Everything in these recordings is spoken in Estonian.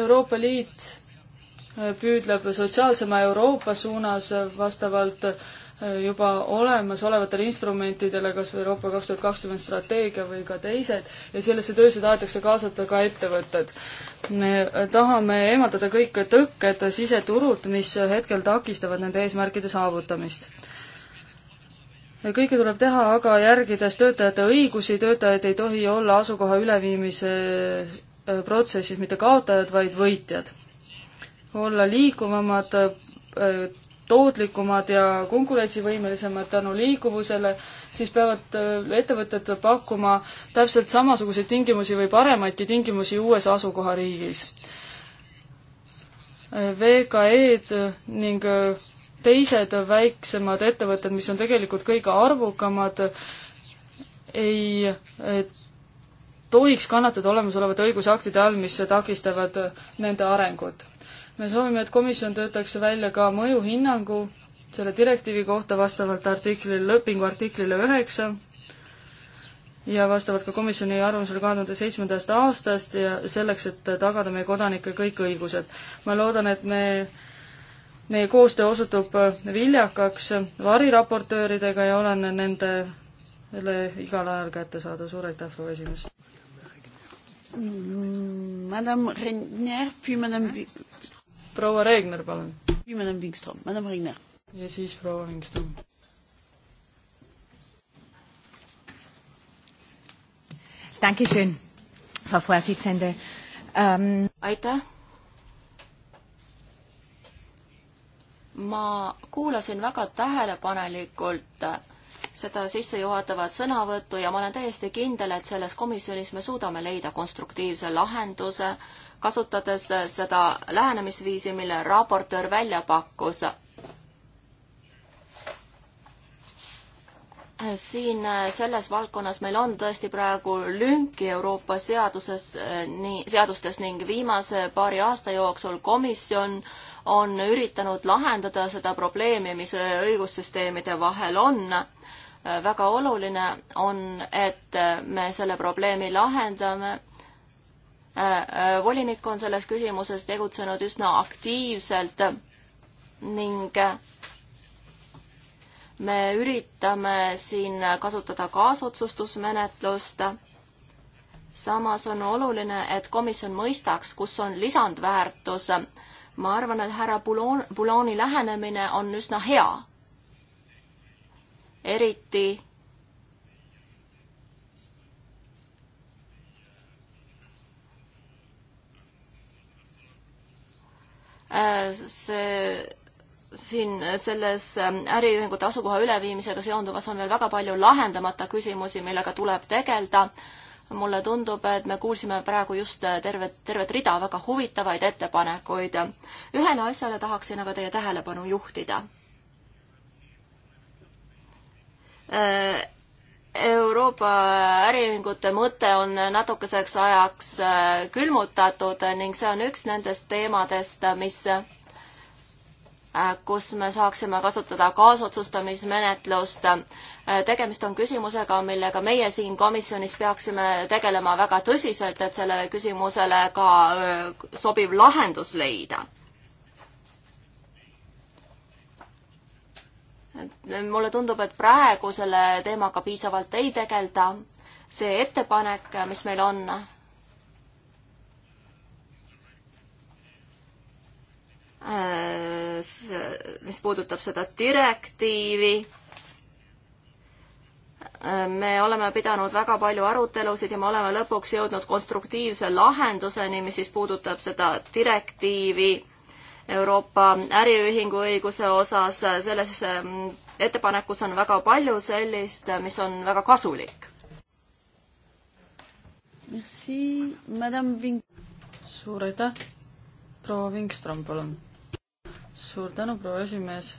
Euroopa Liit äh, püüdleb sotsiaalsema Euroopa suunas äh, vastavalt äh, juba olemasolevatele instrumentidele, kas või Euroopa kaks tuhat kakskümmend strateegia või ka teised, ja sellesse töösse tahetakse kaasata ka ettevõtted. me tahame eemaldada kõik tõkked, siseturud, mis hetkel takistavad nende eesmärkide saavutamist. kõike tuleb teha aga järgides töötajate õigusi, töötajaid ei tohi olla asukoha üleviimise Äh, protsessis mitte kaotajad, vaid võitjad. olla liikuvamad, äh, tootlikumad ja konkurentsivõimelisemad tänu liikuvusele, siis peavad äh, ettevõtted pakkuma täpselt samasuguseid tingimusi või paremaidki tingimusi uues asukohariigis. VKE-d ning teised väiksemad ettevõtted, mis on tegelikult kõige arvukamad, ei et tohiks kannatada olemasolevate õigusaktide all, mis takistavad nende arengut. me soovime, et komisjon töötaks välja ka mõjuhinnangu selle direktiivi kohta vastavalt artiklile, lepingu artiklile üheksa ja vastavalt ka komisjoni arvamusele kahe tuhande seitsmendast aastast ja selleks, et tagada meie kodanike kõik õigused. ma loodan, et me meie koostöö osutub viljakaks variraportööridega ja olen nendele igal ajal kättesaadav. suur aitäh, proua esimees! Mm, Madame Regner, puis Madame proua Regner, palun. puis Madame Wikström, Madame Regner. ja siis proua Wikström. Dankeschön, Frau Vorsitzende ähm.... aitäh. ma kuulasin väga tähelepanelikult seda sissejuhatavat sõnavõttu ja ma olen täiesti kindel, et selles komisjonis me suudame leida konstruktiivse lahenduse, kasutades seda lähenemisviisi, mille raportöör välja pakkus. siin selles valdkonnas meil on tõesti praegu lünki Euroopa seaduses, eh, nii, seadustes ning viimase paari aasta jooksul komisjon on üritanud lahendada seda probleemi, mis õigussüsteemide vahel on Äh, väga oluline on, et äh, me selle probleemi lahendame. Äh, volinik on selles küsimuses tegutsenud üsna aktiivselt ning me üritame siin kasutada kaasotsustusmenetlust. samas on oluline, et komisjon mõistaks, kus on lisandväärtus. ma arvan, et härra Bulooni lähenemine on üsna hea eriti äh, see siin selles ähm, äriühingute asukoha üleviimisega seonduvas on veel väga palju lahendamata küsimusi, millega tuleb tegeleda. mulle tundub, et me kuulsime praegu just äh, tervet, tervet rida väga huvitavaid ettepanekuid. ühele asjale tahaksin aga teie tähelepanu juhtida Äh, Euroopa äriühingute mõte on natukeseks ajaks äh, külmutatud ning see on üks nendest teemadest, mis, äh, kus me saaksime kasutada kaasotsustamismenetlust. tegemist on küsimusega, millega meie siin komisjonis peaksime tegelema väga tõsiselt, et sellele küsimusele ka sobiv lahendus leida mulle tundub, et praegu selle teemaga piisavalt ei tegelda. see ettepanek, mis meil on, äh, mis puudutab seda direktiivi, äh, me oleme pidanud väga palju arutelusid ja me oleme lõpuks jõudnud konstruktiivse lahenduseni, mis siis puudutab seda direktiivi Euroopa äriühingu õiguse osas, selles ähm, ettepanekus on väga palju sellist, mis on väga kasulik. Merci, madame Ving-. suur aitäh, proua Vingström, palun. suur tänu, proua esimees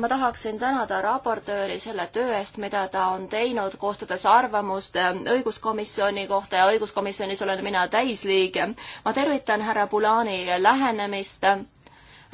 ma tahaksin tänada raportööri selle töö eest, mida ta on teinud, koostades arvamust ähm, õiguskomisjoni kohta ja õiguskomisjonis olen mina täisliige. ma tervitan härra Bulani lähenemist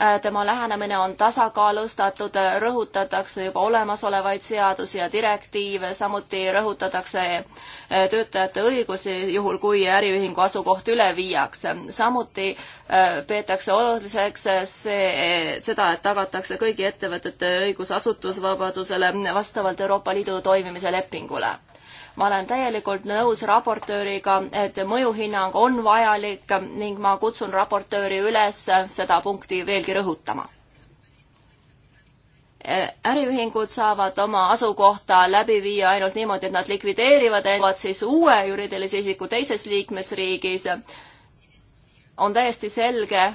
Äh, tema lähenemine on tasakaalustatud, rõhutatakse juba olemasolevaid seadusi ja direktiive, samuti rõhutatakse äh, töötajate õigusi, juhul kui äriühingu asukoht üle viiakse. samuti äh, peetakse oluliseks see, seda, et tagatakse kõigi ettevõtete õigus asutusvabadusele vastavalt Euroopa Liidu toimimise lepingule ma olen täielikult nõus raportööriga, et mõjuhinnang on vajalik ning ma kutsun raportööri üles seda punkti veelgi rõhutama. E, äriühingud saavad oma asukohta läbi viia ainult niimoodi, et nad likvideerivad ennast siis uue juriidilise isiku teises liikmesriigis. on täiesti selge,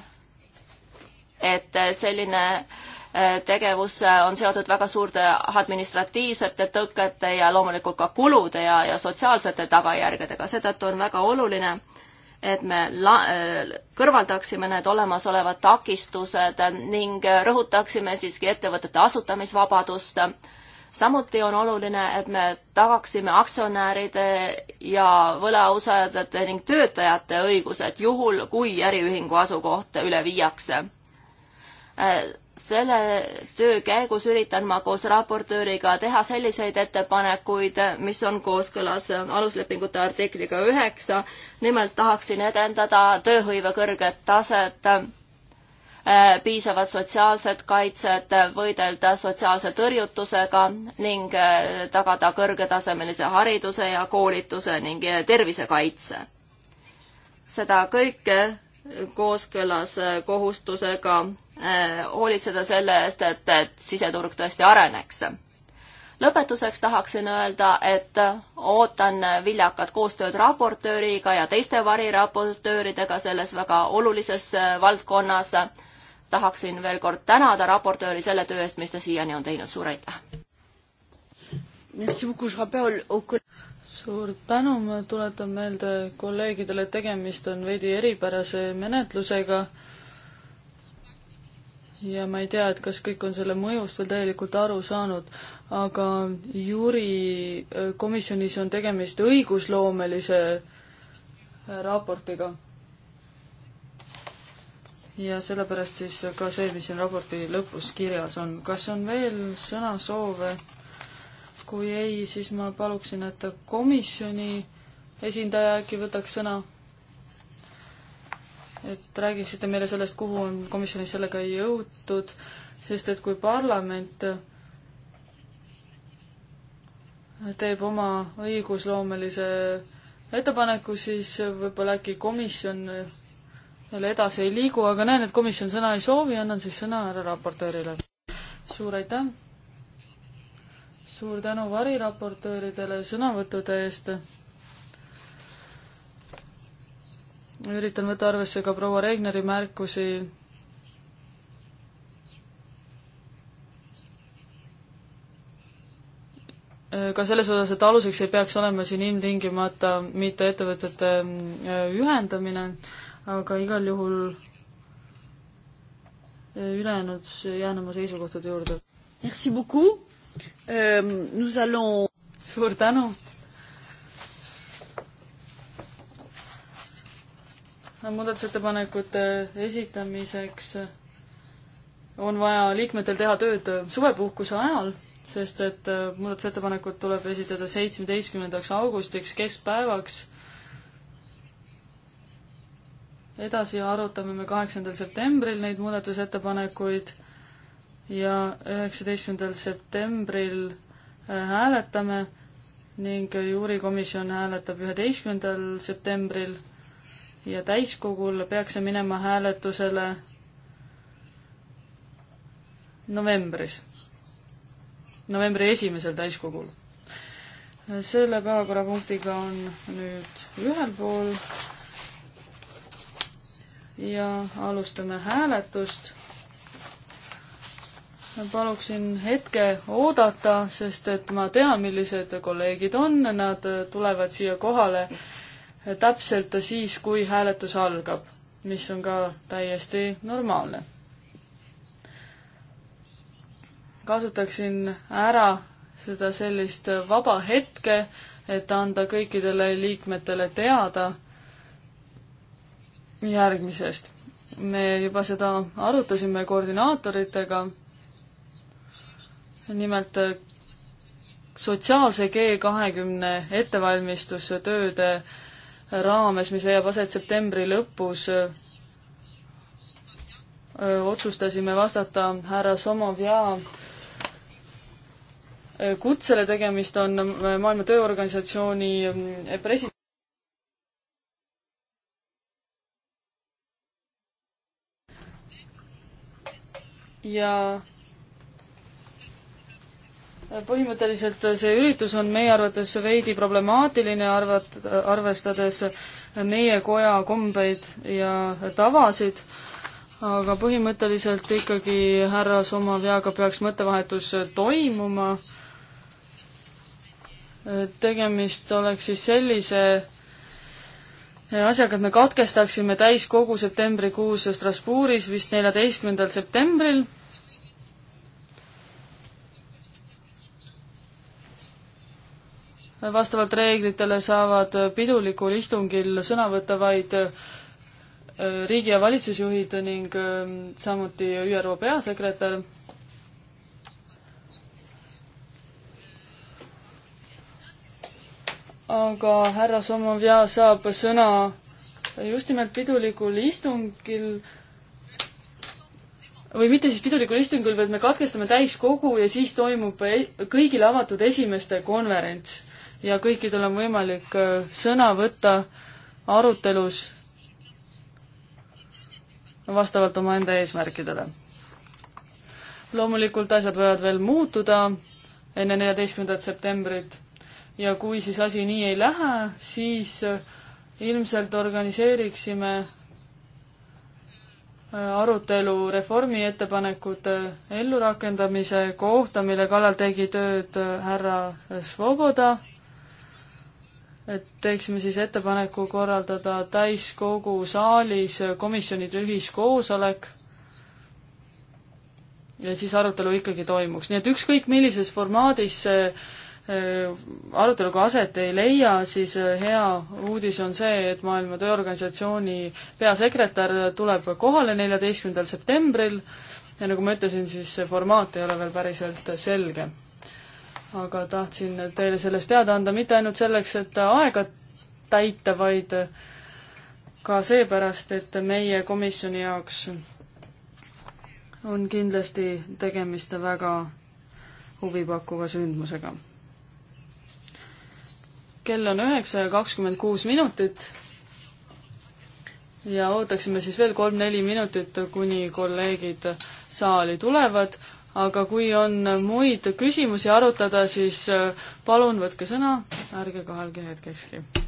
et selline äh, tegevus äh, on seotud väga suurte administratiivsete tõkete ja loomulikult ka kulude ja, ja sotsiaalsete tagajärgedega, seetõttu on väga oluline, et me la-, äh, kõrvaldaksime need olemasolevad takistused ning rõhutaksime siiski ettevõtete asutamisvabadust. samuti on oluline, et me tagaksime aktsionäride ja võlausaldajate ning töötajate õigused juhul, kui äriühingu asukoht üle viiakse äh, selle töö käigus üritan ma koos raportööriga teha selliseid ettepanekuid, mis on kooskõlas aluslepingute artikliga üheksa. nimelt tahaksin edendada tööhõive kõrget taset, äh, piisavat sotsiaalset kaitset, võidelda sotsiaalse tõrjutusega ning äh, tagada kõrgetasemelise hariduse ja koolituse ning äh, tervisekaitse. seda kõike kooskõlas äh, kohustusega äh, hoolitseda selle eest, et, et siseturg tõesti areneks. lõpetuseks tahaksin öelda, et ootan viljakat koostööd raportööriga ja teiste variraportööridega selles väga olulises äh, valdkonnas. tahaksin veel kord tänada raportööri selle töö eest, mis ta siiani on teinud, suur aitäh! suur tänu, ma tuletan meelde kolleegidele, et tegemist on veidi eripärase menetlusega ja ma ei tea, et kas kõik on selle mõjust veel täielikult aru saanud, aga juri äh, komisjonis on tegemist õigusloomelise raportiga. ja sellepärast siis ka see, mis siin raporti lõpus kirjas on. kas on veel sõnasoove? kui ei, siis ma paluksin, et komisjoni esindaja äkki võtaks sõna. et räägiksite meile sellest, kuhu on komisjonis sellega jõutud, sest et kui parlament teeb oma õigusloomelise ettepaneku, siis võib-olla äkki komisjon jälle edasi ei liigu, aga näen, et komisjon sõna ei soovi, annan siis sõna härra raportöörile. suur aitäh! suur tänu variraportööridele sõnavõttude eest. üritan võtta arvesse ka proua Regneri märkusi. ka selles osas, et aluseks ei peaks olema siin ilmtingimata mitte ettevõtete äh, ühendamine, aga igal juhul ülejäänud jään oma seisukohtade juurde. Merci beaucoup Euh, suur tänu. muudatusettepanekute esitamiseks on vaja liikmetel teha tööd suvepuhkuse ajal, sest et äh, muudatusettepanekud tuleb esitada seitsmeteistkümnendaks augustiks keskpäevaks. edasi arutame me kaheksandal septembril neid muudatusettepanekuid ja üheksateistkümnendal septembril äh, hääletame ning juurikomisjon hääletab üheteistkümnendal septembril ja täiskogul peaks see minema hääletusele novembris, novembri esimesel täiskogul. selle päevakorrapunktiga on nüüd ühel pool ja alustame hääletust paluksin hetke oodata, sest et ma tean, millised kolleegid on, nad tulevad siia kohale täpselt siis, kui hääletus algab, mis on ka täiesti normaalne. kasutaksin ära seda sellist vaba hetke, et anda kõikidele liikmetele teada järgmisest. me juba seda arutasime koordinaatoritega nimelt äh, sotsiaalse G kahekümne ettevalmistustööde raames, mis leiab aset septembri lõpus, äh, äh, otsustasime vastata härra Somovja kutsele, tegemist on Maailma Tööorganisatsiooni presi-. ja põhimõtteliselt see üritus on meie arvates veidi problemaatiline, arvat-, arvestades meie koja kombeid ja tavasid, aga põhimõtteliselt ikkagi härra Somavjaga peaks mõttevahetus toimuma. tegemist oleks siis sellise asjaga, et me katkestaksime täiskogu septembrikuus Strasbourgis vist neljateistkümnendal septembril vastavalt reeglitele saavad pidulikul istungil sõna võtta vaid äh, riigi- ja valitsusjuhid ning ähm, samuti ÜRO peasekretär. aga härra Somovja saab sõna just nimelt pidulikul istungil või mitte siis pidulikul istungil, vaid me katkestame täiskogu ja siis toimub e-, kõigile avatud esimeste konverents ja kõikidel on võimalik äh, sõna võtta arutelus vastavalt omaenda eesmärkidele. loomulikult asjad võivad veel muutuda enne neljateistkümnendat septembrit ja kui siis asi nii ei lähe, siis äh, ilmselt organiseeriksime äh, arutelu reformi ettepanekute ellurakendamise kohta, mille kallal tegi tööd härra Svoboda et teeksime siis ettepaneku korraldada täiskogu saalis komisjonide ühiskoosolek ja siis arutelu ikkagi toimuks, nii et ükskõik millises formaadis see e, arutelu ka aset ei leia, siis e, hea uudis on see, et Maailma Tööorganisatsiooni peasekretär tuleb kohale neljateistkümnendal septembril ja nagu ma ütlesin, siis see formaat ei ole veel päriselt selge aga tahtsin teile sellest teada anda mitte ainult selleks, et aega täita, vaid ka seepärast, et meie komisjoni jaoks on kindlasti tegemist väga huvipakkuva sündmusega. kell on üheksa ja kakskümmend kuus minutit ja ootaksime siis veel kolm-neli minutit, kuni kolleegid saali tulevad aga kui on muid küsimusi arutada, siis äh, palun võtke sõna, ärge kahelge hetkekski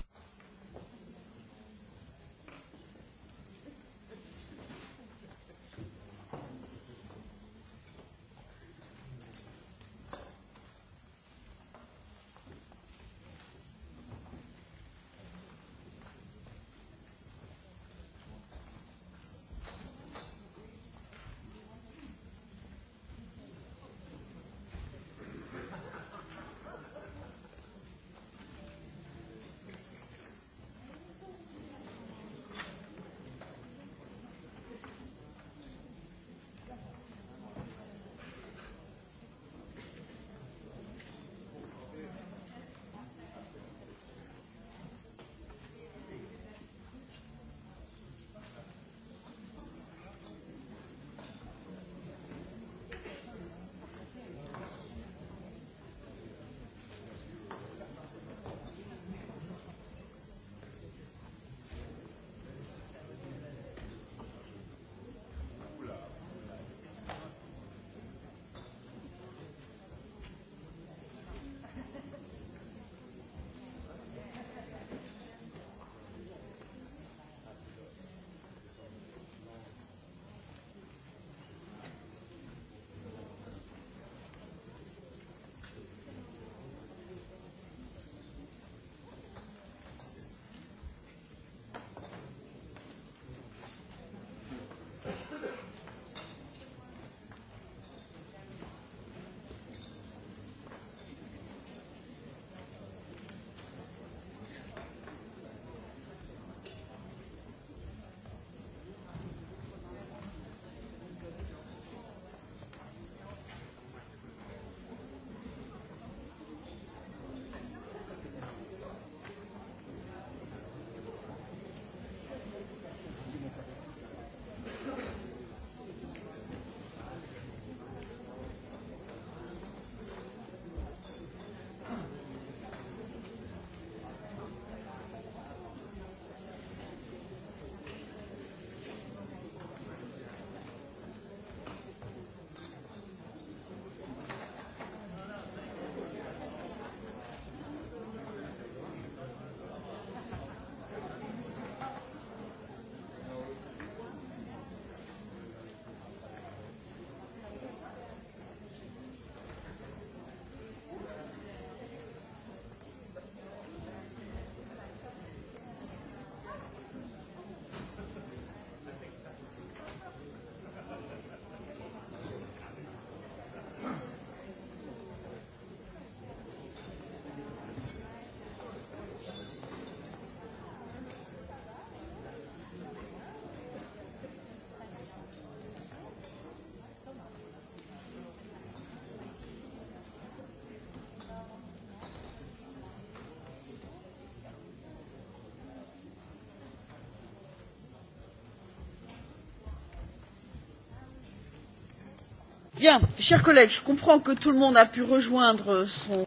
Bien, chers collègues, je comprends que tout le monde a pu rejoindre son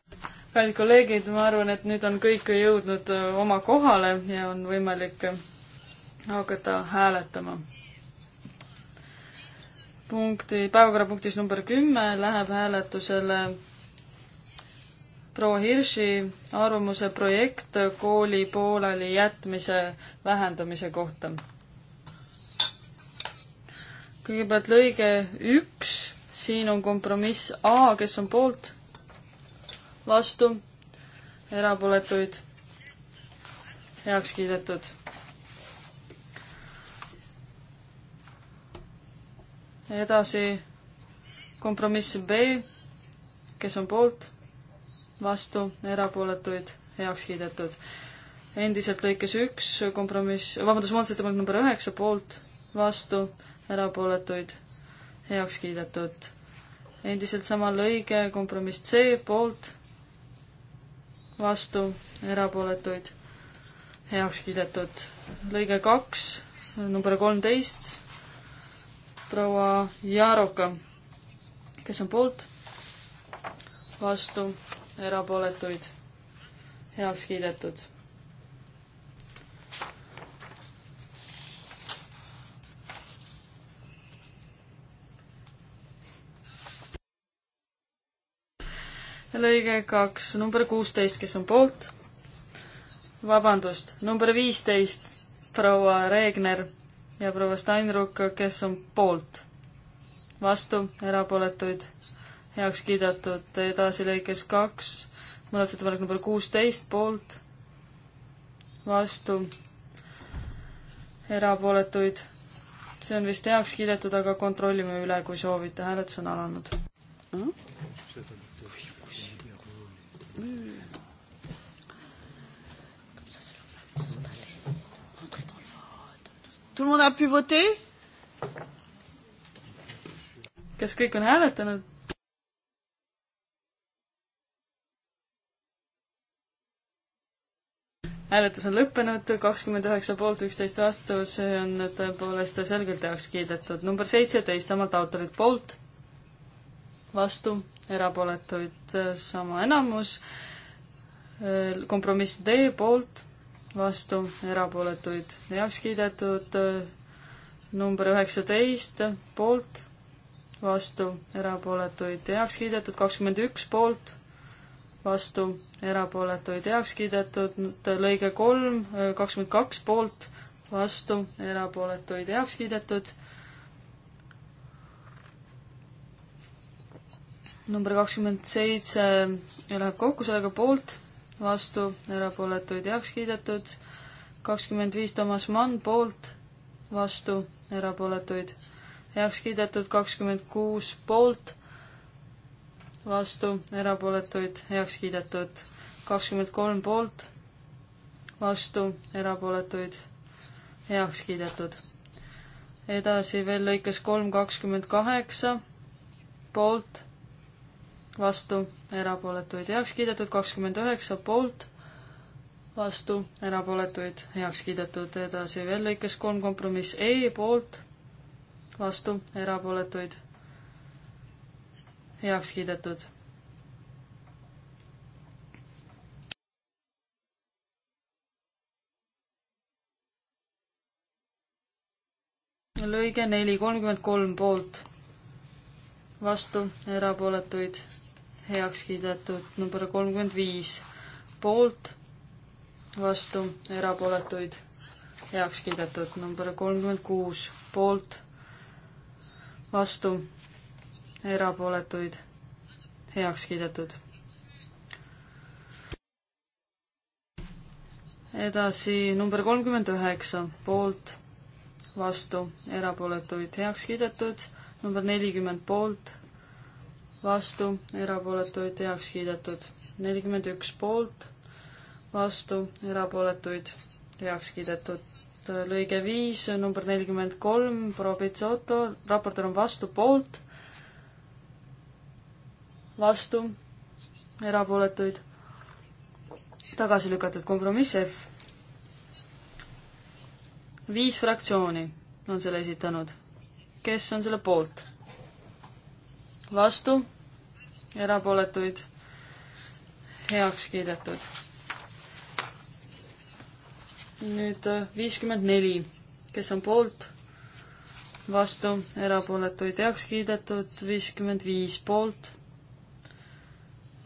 kallid kolleegid, ma arvan, et nüüd on kõik jõudnud äh, oma kohale ja on võimalik äh, hakata hääletama. punkti, päevakorrapunktis number kümme läheb hääletusele proua Hirši arvamuse projekt kooli pooleli jätmise vähendamise kohta. kõigepealt lõige üks siin on kompromiss A, kes on poolt, vastu, erapooletuid, heaks kiidetud. edasi kompromiss B, kes on poolt, vastu, erapooletuid, heaks kiidetud. endiselt lõikes üks kompromiss, vabandust, muudatusettepanek number üheksa, poolt, vastu, erapooletuid, heaks kiidetud endiselt sama lõige, kompromiss C poolt, vastu, erapooletuid, heaks kiidetud. lõige kaks, number kolmteist, proua Jaaroka, kes on poolt, vastu, erapooletuid, heaks kiidetud lõige kaks, number kuusteist, kes on poolt? vabandust, number viisteist, proua Reegner ja proua Steinruck, kes on poolt? vastu, erapooletuid, heaks kiidetud, edasi lõikes kaks, muudatusettepanek number kuusteist, poolt, vastu, erapooletuid, see on vist heaks kiidetud, aga kontrollime üle, kui soovite, hääletus on alanud mm. -hmm Tout le monde a pu voter? kas kõik on hääletanud? hääletus on lõppenud, kakskümmend üheksa poolt, üksteist vastu, see on tõepoolest selgelt heaks kiidetud. number seitseteist, samalt autorilt poolt, vastu, erapooletuid sama enamus, kompromiss D poolt, vastu, erapooletuid heaks kiidetud, number üheksateist poolt, vastu, erapooletuid heaks kiidetud, kakskümmend üks poolt, vastu, erapooletuid heaks kiidetud, lõige kolm, kakskümmend kaks poolt, vastu, erapooletuid heaks kiidetud number kakskümmend seitse läheb kokku sellega poolt, vastu, erapooletuid heaks kiidetud, kakskümmend viis Toomas Mann poolt, vastu, erapooletuid heaks kiidetud, kakskümmend kuus poolt, vastu, erapooletuid heaks kiidetud, kakskümmend kolm poolt, vastu, erapooletuid heaks kiidetud. edasi veel lõikes kolm kakskümmend kaheksa, poolt vastu, erapooletuid heaks kiidetud, kakskümmend üheksa poolt, vastu, erapooletuid heaks kiidetud, edasi veel lõikes kolm kompromiss E poolt, vastu, erapooletuid heaks kiidetud. lõige neli, kolmkümmend kolm poolt, vastu, erapooletuid heaks kiidetud number kolmkümmend viis poolt, vastu, erapooletuid heaks kiidetud number kolmkümmend kuus poolt, vastu, erapooletuid heaks kiidetud. edasi number kolmkümmend üheksa poolt, vastu, erapooletuid heaks kiidetud, number nelikümmend poolt vastu, erapooletuid heaks kiidetud. nelikümmend üks poolt, vastu, erapooletuid heaks kiidetud. lõige viis, number nelikümmend kolm, Probitsoto, raportöör on vastu, poolt, vastu, erapooletuid, tagasi lükatud kompromiss F. viis fraktsiooni on selle esitanud. kes on selle poolt? vastu, erapooletuid heaks kiidetud. nüüd äh, viiskümmend neli, kes on poolt, vastu, erapooletuid heaks kiidetud, viiskümmend viis poolt,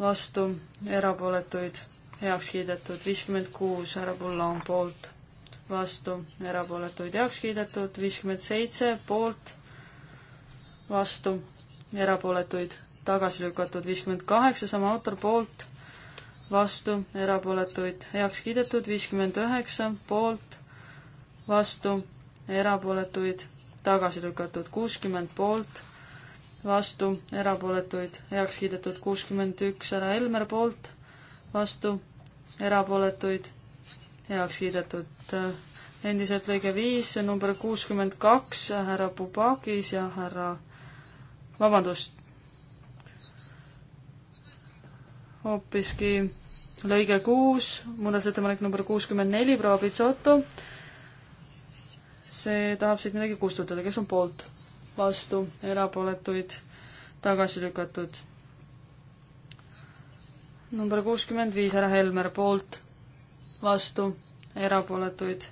vastu, erapooletuid heaks kiidetud, viiskümmend kuus härra Pulla on poolt, vastu, erapooletuid heaks kiidetud, viiskümmend seitse poolt, vastu, erapooletuid tagasi lükatud, viiskümmend kaheksa sama autor poolt, vastu, erapooletuid heaks kiidetud, viiskümmend üheksa poolt, vastu, erapooletuid tagasi lükatud, kuuskümmend poolt, vastu, erapooletuid heaks kiidetud, kuuskümmend üks härra Helmer poolt, vastu, erapooletuid heaks kiidetud. Äh, endiselt lõige viis, number kuuskümmend kaks härra Pupakis ja härra vabandust, hoopiski lõige kuus, muudatusettepanek number kuuskümmend neli, proua Pitsoto. see tahab siit midagi kustutada, kes on poolt? vastu, erapooletuid, tagasi lükatud. number kuuskümmend viis, härra Helmer, poolt, vastu, erapooletuid,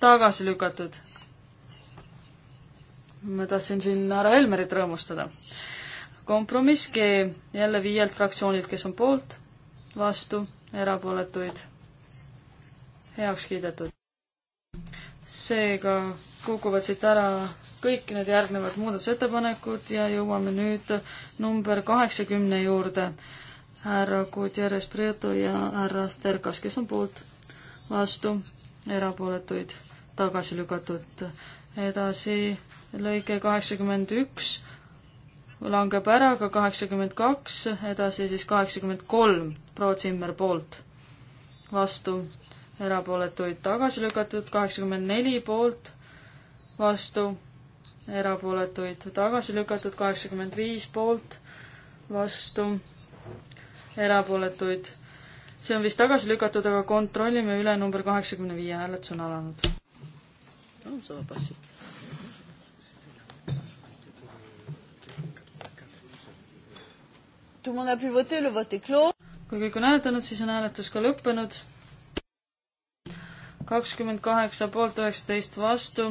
tagasi lükatud ma tahtsin siin härra Helmerit rõõmustada. kompromiss G jälle viielt fraktsioonilt, kes on poolt, vastu, erapooletuid, heaks kiidetud. seega kukuvad siit ära kõik need järgnevad muudatusettepanekud ja jõuame nüüd number kaheksakümne juurde. härra Gutierrez Prieto ja härra Sterkas, kes on poolt, vastu, erapooletuid, tagasi lükatud edasi lõige kaheksakümmend üks langeb ära, ka kaheksakümmend kaks, edasi siis kaheksakümmend kolm proua Zimmer poolt, vastu, erapooletuid tagasi lükatud, kaheksakümmend neli poolt, vastu, erapooletuid tagasi lükatud, kaheksakümmend viis poolt, vastu, erapooletuid. see on vist tagasi lükatud, aga kontrollime üle, number kaheksakümne viie hääletus on alanud Non, ça va passer. Tout le monde a pu voter, le vote est clos. kui kõik on hääletanud, siis on hääletus ka lõppenud. kakskümmend kaheksa poolt, üheksateist vastu.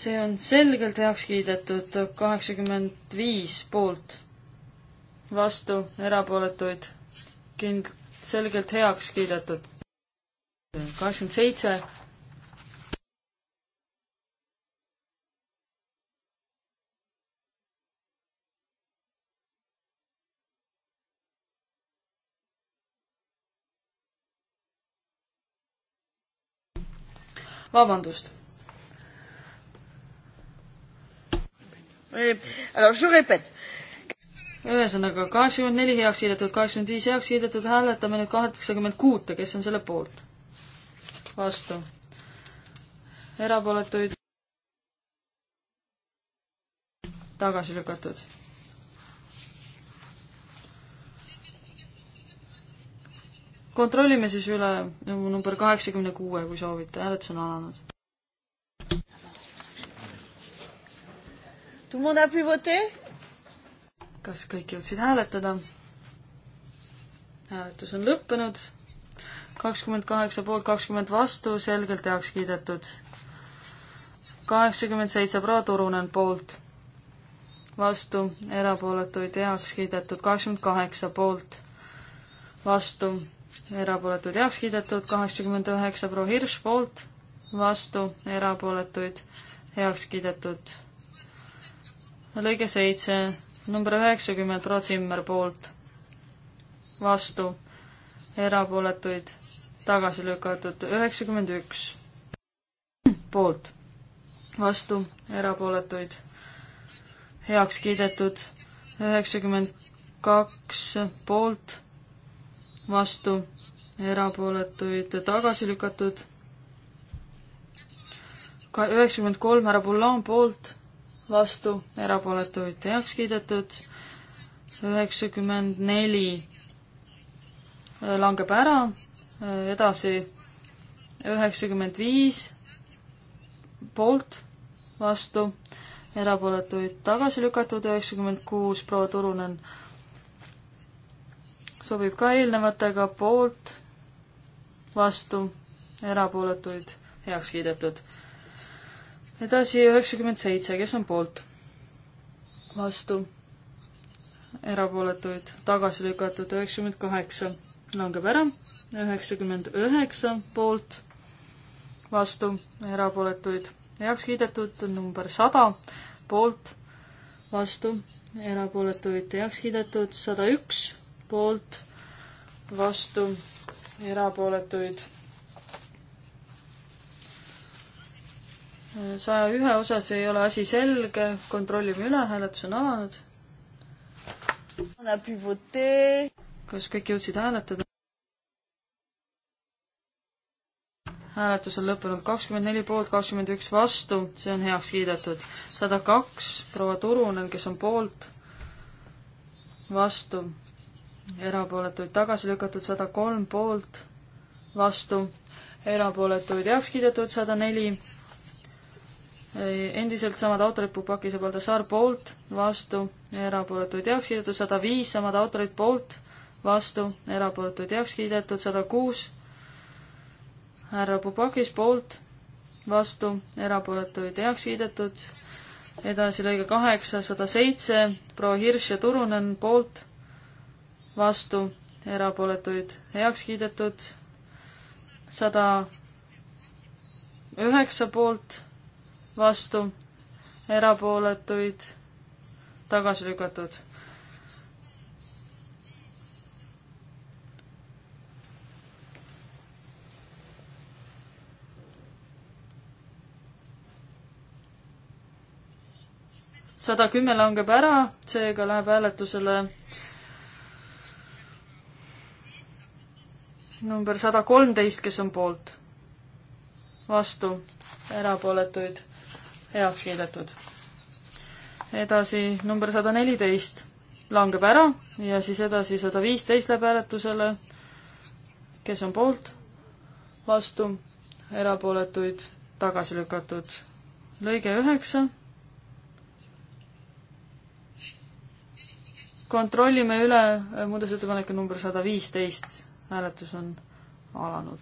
see on selgelt heaks kiidetud, kaheksakümmend viis poolt, vastu, erapooletuid kind-, selgelt heaks kiidetud. kaheksakümmend seitse vabandust. Eh, ühesõnaga kaheksakümmend neli heaks kiidetud, kaheksakümmend viis heaks kiidetud, hääletame nüüd kaheksakümmend kuute, kes on selle poolt? vastu. erapooletuid tagasi lükatud kontrollime siis üle number kaheksakümne kuue, kui soovite, hääletus on alanud. kas kõik jõudsid hääletada? hääletus on lõppenud. kakskümmend kaheksa poolt, kakskümmend vastu, selgelt heaks kiidetud. kaheksakümmend seitse pro Turunen poolt, vastu, erapooletuid heaks kiidetud, kakskümmend kaheksa poolt, vastu erapooletuid heaks kiidetud, kaheksakümmend üheksa proua Hirš poolt, vastu, erapooletuid heaks kiidetud. lõige seitse, number üheksakümmend proua Zimmer poolt, vastu, erapooletuid tagasi lükatud, üheksakümmend üks poolt, vastu, erapooletuid heaks kiidetud, üheksakümmend kaks poolt vastu, erapooletuid tagasi lükatud. ka üheksakümmend kolm härra Boulan poolt, vastu, erapooletuid heaks kiidetud. üheksakümmend neli langeb ära, edasi üheksakümmend viis poolt, vastu, erapooletuid tagasi lükatud, üheksakümmend kuus proua Turunen sobib ka eelnevatega poolt, vastu, erapooletuid, heaks kiidetud. edasi üheksakümmend seitse, kes on poolt? vastu, erapooletuid, tagasi lükatud üheksakümmend kaheksa, langeb ära, üheksakümmend üheksa poolt, vastu, erapooletuid, heaks kiidetud, number sada, poolt, vastu, erapooletuid, heaks kiidetud, sada üks, poolt, vastu, erapooletuid. saja ühe osas ei ole asi selge, kontrollime üle, hääletus on alanud. kas kõik jõudsid hääletada? hääletus on lõppenud kakskümmend neli poolt, kakskümmend üks vastu, see on heaks kiidetud. sada kaks proua Turunen, kes on poolt, vastu, erapooletuid tagasi lükatud sada kolm poolt, vastu, erapooletuid heaks kiidetud sada neli. endiselt samad autorid, Pupakis ja Baldassar poolt, vastu, erapooletuid heaks kiidetud sada viis, samad autorid poolt, vastu, erapooletuid heaks kiidetud sada kuus. härra Pupakis poolt, vastu, erapooletuid heaks kiidetud edasi lõige kaheksa, sada seitse, proua Hirš ja Turunen poolt vastu, erapooletuid heaks kiidetud, sada üheksa poolt, vastu, erapooletuid tagasi lükatud. sada kümme langeb ära, seega läheb hääletusele number sada kolmteist, kes on poolt? vastu, erapooletuid, heaks kiidetud. edasi number sada neliteist langeb ära ja siis edasi sada viisteist läheb hääletusele. kes on poolt? vastu, erapooletuid, tagasi lükatud. lõige üheksa. kontrollime üle eh, muudatusettepaneku number sada viisteist hääletus on alanud.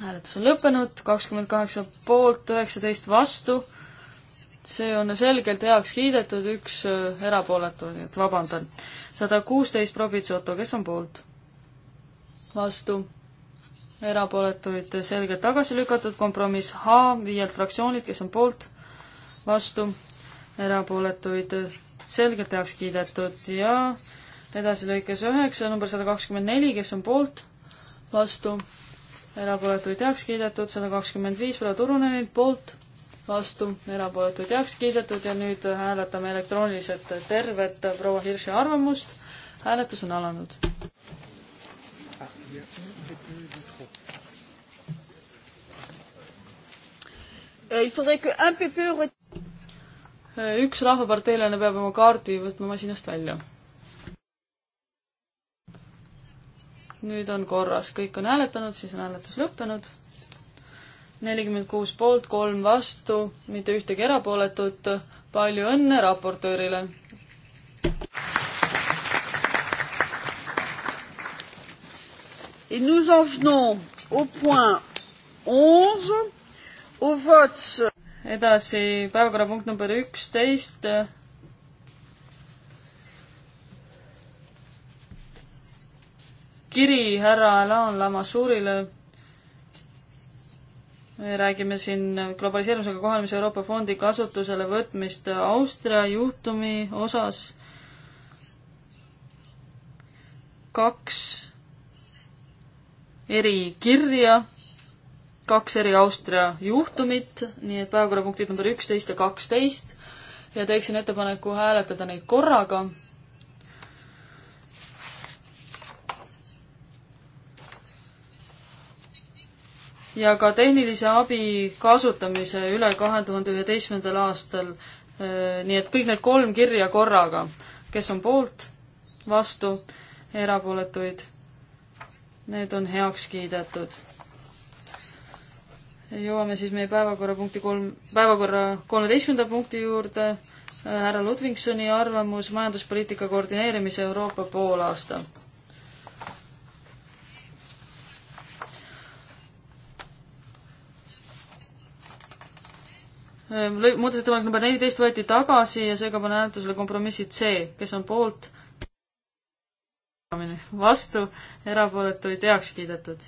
hääletus on lõppenud, kakskümmend kaheksa poolt, üheksateist vastu. see on selgelt heaks kiidetud, üks äh, erapooletu, nii et vabandan. sada kuusteist Probitsoto, kes on poolt? vastu erapooletuid selgelt tagasi lükatud, kompromiss H viielt fraktsioonilt, kes on poolt, vastu, erapooletuid selgelt heaks kiidetud ja edasi lõikes üheksa, number sada kakskümmend neli, kes on poolt, vastu, erapooletuid heaks kiidetud, sada kakskümmend viis Ülo Turunenilt poolt, vastu, erapooletuid heaks kiidetud ja nüüd hääletame elektrooniliselt tervet proua Hirši arvamust. hääletus on alanud. Euh, il faudrait que un PPE üks rahvaparteilane peab oma kaardi võtma masinast välja. nüüd on korras, kõik on hääletanud, siis on hääletus lõppenud. nelikümmend kuus poolt, kolm vastu, mitte ühtegi erapooletut. palju õnne raportöörile. Et nous en venons au point 11, au vote edasi päevakorrapunkt number üksteist. kiri härra Alain Lamassuurile. me räägime siin globaliseerumisega kohanemise Euroopa Fondi kasutusele võtmist Austria juhtumi osas. kaks eri kirja kaks eri Austria juhtumit, nii et päevakorrapunktid number üksteist ja kaksteist ja teeksin ettepaneku hääletada neid korraga. ja ka tehnilise abi kasutamise üle kahe tuhande üheteistkümnendal aastal. Eh, nii et kõik need kolm kirja korraga, kes on poolt, vastu, erapooletuid, need on heaks kiidetud jõuame siis meie päevakorrapunkti kolm, päevakorra kolmeteistkümnenda punkti juurde, äh, härra Ludvigsoni arvamus majanduspoliitika koordineerimise Euroopa poolaasta. Äh, muudatusettepanek number neliteist võeti tagasi ja seega panen hääletusele kompromissi C, kes on poolt, vastu, erapooletuid heaks kiidetud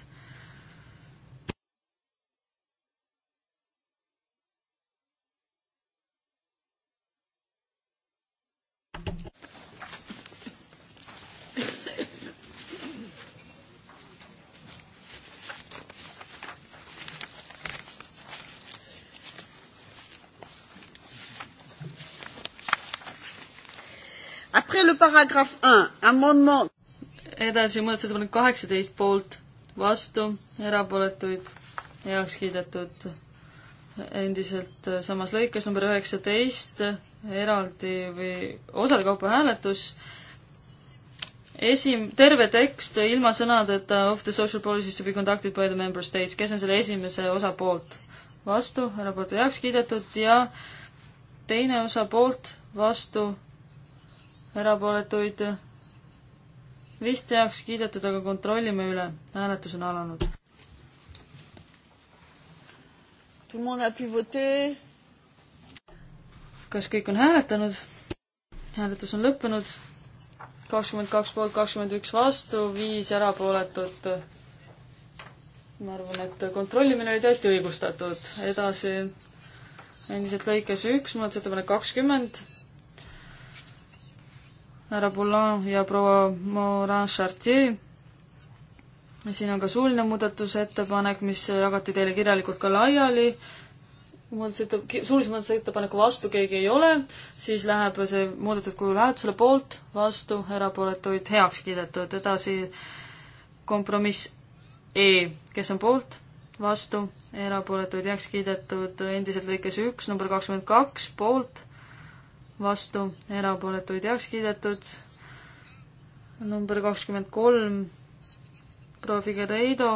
paragrahv un, amendement. edasi muudatusettepanek kaheksateist poolt, vastu, erapooletuid, heaks kiidetud. endiselt samas lõikes number üheksateist, eraldi või osade kaupa hääletus. esim-, terve tekst ilma sõnadeta of the social policies to be conducted by the member states, kes on selle esimese osa poolt? vastu, erapooletu heaks kiidetud ja teine osa poolt, vastu erapooletuid vist heaks kiidetud, aga kontrollime üle. hääletus on alanud. kas kõik on hääletanud? hääletus on lõppenud. kakskümmend kaks poolt, kakskümmend üks vastu, viis erapooletut. ma arvan, et kontrollimine oli täiesti õigustatud. edasi endiselt lõikes üks, muudatusettepanek kakskümmend härra Boulan ja proua Morin Chartier. siin on ka suuline muudatusettepanek, mis jagati teile kirjalikult ka laiali. muudatusettepanek, suulise muudatusettepaneku vastu keegi ei ole, siis läheb see muudetud kujul hääletusele poolt, vastu, erapooletuid heaks kiidetud. edasi kompromiss E, kes on poolt, vastu, erapooletuid heaks kiidetud, endiselt lõikes üks, number kakskümmend kaks, poolt vastu, erapooletuid heaks kiidetud. number kakskümmend kolm, proua Figueiredo,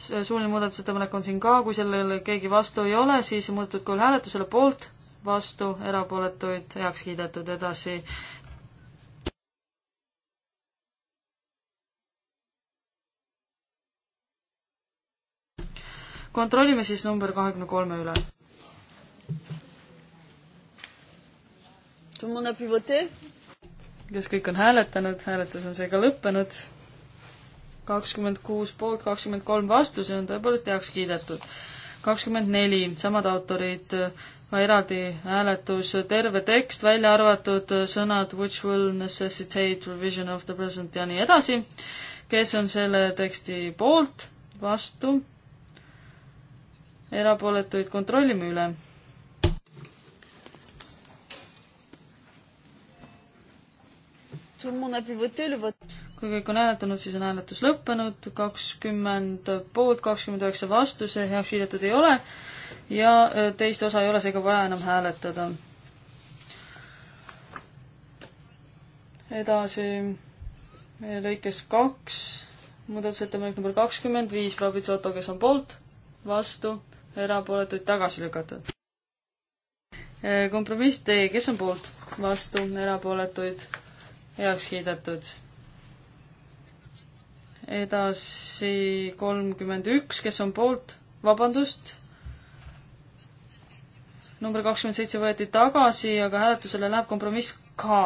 suuline muudatusettepanek on siin ka, kui sellele keegi vastu ei ole, siis muudetud kujul hääletusele poolt, vastu, erapooletuid heaks kiidetud, edasi kontrollime siis number kahekümne kolme üle. kas kõik on hääletanud, hääletus on seega lõppenud. kakskümmend kuus poolt, kakskümmend kolm vastu, see on tõepoolest heaks kiidetud. kakskümmend neli, samad autorid, ka eraldi hääletus, terve tekst, välja arvatud sõnad which will necessitate revision of the present ja nii edasi. kes on selle teksti poolt, vastu? erapooletuid kontrollime üle kui kõik on hääletanud, siis on hääletus lõppenud, kakskümmend poolt, kakskümmend üheksa vastu, see heaks kiidetud ei ole ja äh, teist osa ei ole seega vaja enam hääletada. edasi lõikes kaks, muudatusettepanek number kakskümmend viis, Fabrizioto, kes on poolt, vastu, erapooletuid tagasi lükatud. Äh, kompromiss D, kes on poolt, vastu, erapooletuid heaks kiidetud. edasi kolmkümmend üks, kes on poolt, vabandust, number kakskümmend seitse võeti tagasi, aga hääletusele läheb kompromiss K,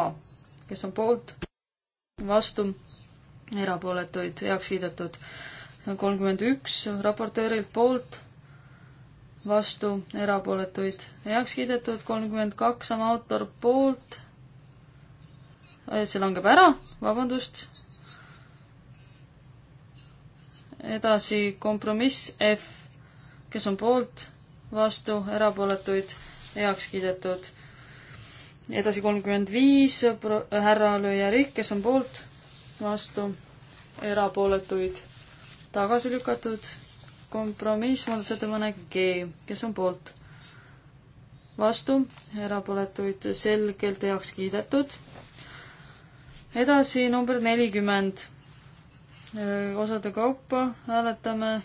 kes on poolt, vastu, erapooletuid heaks kiidetud. kolmkümmend üks raportöörilt poolt, vastu, erapooletuid heaks kiidetud, kolmkümmend kaks sama autor poolt, Äh, see langeb ära, vabandust. edasi kompromiss F, kes on poolt, vastu, erapooletuid, heaks kiidetud. edasi kolmkümmend viis, härra lööja Rikk, kes on poolt, vastu, erapooletuid, tagasi lükatud. kompromiss, muudatusettepanek G, kes on poolt, vastu, erapooletuid selgelt heaks kiidetud edasi number nelikümmend. osade kaupa hääletame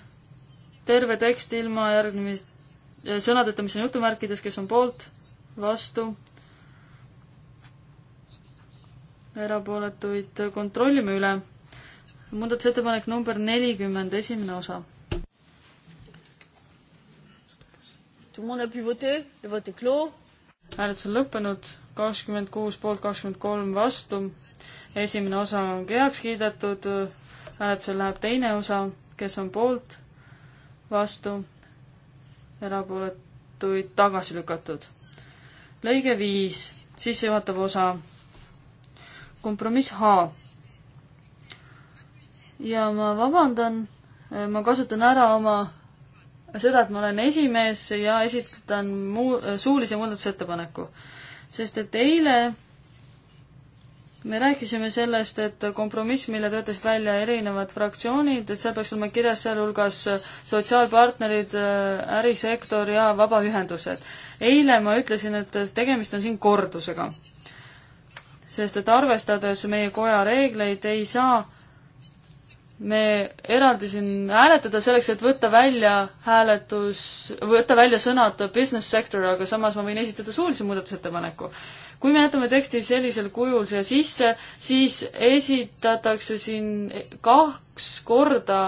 terve tekst ilma järgmist, sõnadeta, mis on jutumärkides, kes on poolt, vastu, erapooletuid kontrollime üle. muudatusettepanek number nelikümmend, esimene osa. hääletus on lõppenud, kakskümmend kuus poolt, kakskümmend kolm vastu esimene osa on heaks kiidetud, hääletusel läheb teine osa, kes on poolt, vastu, erapooletuid tagasi lükatud. lõige viis, sissejuhatav osa, kompromiss H. ja ma vabandan, ma kasutan ära oma seda, et ma olen esimees ja esitan muu, suulise muudatusettepaneku. sest et eile me rääkisime sellest, et kompromiss, mille töötasid välja erinevad fraktsioonid, et seal peaks olema kirjas sealhulgas sotsiaalpartnerid, ärisektor ja vabaühendused. eile ma ütlesin, et tegemist on siin kordusega. sest et arvestades meie koja reegleid, ei saa me eraldi siin hääletada selleks, et võtta välja hääletus, võtta välja sõnad business sector, aga samas ma võin esitada suulise muudatusettepaneku kui me jätame teksti sellisel kujul siia sisse, siis esitatakse siin kaks korda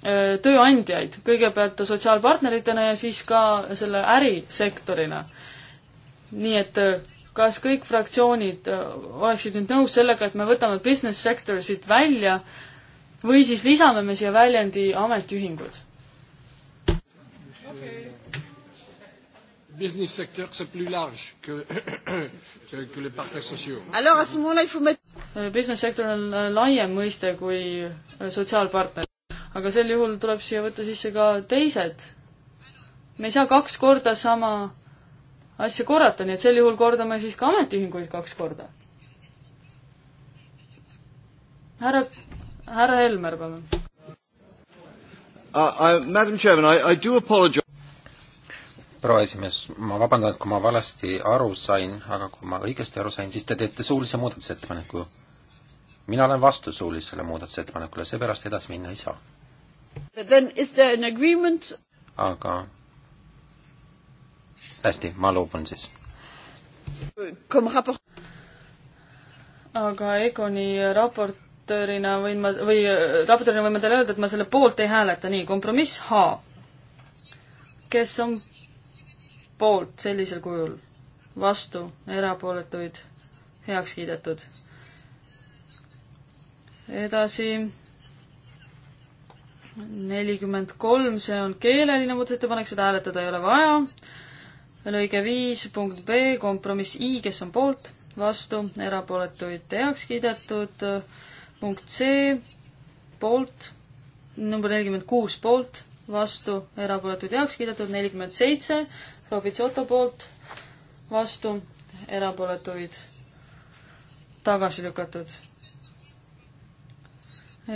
tööandjaid, kõigepealt sotsiaalpartneritena ja siis ka selle ärisektorina. nii et kas kõik fraktsioonid oleksid nüüd nõus sellega, et me võtame business sector siit välja või siis lisame me siia väljendi ametiühingud okay.? business sector, c'est plus large que, que, que les partenaires sociaux. Alors, à ce moment-là, il faut mettre... Euh, business sector on laiem mõiste kui äh, sotsiaalpartner. aga sel juhul tuleb siia võtta sisse ka teised. me ei saa kaks korda sama asja korrata, nii et sel juhul kordame siis ka ametiühinguid kaks korda. härra, härra Helmer, palun. Uh, I, Madam Chairman, I, I do apologise proua esimees, ma vabandan, et kui ma valesti aru sain, aga kui ma õigesti aru sain, siis te teete suulise muudatusettepaneku. mina olen vastu suulisele muudatusettepanekule, seepärast edasi minna ei saa. aga hästi, ma loobun siis. aga Egoni raportöörina võin ma, või äh, raportöörina võin ma teile öelda, et ma selle poolt ei hääleta, nii, kompromiss H. kes on poolt sellisel kujul, vastu, erapooletuid, heaks kiidetud. edasi nelikümmend kolm, see on keeleline muudatusettepanek, seda hääletada ei ole vaja. lõige viis punkt B, kompromiss I, kes on poolt, vastu, erapooletuid heaks kiidetud. punkt C, poolt, number nelikümmend kuus poolt, vastu, erapooletuid heaks kiidetud, nelikümmend seitse Robitsoto poolt, vastu, erapooletuid tagasi lükatud.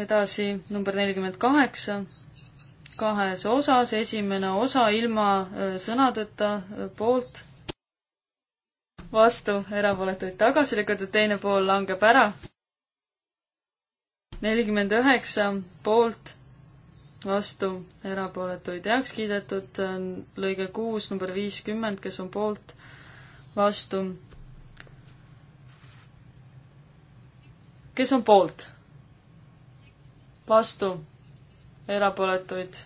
edasi number nelikümmend kaheksa, kahes osas, esimene osa ilma äh, sõnadeta äh, poolt, vastu, erapooletuid tagasi lükatud, teine pool langeb ära. nelikümmend üheksa poolt vastu, erapooletuid heaks kiidetud, lõige kuus, number viiskümmend, kes on poolt, vastu. kes on poolt? vastu, erapooletuid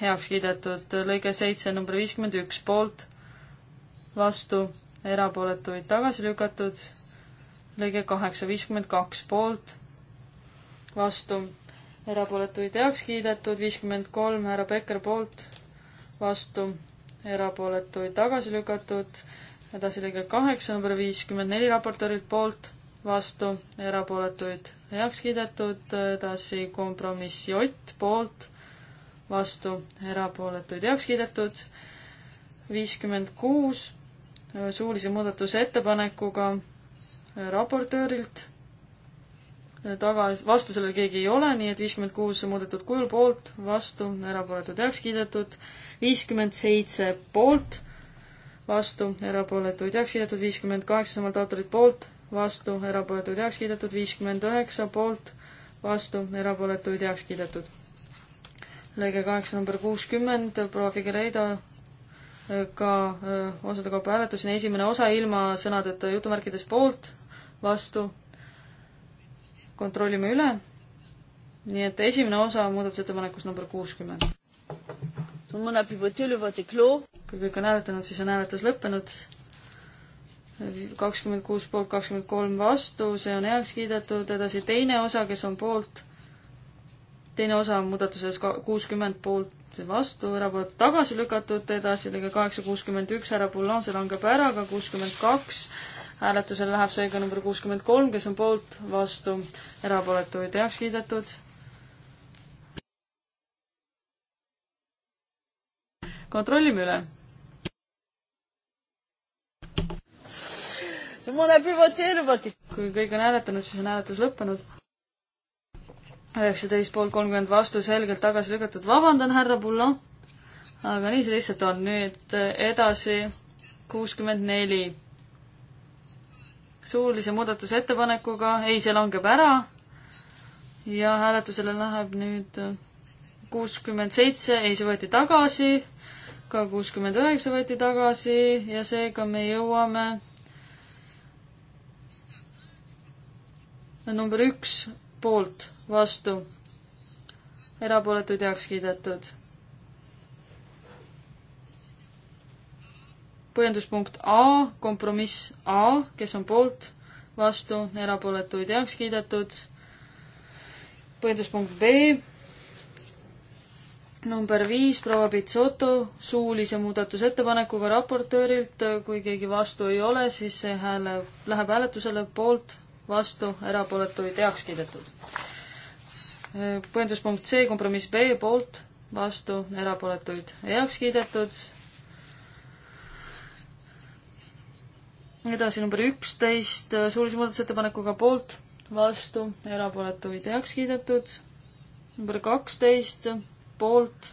heaks kiidetud, lõige seitse, number viiskümmend üks, poolt, vastu, erapooletuid tagasi lükatud, lõige kaheksa, viiskümmend kaks, poolt, vastu erapooletuid heaks kiidetud, viiskümmend kolm härra Pekker poolt, vastu, erapooletuid tagasi lükatud, edasi lõige kaheksa, number viiskümmend neli raportöörilt poolt, vastu, erapooletuid heaks kiidetud, edasi kompromiss J poolt, vastu, erapooletuid heaks kiidetud, viiskümmend kuus suulise muudatusettepanekuga raportöörilt tagas, vastu sellele keegi ei ole, nii et viiskümmend kuus muudetud kujul poolt, vastu, erapooletud, heaks kiidetud, viiskümmend seitse poolt, vastu, erapooletuid heaks kiidetud, viiskümmend kaheksa samalt autorit poolt, vastu, erapooletuid heaks kiidetud, viiskümmend üheksa poolt, vastu, erapooletuid heaks kiidetud. lõige kaheksa number kuuskümmend, proua Figueiredo ka osade kaupa hääletuseni, esimene osa ilma sõnadeta jutumärkides poolt, vastu, kontrollime üle. nii et esimene osa muudatusettepanekust number kuuskümmend. kui kõik on hääletanud, siis on hääletus lõppenud. kakskümmend kuus poolt, kakskümmend kolm vastu, see on heaks kiidetud, edasi teine osa, kes on poolt. teine osa on muudatuses kuuskümmend poolt vastu, erapooletud tagasi lükatud, edasi lõige kaheksa, kuuskümmend üks, härra Poulan, see langeb ära, ka kuuskümmend kaks hääletusele läheb seega number kuuskümmend kolm, kes on poolt, vastu, erapooletuid heaks kiidetud. kontrollime üle. kui kõik on hääletanud, siis on hääletus lõppenud. üheksateist poolt kolmkümmend vastu, selgelt tagasi lükatud. vabandan, härra Pullo. aga nii see lihtsalt on. nüüd edasi kuuskümmend neli suulise muudatusettepanekuga, ei, see langeb ära ja hääletusele läheb nüüd kuuskümmend seitse, ei, see võeti tagasi, ka kuuskümmend üheksa võeti tagasi ja seega me jõuame number üks poolt vastu, erapooletuid heaks kiidetud põhjenduspunkt A, kompromiss A, kes on poolt, vastu, erapooletuid heaks kiidetud. põhjenduspunkt B, number viis, proua Pitsoto suulise muudatusettepanekuga raportöörilt, kui keegi vastu ei ole, siis see hääle, läheb hääletusele poolt, vastu, erapooletuid heaks kiidetud. põhjenduspunkt C, kompromiss B, poolt, vastu, erapooletuid heaks kiidetud edasi number üksteist, äh, suulise muudatusettepanekuga poolt, vastu, erapooletuid heaks kiidetud. number kaksteist, poolt,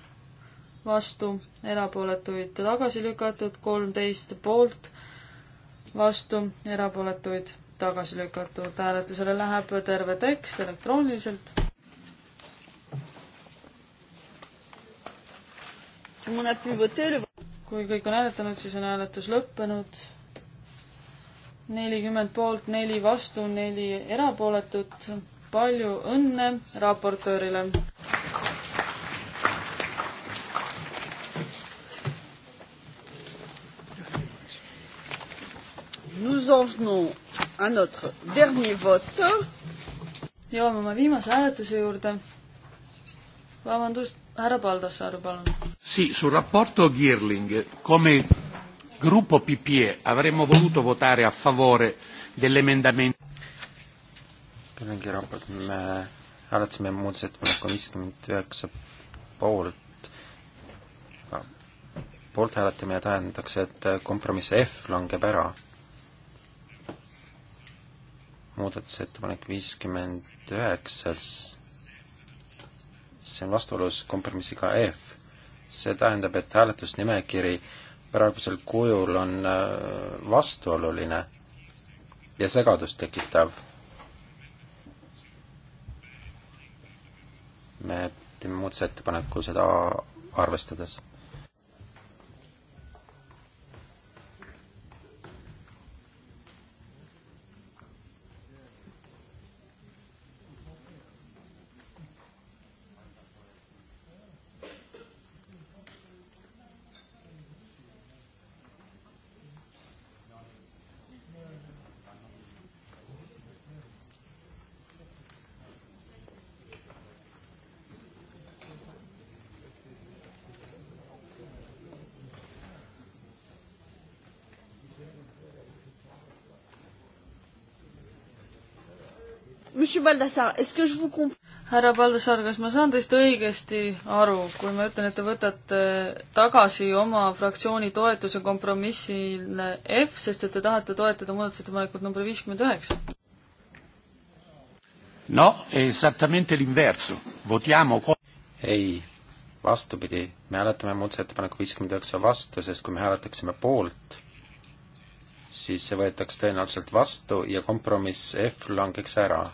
vastu, erapooletuid tagasi lükatud, kolmteist poolt, vastu, erapooletuid tagasi lükatud. hääletusele läheb terve tekst elektrooniliselt. kui kõik on hääletanud, siis on hääletus lõppenud nelikümmend poolt, neli vastu, neli erapooletut. palju õnne raportöörile. Nous en venons à notre dernier vote. jõuame oma viimase hääletuse juurde. vabandust, härra Paldassaar, palun. Sì, sul rapporto Girling, come gruppo PPE avremmo voluto votare a favore dell'emendamento raport, me hääletasime muudatusettepaneku viiskümmend üheksa poolt, poolt hääletamine tähendaks, et kompromiss F langeb ära. muudatusettepanek viiskümmend üheksas, see on vastuolus kompromissiga F. see tähendab, et hääletusnimekiri äh, praegusel kujul on äh, vastuoluline ja segadust tekitav. me teeme muudatusettepaneku seda arvestades härra Baldassar, kas ma saan teist õigesti aru, kui ma ütlen, et te võtate tagasi oma fraktsiooni toetuse kompromissile F, sest et te tahate toetada muudatusettepanekut number viiskümmend üheksa? no esattamente l'inverso, votiamo ei, vastupidi, me hääletame muudatusettepaneku viiskümmend üheksa vastu, sest kui me hääletaksime poolt, siis see võetaks tõenäoliselt vastu ja kompromiss F langeks ära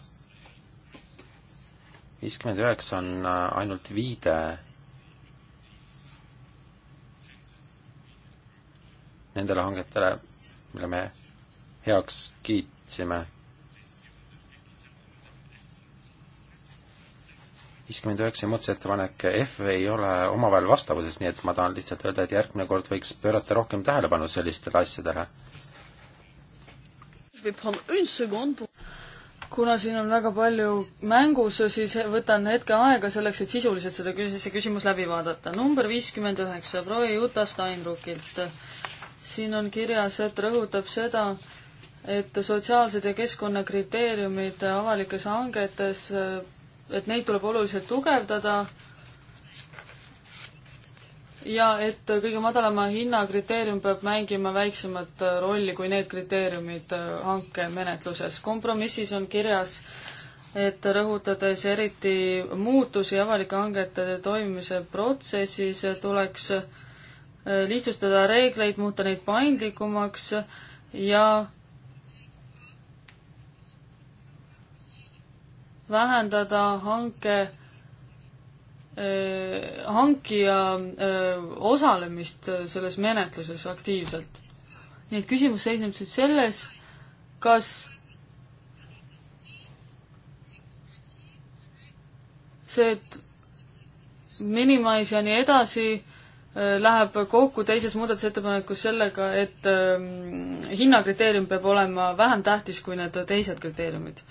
viiskümmend üheksa on äh, ainult viide nendele hangetele, mille me heaks kiitsime. viiskümmend üheksa muudatusettepanek F ei ole omavahel vastavuses, nii et ma tahan lihtsalt öelda, et järgmine kord võiks pöörata rohkem tähelepanu sellistele asjadele kuna siin on väga palju mängus, siis võtan hetke aega selleks, et sisuliselt seda küs-, see küsimus läbi vaadata. number viiskümmend üheksa, proovi Juta Steinruckilt. siin on kirjas, et rõhutab seda, et sotsiaalsed ja keskkonnakriteeriumid avalikes hangetes, et neid tuleb oluliselt tugevdada ja et kõige madalama hinna kriteerium peab mängima väiksemat rolli kui need kriteeriumid hankemenetluses. kompromissis on kirjas, et rõhutades eriti muutusi avalike hangete toimimise protsessis, tuleks eh, lihtsustada reegleid, muuta neid paindlikumaks ja vähendada hanke Äh, hankija äh, osalemist äh, selles menetluses aktiivselt. nii et küsimus seisneb siis selles, kas see, et Minimize ja nii edasi läheb kokku teises muudatusettepanekus sellega, et ähm, hinnakriteerium peab olema vähem tähtis kui need teised kriteeriumid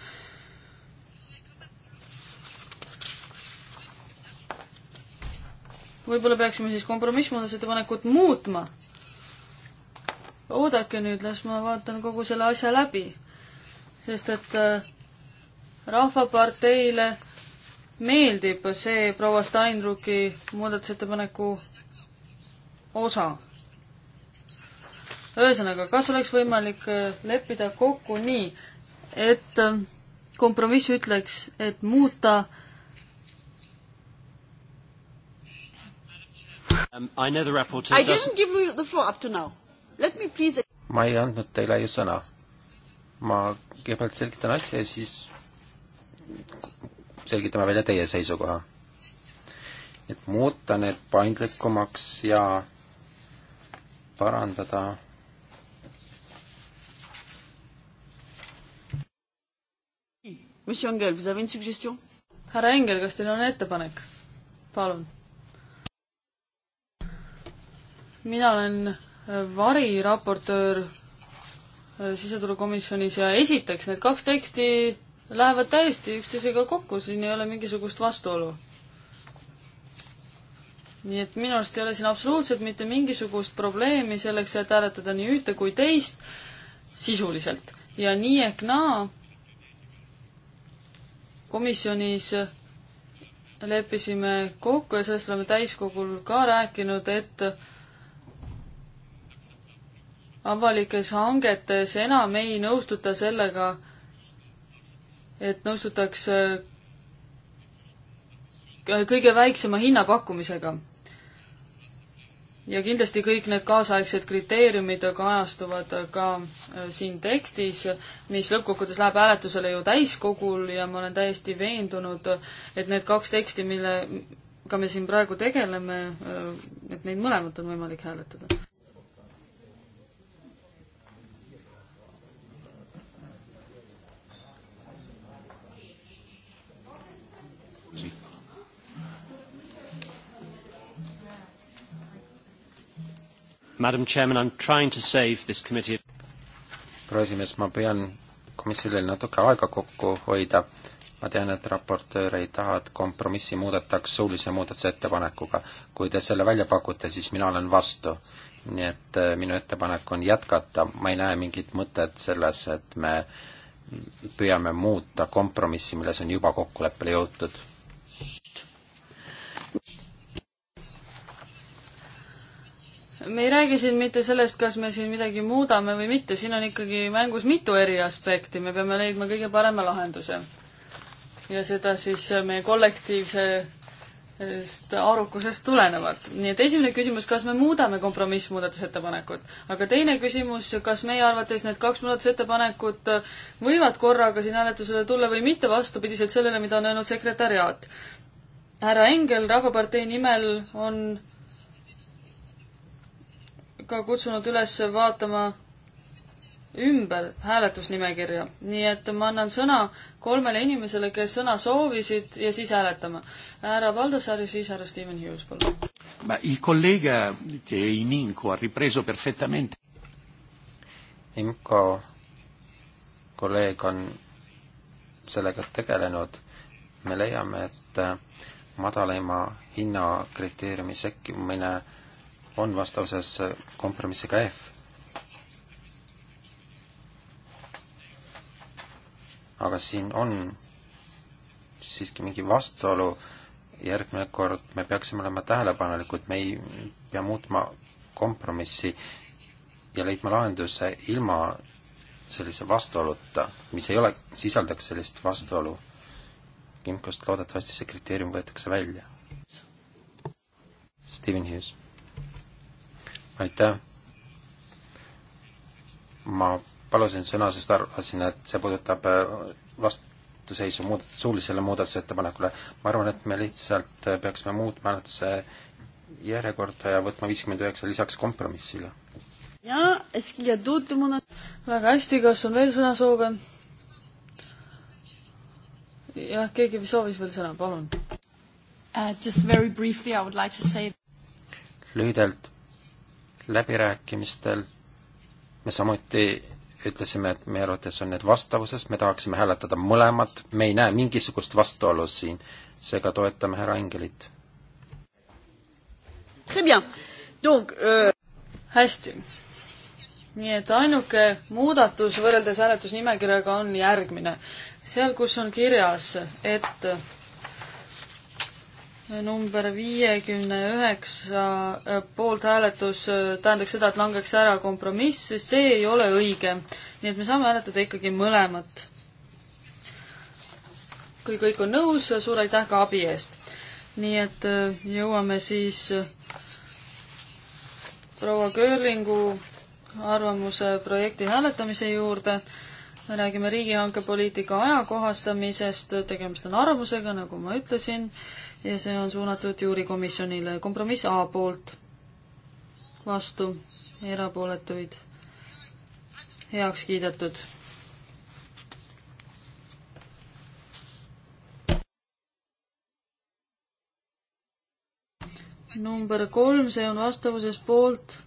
võib-olla peaksime siis kompromissmuudatusettepanekut muutma. oodake nüüd, las ma vaatan kogu selle asja läbi. sest et äh, Rahvaparteile meeldib see proua Steinrucki muudatusettepaneku osa. ühesõnaga, kas oleks võimalik äh, leppida kokku nii, et äh, kompromiss ütleks, et muuta äh, um,. I didn't give you the floor up to now. Let me please. ma ei andnud teile ju sõna. ma kõigepealt selgitan asja ja siis selgitame välja teie seisukoha. et muuta need paindlikumaks ja parandada Monsieur Engel, vous avez une suggestion? härra Engel, kas teil on ettepanek? palun mina olen äh, variraportöör äh, siseturukomisjonis ja esiteks need kaks teksti lähevad täiesti üksteisega kokku, siin ei ole mingisugust vastuolu. nii et minu arust ei ole siin absoluutselt mitte mingisugust probleemi selleks, et hääletada nii ühte kui teist sisuliselt ja nii ehk naa komisjonis äh, leppisime kokku ja sellest oleme täiskogul ka rääkinud, et avalikes hangetes enam ei nõustuta sellega, et nõustutakse äh, kõige väiksema hinnapakkumisega. ja kindlasti kõik need kaasaegsed kriteeriumid kajastuvad ka äh, siin tekstis, mis lõppkokkuvõttes läheb hääletusele ju täiskogul ja ma olen täiesti veendunud, et need kaks teksti, millega ka me siin praegu tegeleme, äh, et neid mõlemat on võimalik hääletada Madam Chairman, I'm trying to save this committee. proua esimees, ma püüan komisjonil natuke aega kokku hoida. ma tean, et raportöör ei taha, et kompromissi muudetaks suulise muudatusettepanekuga. kui te selle välja pakute, siis mina olen vastu. nii et äh, minu ettepanek on jätkata, ma ei näe mingit mõtet selles, et me püüame muuta kompromissi, milles on juba kokkuleppele jõutud me ei räägi siin mitte sellest, kas me siin midagi muudame või mitte, siin on ikkagi mängus mitu eri aspekti, me peame leidma kõige parema lahenduse. ja seda siis meie kollektiivsest arukusest tulenevalt. nii et esimene küsimus, kas me muudame kompromissmuudatusettepanekut, aga teine küsimus, kas meie arvates need kaks muudatusettepanekut võivad korraga siin hääletusele tulla või mitte, vastupidiselt sellele, mida on öelnud sekretäriaat. härra Engel Rahvapartei nimel on ka kutsunud üles vaatama ümber hääletusnimekirja, nii et ma annan sõna kolmele inimesele, kes sõna soovisid ja siis hääletame. härra Valdosaar ja siis härra Steven Hughes, palun. Imko kolleeg on sellega tegelenud, me leiame, et madalaima hinna kriteeriumi sekkimine äh, on vastavuses kompromissiga F. aga siin on siiski mingi vastuolu, järgmine kord me peaksime olema tähelepanelikud, me ei pea muutma kompromissi ja leidma lahenduse ilma sellise vastuoluta, mis ei ole, sisaldaks sellist vastuolu. Kimkost loodetavasti see kriteerium võetakse välja. Steven Hughes aitäh! ma palusin sõna, sest arvasin, et see puudutab äh, vastuseisu muudat-, suulisele muudatusettepanekule. ma arvan, et me lihtsalt äh, peaksime muutma hääletuse järjekorda ja võtma viiskümmend üheksa lisaks kompromissile. väga hästi, kas on veel sõnasoove? jah, keegi soovis veel sõna, palun uh,. Just very briefly I would like to say lühidalt läbirääkimistel me samuti ütlesime, et meie arvates on need vastavuses, me tahaksime hääletada mõlemat, me ei näe mingisugust vastuolu siin, seega toetame härra Engelit. Euh... hästi. nii et ainuke muudatus võrreldes hääletusnimekirjaga on järgmine. seal, kus on kirjas, et number viiekümne üheksa äh, poolthääletus äh, tähendaks seda, et langeks ära kompromiss, sest see ei ole õige. nii et me saame hääletada ikkagi mõlemat. kui kõik on nõus, suur aitäh ka abi eest. nii et äh, jõuame siis proua Köörlingu arvamuse projekti hääletamise juurde. me räägime riigihankepoliitika ajakohastamisest, tegemist on arvamusega, nagu ma ütlesin ja see on suunatud juurikomisjonile. kompromiss A poolt, vastu, erapooletuid, heaks kiidetud number kolm, see on vastavuses poolt,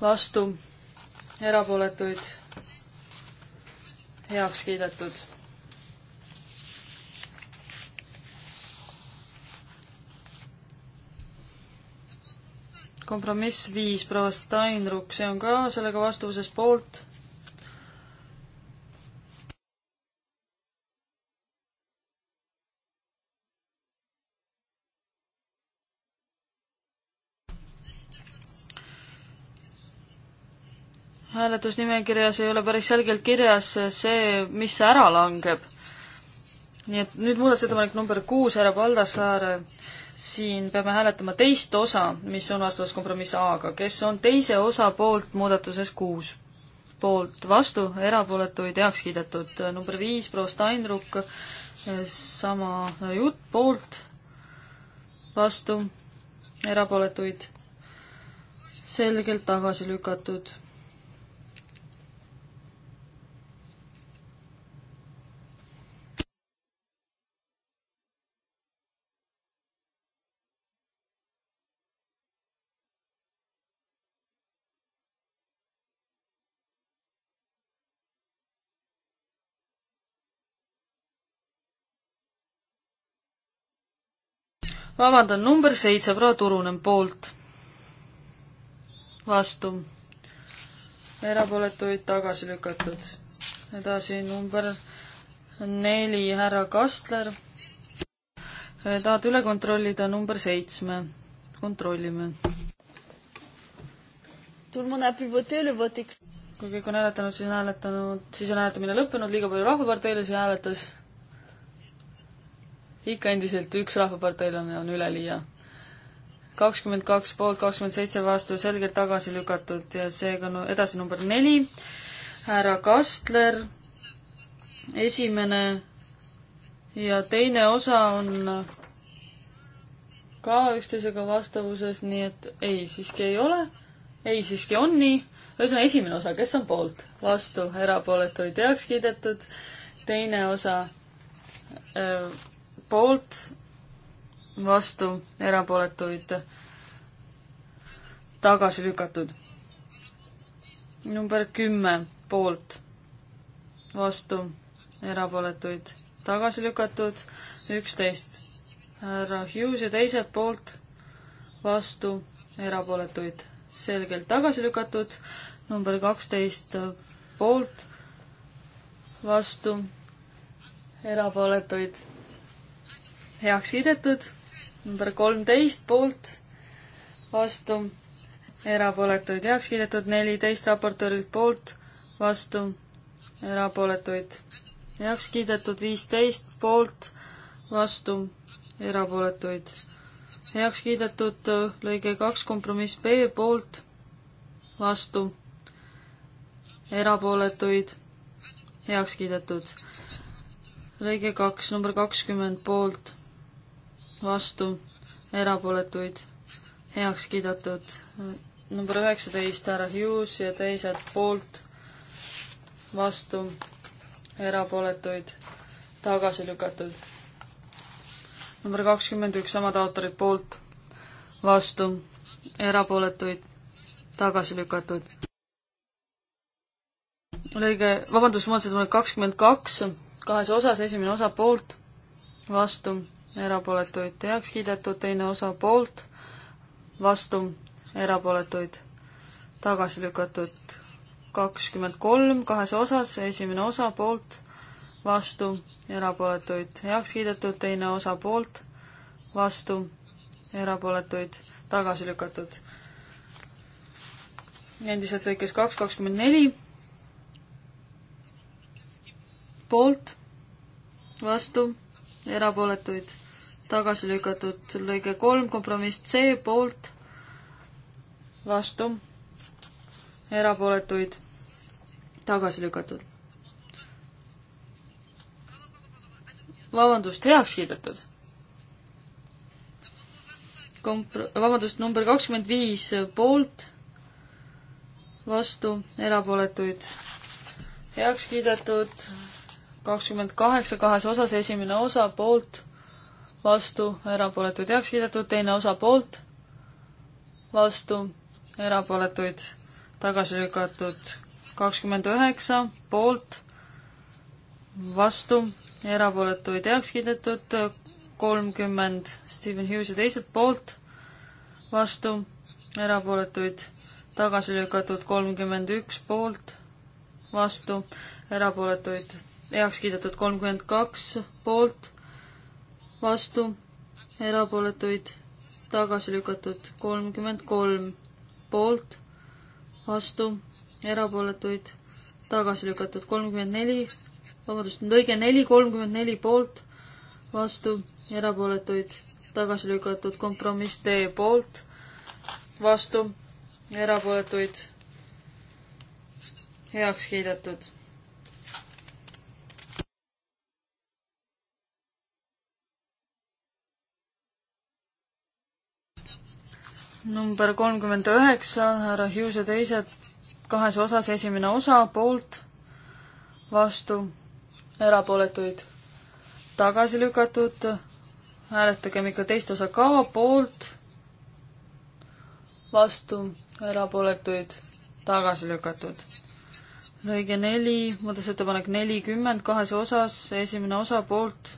vastu, erapooletuid, heaks kiidetud kompromiss viis proua Steinruck, see on ka sellega vastuses poolt. hääletusnimekirjas ei ole päris selgelt kirjas see, mis ära langeb. nii et nüüd muudatusettepanek number kuus, härra Paldassaar siin peame hääletama teist osa, mis on vastavas kompromiss A-ga, kes on teise osa poolt muudatuses kuus. poolt vastu, erapooletuid heaks kiidetud. number viis, proua Steinruck, sama jutt, poolt, vastu, erapooletuid selgelt tagasi lükatud vabandan, number seitse, proua Turunen poolt. vastu. erapooletuid tagasi lükatud. edasi number neli, härra Kastler. Äh, tahad üle kontrollida number seitsme? kontrollime. kui kõik on hääletanud, siis on hääletanud, siis on hääletamine lõppenud, liiga palju rahvaparteilasi hääletas ikka endiselt üks rahvaparteilane on üleliia. kakskümmend kaks poolt, kakskümmend seitse vastu, selgelt tagasi lükatud ja seega no edasi number neli, härra Kastler, esimene ja teine osa on ka üksteisega vastavuses, nii et ei, siiski ei ole, ei, siiski on nii, ühesõnaga esimene osa, kes on poolt, vastu, erapooletuid heaks kiidetud, teine osa öö, äh, poolt, vastu, erapooletuid tagasi lükatud. number kümme poolt, vastu, erapooletuid tagasi lükatud, üksteist härra Hughes ja teised poolt, vastu, erapooletuid selgelt tagasi lükatud, number kaksteist poolt, vastu, erapooletuid heaks kiidetud. number kolmteist poolt, vastu, erapooletuid heaks kiidetud, neliteist raportöörilt poolt, vastu, erapooletuid heaks kiidetud, viisteist poolt, vastu, erapooletuid heaks kiidetud, lõige kaks, kompromiss B poolt, vastu, erapooletuid heaks kiidetud lõige kaks, number kakskümmend poolt, vastu, erapooletuid heaks kiidetud. number üheksateist, härra Hughes ja teised poolt, vastu, erapooletuid tagasi lükatud. number kakskümmend üks, samad autorid poolt, vastu, erapooletuid tagasi lükatud. lõige, vabandust, muudatusettepanek kakskümmend kaks, kahes osas, esimene osa poolt, vastu erapooletuid heaks kiidetud, teine osa poolt, vastu, erapooletuid tagasi lükatud kakskümmend kolm kahes osas, esimene osa poolt, vastu, erapooletuid heaks kiidetud, teine osa poolt, vastu, erapooletuid tagasi lükatud. endiselt lõikes kaks, kakskümmend neli, poolt, vastu, erapooletuid tagasi lükatud lõige kolm, kompromiss C poolt, vastu, erapooletuid, tagasi lükatud. vabandust, heaks kiidetud. Kompr-, vabandust, number kakskümmend viis poolt, vastu, erapooletuid, heaks kiidetud, kakskümmend kaheksa kahes osas, esimene osa poolt vastu, erapooletuid heaks kiidetud, teine osa poolt, vastu, erapooletuid tagasi lükatud, kakskümmend üheksa poolt, vastu, erapooletuid heaks kiidetud, kolmkümmend Stephen Hughes'i teiselt poolt, vastu, erapooletuid tagasi lükatud, kolmkümmend üks poolt, vastu, erapooletuid heaks kiidetud, kolmkümmend kaks poolt vastu, erapooletuid tagasi lükatud kolmkümmend kolm poolt, vastu, erapooletuid tagasi lükatud kolmkümmend neli, vabandust, lõige neli, kolmkümmend neli poolt, vastu, erapooletuid tagasi lükatud kompromiss D poolt, vastu, erapooletuid heaks kiidetud number kolmkümmend üheksa, härra Hughes ja teised, kahes osas, esimene osa, poolt, vastu, erapooletuid, tagasi lükatud, hääletagem ikka teist osa ka, poolt, vastu, erapooletuid, tagasi lükatud. lõige neli, muudatusettepanek nelikümmend kahes osas, esimene osa poolt,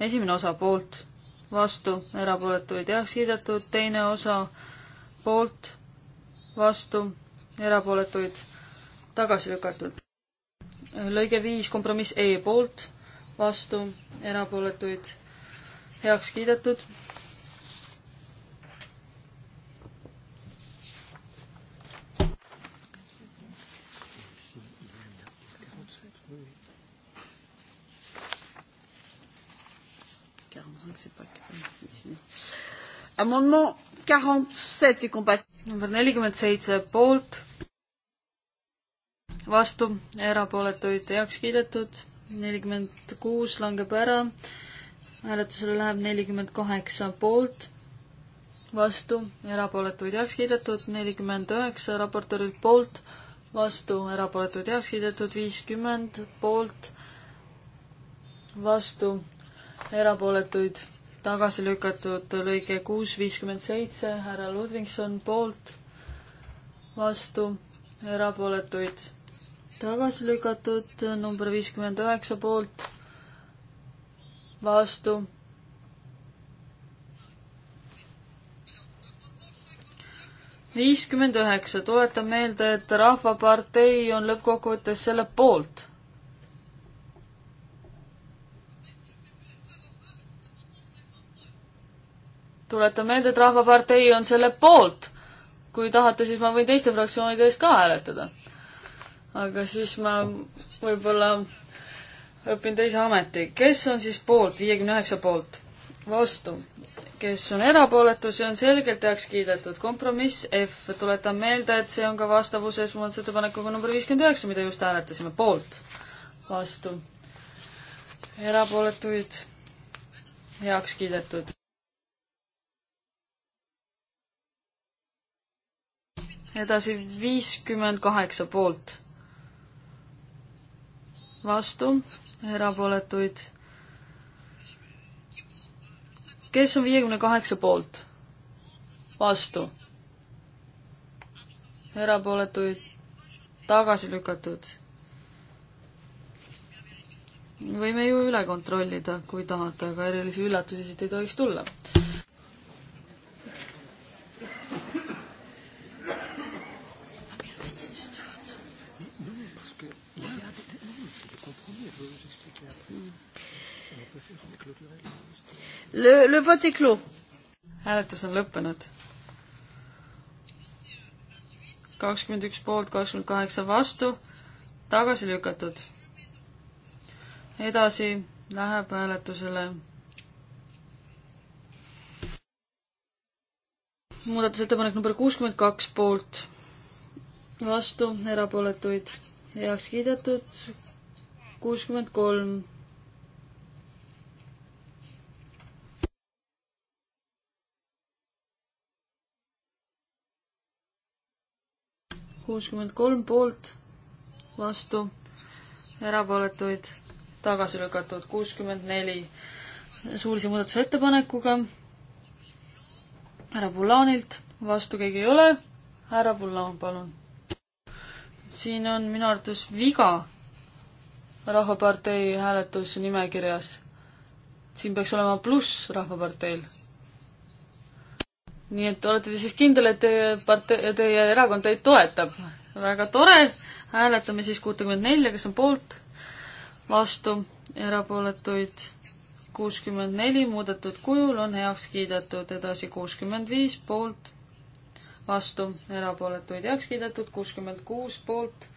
esimene osa poolt vastu, erapooletuid heaks kiidetud, teine osa poolt, vastu, erapooletuid tagasi lükatud. lõige viis, kompromiss E poolt, vastu, erapooletuid heaks kiidetud Amendement quarante sept est compatible. number nelikümmend seitse poolt, vastu, erapooletuid heaks kiidetud, nelikümmend kuus langeb ära, hääletusele läheb nelikümmend kaheksa poolt, vastu, erapooletuid heaks kiidetud, nelikümmend üheksa raportöörilt poolt, vastu, erapooletuid heaks kiidetud, viiskümmend poolt, vastu, erapooletuid tagasi lükatud lõige kuus viiskümmend seitse, härra Ludvingson poolt, vastu, erapooletuid tagasi lükatud, number viiskümmend üheksa poolt, vastu. viiskümmend üheksa, tuletan meelde, et Rahvapartei on lõppkokkuvõttes selle poolt tuletan meelde, et Rahvapartei on selle poolt. kui tahate, siis ma võin teiste fraktsioonide eest ka hääletada. aga siis ma võib-olla õpin teise ameti. kes on siis poolt, viiekümne üheksa poolt? vastu. kes on erapooletu, see on selgelt heaks kiidetud. kompromiss F, tuletan meelde, et see on ka vastavuses muudatusettepanekuga number viiskümmend üheksa, mida just hääletasime. poolt, vastu, erapooletuid heaks kiidetud. edasi viiskümmend kaheksa poolt. vastu, erapooletuid. kes on viiekümne kaheksa poolt? vastu. erapooletuid tagasi lükatud. võime ju üle kontrollida, kui tahate, aga erilisi üllatusi siit ei tohiks tulla Le, le vote est clos. hääletus on lõppenud. kakskümmend üks poolt, kakskümmend kaheksa vastu, tagasi lükatud. edasi läheb hääletusele muudatusettepanek number kuuskümmend kaks poolt, vastu, erapooletuid heaks kiidetud, kuuskümmend kolm kuuskümmend kolm poolt, vastu, erapooletuid tagasi lükatud, kuuskümmend neli suurse muudatusettepanekuga härra Bullanilt, vastu keegi ei ole, härra Bullan, palun. siin on minu arvates viga Rahvapartei hääletusnimekirjas. siin peaks olema pluss Rahvaparteil nii et olete te siis kindel, et teie partei, teie erakond teid toetab? väga tore, hääletame siis kuutekümmet nelja, kes on poolt, vastu, erapooletuid kuuskümmend neli, muudetud kujul on heaks kiidetud, edasi kuuskümmend viis poolt, vastu, erapooletuid heaks kiidetud, kuuskümmend kuus poolt,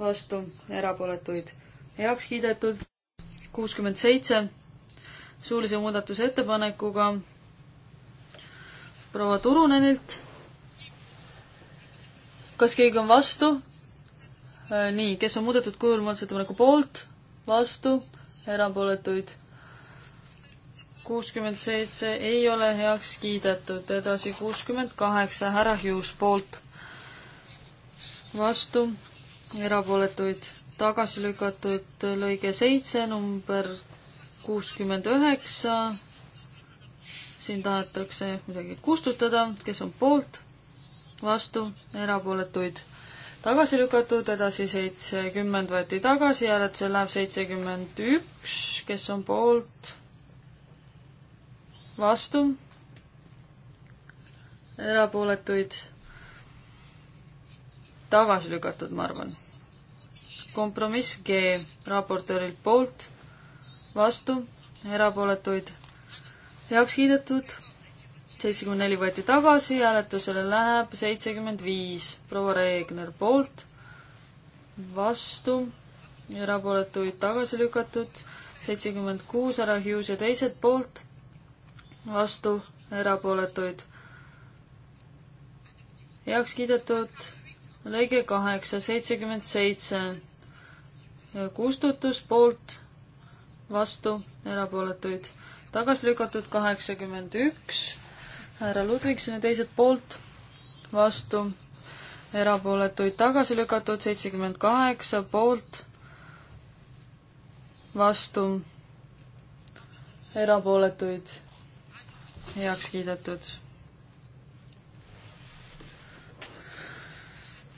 vastu, erapooletuid heaks kiidetud, kuuskümmend seitse suulise muudatusettepanekuga proua Turunenilt. kas keegi on vastu? Äh, nii, kes on muudetud kujul muudatusettepaneku poolt, vastu, erapooletuid? kuuskümmend seitse ei ole heaks kiidetud, edasi kuuskümmend kaheksa, härra Hughes poolt, vastu, erapooletuid, tagasi lükatud lõige seitse, number kuuskümmend üheksa siin tahetakse midagi kustutada, kes on poolt, vastu, erapooletuid tagasi lükatud, edasi seitsekümmend võeti tagasi, hääletusel läheb seitsekümmend üks, kes on poolt, vastu, erapooletuid tagasi lükatud, ma arvan. kompromiss G raportöörilt poolt, vastu, erapooletuid heaks kiidetud, seitsekümmend neli võeti tagasi, hääletusele läheb seitsekümmend viis, proua Reegner poolt, vastu, erapooletuid tagasi lükatud, seitsekümmend kuus, härra Hughes ja teised poolt, vastu, erapooletuid heaks kiidetud, lõige kaheksa, seitsekümmend seitse, kustutus poolt, vastu, erapooletuid tagasi lükatud kaheksakümmend üks härra Ludvigsoni teiselt poolt, vastu, erapooletuid tagasi lükatud seitsekümmend kaheksa poolt, vastu, erapooletuid heaks kiidetud.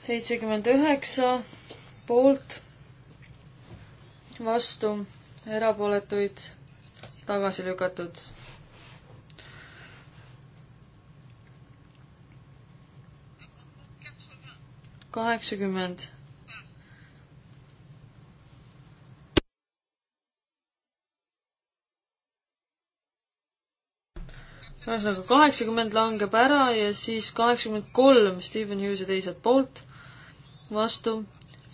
seitsekümmend üheksa poolt, vastu, erapooletuid tagasi lükatud. kaheksakümmend. ühesõnaga kaheksakümmend langeb ära ja siis kaheksakümmend kolm Steven Hughes ja teised poolt, vastu,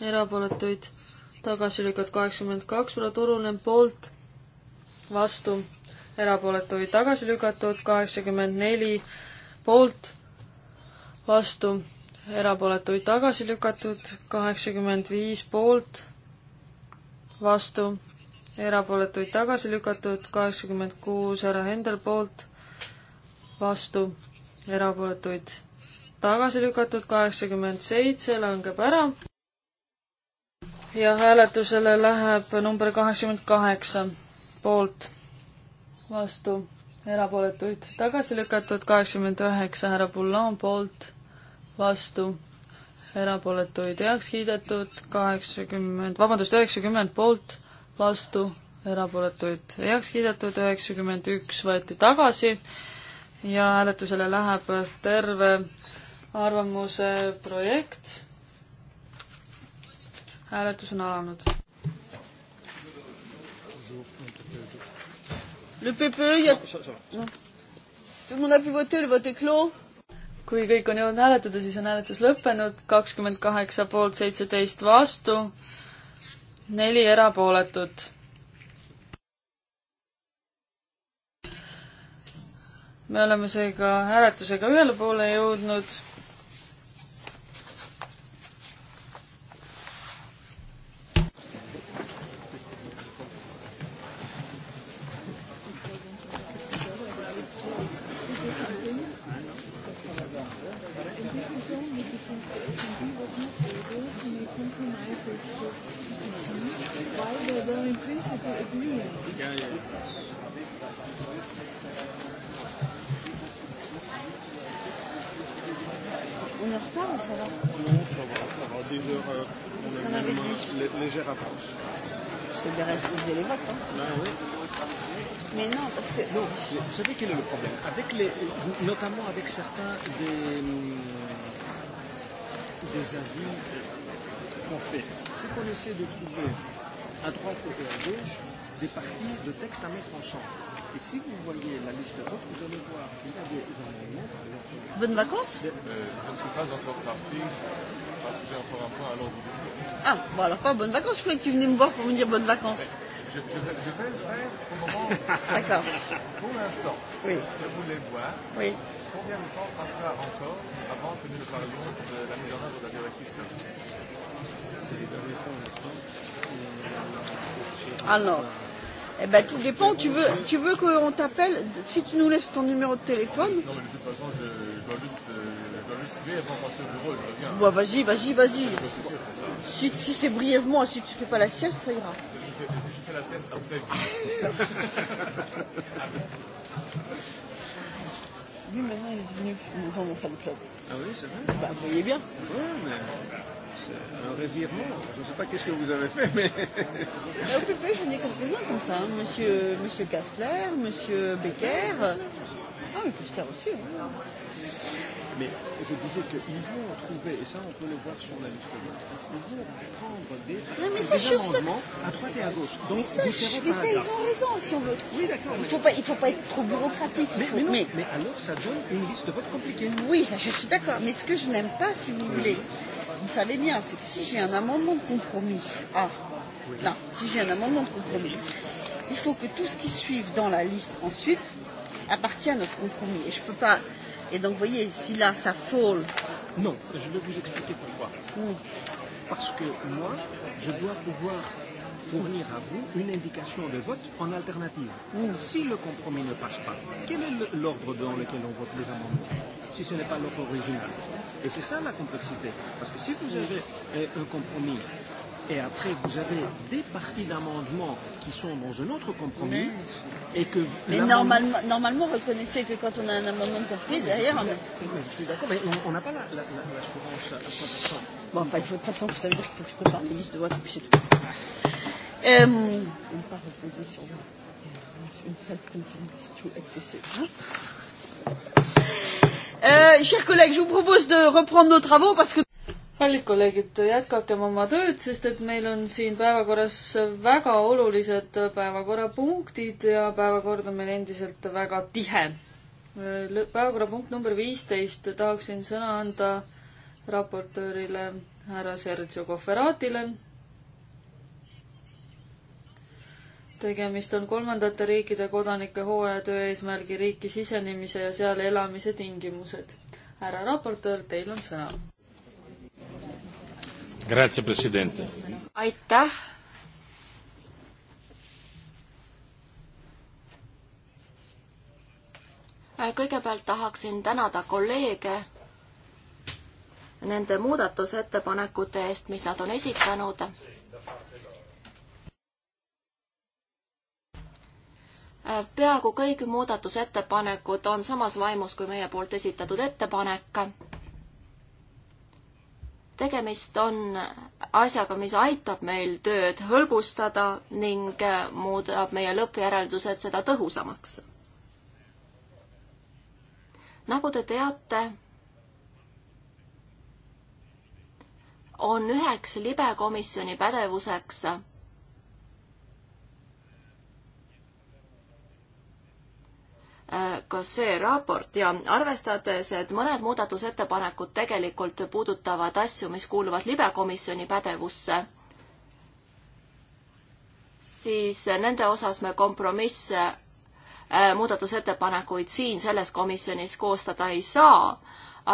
erapooletuid tagasi lükatud kaheksakümmend kaks, Protorunen poolt vastu, erapooletuid tagasi lükatud, kaheksakümmend neli poolt, vastu, erapooletuid tagasi lükatud, kaheksakümmend viis poolt, vastu, erapooletuid tagasi lükatud, kaheksakümmend kuus härra Hendel poolt, vastu, erapooletuid tagasi lükatud, kaheksakümmend seitse langeb ära ja hääletusele läheb number kaheksakümmend kaheksa poolt, vastu, erapooletuid tagasi lükatud, kaheksakümmend üheksa härra Poulan poolt, vastu, erapooletuid heaks kiidetud, kaheksakümmend, vabandust, üheksakümmend poolt, vastu, erapooletuid heaks kiidetud, üheksakümmend üks võeti tagasi ja hääletusele läheb terve arvamuse projekt. hääletus on alanud Le PPE, il y a... Non, Tout le monde a pu voter, le vote est clos. kui kõik on jõudnud hääletada, siis on hääletus lõppenud, kakskümmend kaheksa poolt, seitseteist vastu, neli erapooletut. me oleme seega hääletusega ühele poole jõudnud légère avance. C'est des restes, vous allez voter. Hein. Ben, oui. Mais non, parce que. Non, vous savez quel est le problème avec les, Notamment avec certains des, des avis qu'on fait. C'est qu'on essaie de trouver à droite et à gauche des parties de textes à mettre en champ. Et si vous voyez la liste d'offres, vous allez voir qu'il y a des amendements. Bonnes vacances euh, Je ne suis pas encore parti parce que j'ai encore un point à l'ordre du jour. Ah, bon alors pas bonnes vacances, je croyais que tu venais me voir pour me dire bonnes vacances. Mais je, je, je vais le faire au moment. D'accord. Pour l'instant, oui. je voulais voir. Oui. Combien de temps passera encore avant que nous parlions de la mise en œuvre de la directive service C'est les derniers temps, n'est-ce pas Alors. Euh, Eh ben, tout dépend. Tu veux, tu veux qu'on t'appelle Si tu nous laisses ton numéro de téléphone. Non, mais de toute façon, je, je dois juste, euh, je dois juste trouver avant de passer au bureau. Je reviens. Bah, vas-y, vas-y, vas-y. Si, si c'est brièvement, si tu fais pas la sieste, ça ira. Je fais, je fais la sieste après. Lui, maintenant, il est devenu dans mon fan club. Ah oui, c'est vrai Bah, vous voyez bien. Ouais, mais un revirement. Je ne sais pas qu'est-ce que vous avez fait, mais... Au PP, j'en ai quelques-uns comme ça. Hein. Monsieur, monsieur Kastler, Monsieur Becker. Ah, mais Kastler aussi. Hein. Mais je disais qu'ils vont trouver, et ça on peut le voir sur la liste ils vont prendre des, non, mais ça, des je amendements suis... à droite et à gauche. Donc mais ça, je... mais ça ils ont raison si on veut. Oui, d'accord. Il ne mais... faut, pas, il faut pas être trop bureaucratique. Mais, faut... mais, non, mais... mais alors ça donne une liste de votes compliquée. Oui, ça je suis d'accord. Mais ce que je n'aime pas, si vous oui. voulez. Oui Donc ça allait bien, c'est que si j'ai un amendement de compromis, ah, non, si j'ai un amendement de compromis, il faut que tout ce qui suive dans la liste ensuite appartienne à ce compromis. Et je peux pas. Et donc, vous voyez, si là, ça fall. Non, je vais vous expliquer pourquoi. Mm. Parce que moi, je dois pouvoir fournir à vous une indication de vote en alternative. Mm. Si le compromis ne passe pas, quel est l'ordre dans lequel on vote les amendements Si ce n'est pas l'ordre original Et c'est ça la complexité. Parce que si vous avez euh, un compromis et après vous avez des parties d'amendements qui sont dans un autre compromis mais, et que mais normalement, normalement reconnaissez que quand on a un amendement de compromis derrière on a... je suis d'accord mais on n'a pas l'assurance la, la, à 100% bon bah, de toute façon ça veut dire qu'il faut que je prépare une liste de vote puis c'est tout euh, on ne pas reposer sur une salle de conférence tout accessible hein Euh, kallid kolleegid, jätkakem oma tööd, sest et meil on siin päevakorras väga olulised päevakorrapunktid ja päevakord on meil endiselt väga tihe. päevakorrapunkt number viisteist, tahaksin sõna anda raportöörile härra Sergio Cofferatile tegemist on kolmandate riikide kodanike hooajatöö eesmärgi riiki sisenemise ja seal elamise tingimused. härra raportöör, teil on sõna. aitäh. kõigepealt tahaksin tänada kolleege nende muudatusettepanekute eest, mis nad on esitanud peaaegu kõik muudatusettepanekud on samas vaimus kui meie poolt esitatud ettepanek. tegemist on asjaga, mis aitab meil tööd hõlbustada ning muudab meie lõppjäreldused seda tõhusamaks. nagu te teate, on üheks libekomisjoni pädevuseks Äh, ka see raport ja arvestades, et mõned muudatusettepanekud tegelikult puudutavad asju, mis kuuluvad libekomisjoni pädevusse, siis nende osas me kompromisse, äh, muudatusettepanekuid siin selles komisjonis koostada ei saa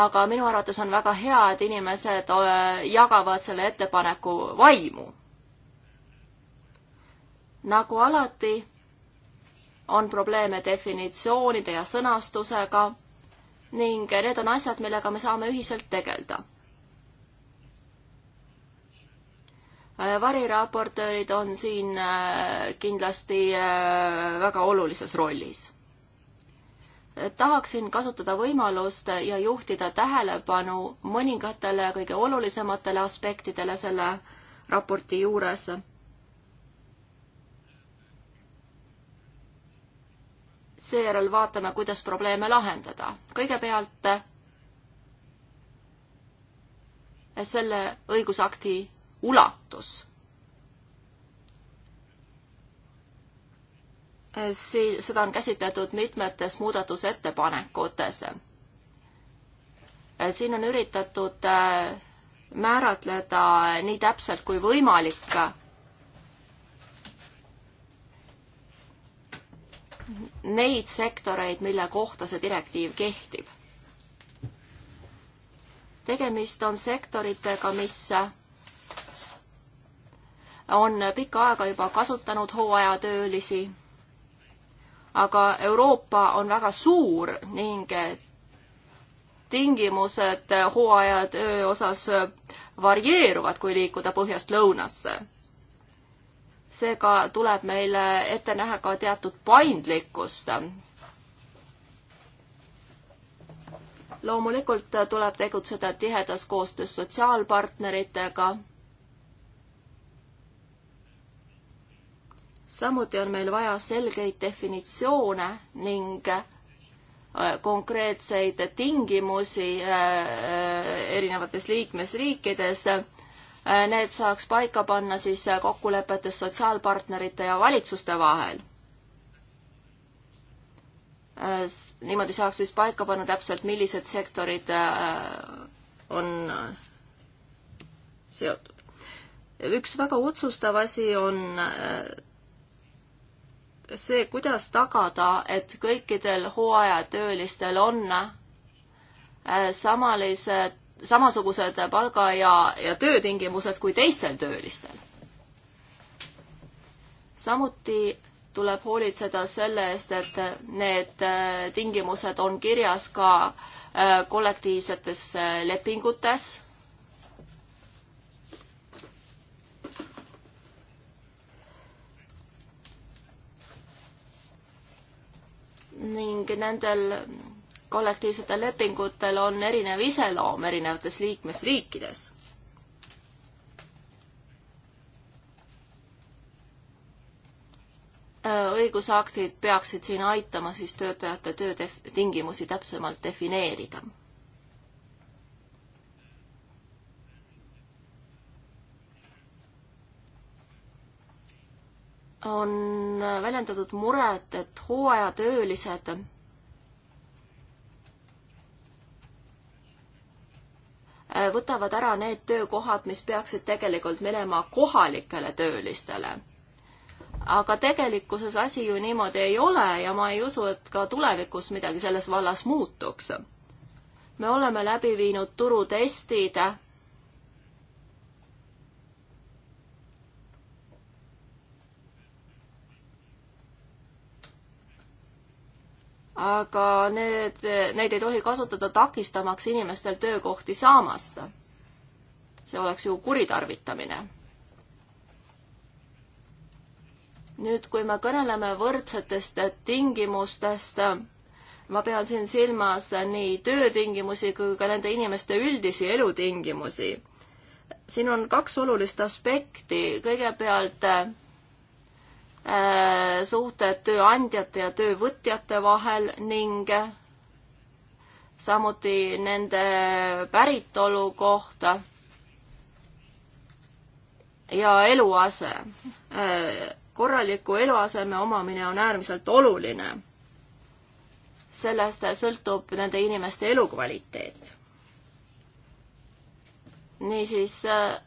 aga minu arvates on väga hea, et inimesed äh, jagavad selle ettepaneku vaimu. nagu alati, on probleeme definitsioonide ja sõnastusega ning need on asjad, millega me saame ühiselt tegeleda. variraportöörid on siin äh, kindlasti äh, väga olulises rollis. tahaksin kasutada võimalust ja juhtida tähelepanu mõningatele kõige olulisematele aspektidele selle raporti juures seejärel vaatame, kuidas probleeme lahendada. kõigepealt selle õigusakti ulatus. sii-, seda on käsitletud mitmetes muudatusettepanekutes. siin on üritatud äh, määratleda nii täpselt kui võimalik neid sektoreid, mille kohta see direktiiv kehtib. tegemist on sektoritega, mis on pikka aega juba kasutanud hooajatöölisi, aga Euroopa on väga suur ning tingimused hooajatöö osas varieeruvad, kui liikuda põhjast lõunasse seega tuleb meile ette näha ka teatud paindlikkust. loomulikult tuleb tegutseda tihedas koostöös sotsiaalpartneritega. samuti on meil vaja selgeid definitsioone ning äh, konkreetseid tingimusi äh, äh, erinevates liikmesriikides Äh, need saaks paika panna siis äh, kokkulepetes sotsiaalpartnerite ja valitsuste vahel. Äh, niimoodi saaks siis paika panna täpselt, millised sektorid on seotud. üks väga otsustav asi on see, kuidas tagada, et kõikidel hooajatöölistel on samalised samasugused palga ja, ja töötingimused kui teistel töölistel. samuti tuleb hoolitseda selle eest, et need äh, tingimused on kirjas ka äh, kollektiivsetes äh, lepingutes. ning nendel kollektiivsetel lepingutel on erinev iseloom erinevates liikmesriikides. Äh, õigusaktid peaksid siin aitama siis töötajate töötingimusi täpsemalt defineerida on väljendatud muret, et hooajatöölised Äh, võtavad ära need töökohad, mis peaksid tegelikult minema kohalikele töölistele. aga tegelikkuses asi ju niimoodi ei ole ja ma ei usu, et ka tulevikus midagi selles vallas muutuks. me oleme läbi viinud turutestid aga need, neid ei tohi kasutada takistamaks inimestel töökohti saamast. see oleks ju kuritarvitamine. nüüd, kui me kõneleme võrdsetest tingimustest, ma pean siin silmas nii töötingimusi kui ka nende inimeste üldisi elutingimusi. siin on kaks olulist aspekti, kõigepealt Äh, suhted tööandjate ja töövõtjate vahel ning samuti nende päritolu kohta ja eluase. Äh, korraliku eluaseme omamine on äärmiselt oluline. sellest sõltub nende inimeste elukvaliteet. niisiis äh,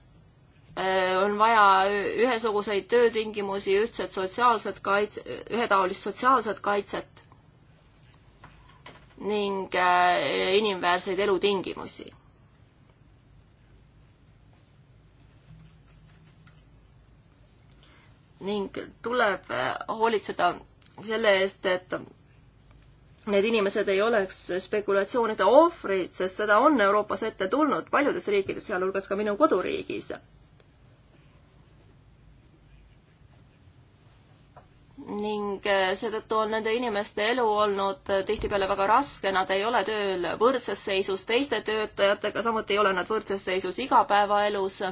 Äh, on vaja ühesuguseid töötingimusi, ühtset sotsiaalset kaitse, ühetaolist sotsiaalset kaitset ning äh, inimväärseid elutingimusi. ning tuleb äh, hoolitseda selle eest, et need inimesed ei oleks spekulatsioonide ohvrid, sest seda on Euroopas ette tulnud paljudes riikides, sealhulgas ka minu koduriigis ning äh, seetõttu on nende inimeste elu olnud äh, tihtipeale väga raske, nad ei ole tööl võrdses seisus teiste töötajatega, samuti ei ole nad võrdses seisus igapäevaelus.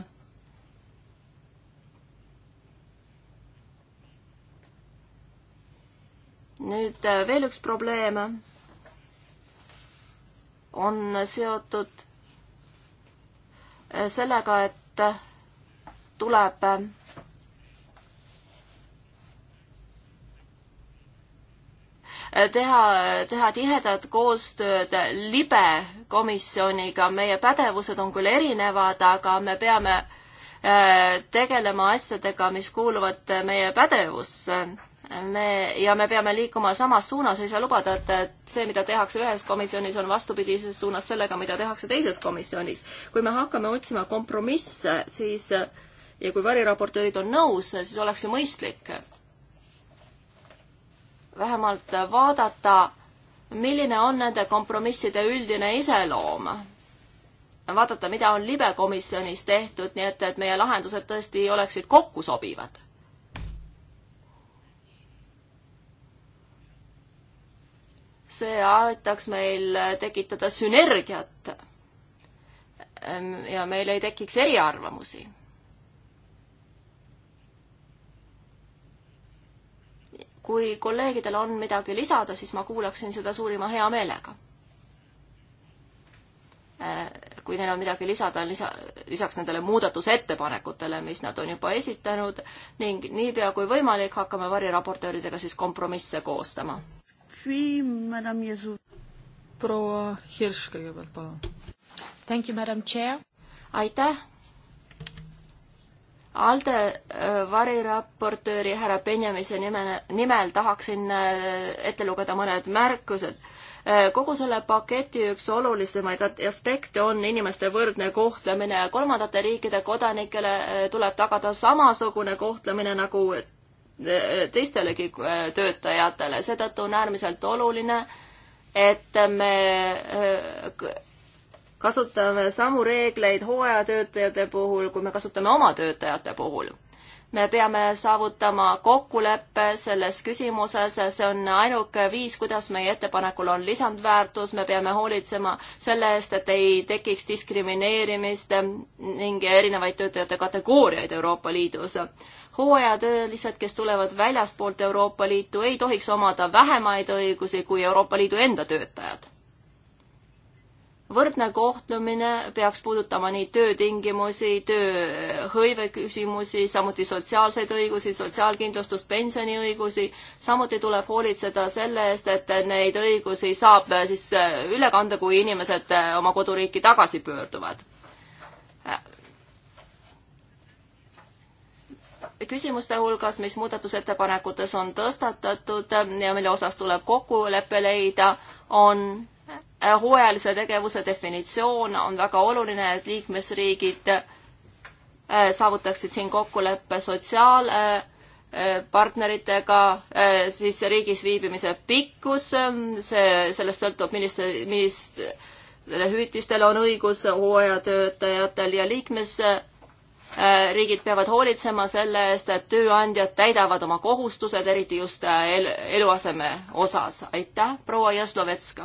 nüüd äh, veel üks probleem on seotud sellega, et tuleb teha, teha tihedat koostööd libe komisjoniga, meie pädevused on küll erinevad, aga me peame äh, tegelema asjadega, mis kuuluvad meie pädevusse. me, ja me peame liikuma samas suunas, ei saa lubada, et, et see, mida tehakse ühes komisjonis, on vastupidises suunas sellega, mida tehakse teises komisjonis. kui me hakkame otsima kompromisse, siis ja kui variraportöörid on nõus, siis oleks ju mõistlik vähemalt vaadata, milline on nende kompromisside üldine iseloom. vaadata, mida on libe komisjonis tehtud, nii et, et meie lahendused tõesti oleksid kokku sobivad. see aitaks meil tekitada sünergiat ehm, ja meil ei tekiks eriarvamusi kui kolleegidel on midagi lisada, siis ma kuulaksin seda suurima heameelega. Äh, kui neil on midagi lisada, lisa, lisaks nendele muudatusettepanekutele, mis nad on juba esitanud ning niipea kui võimalik, hakkame variraportööridega siis kompromisse koostama. proua Hirš kõigepealt, palun. Thank you, madam chair. aitäh ALDE äh, variraportööri härra Benjamise nimel, nimel tahaksin äh, ette lugeda mõned märkused. Äh, kogu selle paketi üks olulisemaid aspekte on inimeste võrdne kohtlemine ja kolmandate riikide kodanikele tuleb tagada samasugune kohtlemine nagu teistelegi töötajatele, seetõttu on äärmiselt oluline, et me kasutame samu reegleid hooajatöötajate puhul, kui me kasutame oma töötajate puhul. me peame saavutama kokkuleppe selles küsimuses, see on ainuke viis, kuidas meie ettepanekul on lisandväärtus, me peame hoolitsema selle eest, et ei tekiks diskrimineerimist ning erinevaid töötajate kategooriaid Euroopa Liidus hooajatöölised, kes tulevad väljastpoolt Euroopa Liitu, ei tohiks omada vähemaid õigusi kui Euroopa Liidu enda töötajad võrdne kohtlemine peaks puudutama nii töötingimusi, tööhõive küsimusi, samuti sotsiaalseid õigusi, sotsiaalkindlustust, pensioniõigusi. samuti tuleb hoolitseda selle eest, et neid õigusi saab äh, siis äh, üle kanda, kui inimesed äh, oma koduriiki tagasi pöörduvad. küsimuste hulgas, mis muudatusettepanekutes on tõstatatud ja mille osas tuleb kokkulepe leida, on Äh, hooajalise tegevuse definitsioon on väga oluline, et liikmesriigid äh, saavutaksid siin kokkuleppe sotsiaalpartneritega, äh, siis riigis viibimise pikkus, ähm, see, sellest sõltub, milliste, millistele hüvitistele on õigus hooajatöötajatel ja liikmes riigid peavad hoolitsema selle eest, et tööandjad täidavad oma kohustused, eriti just eluaseme osas. aitäh, proua Jaslovetska!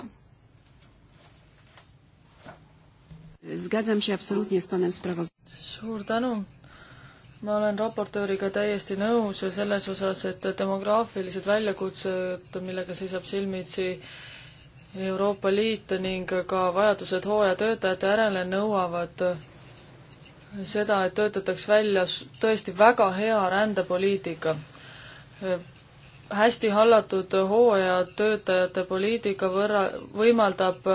Zgadzam się absolutnie z panem sprawozdawcą. Suur tänu. ma olen raportööriga täiesti nõus selles osas, et demograafilised väljakutsed, millega seisab silmitsi Euroopa Liit ning ka vajadused hooajatöötajate järele nõuavad seda, et töötataks välja tõesti väga hea rändepoliitika hästi hallatud hooajatöötajate poliitika võrra, võimaldab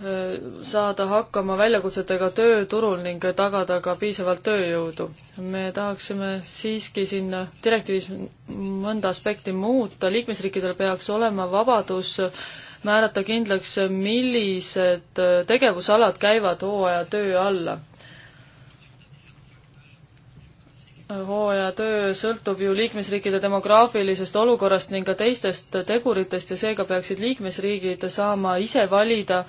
saada hakkama väljakutsetega tööturul ning tagada ka piisavalt tööjõudu. me tahaksime siiski siin direktiivis mõnda aspekti muuta, liikmesriikidel peaks olema vabadus määrata kindlaks, millised tegevusalad käivad hooajatöö alla hooajatöö sõltub ju liikmesriikide demograafilisest olukorrast ning ka teistest teguritest ja seega peaksid liikmesriigid saama ise valida,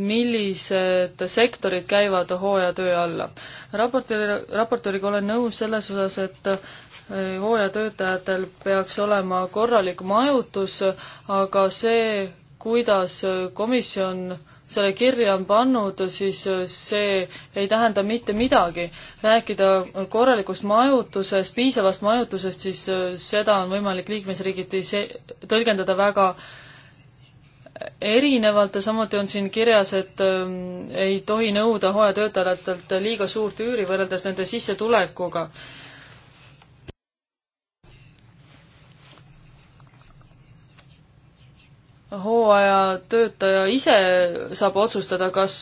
millised sektorid käivad hooajatöö alla. raportööri, raportööriga olen nõus selles osas, et äh, hooajatöötajatel peaks olema korralik majutus, aga see, kuidas komisjon selle kirja on pannud, siis äh, see ei tähenda mitte midagi. rääkida korralikust majutusest, piisavast majutusest, siis äh, seda on võimalik liikmesriigiti see, tõlgendada väga äh, erinevalt ja samuti on siin kirjas, et ähm, ei tohi nõuda hooajatöötajatelt liiga suurt üüri võrreldes nende sissetulekuga. hooajatöötaja ise saab otsustada, kas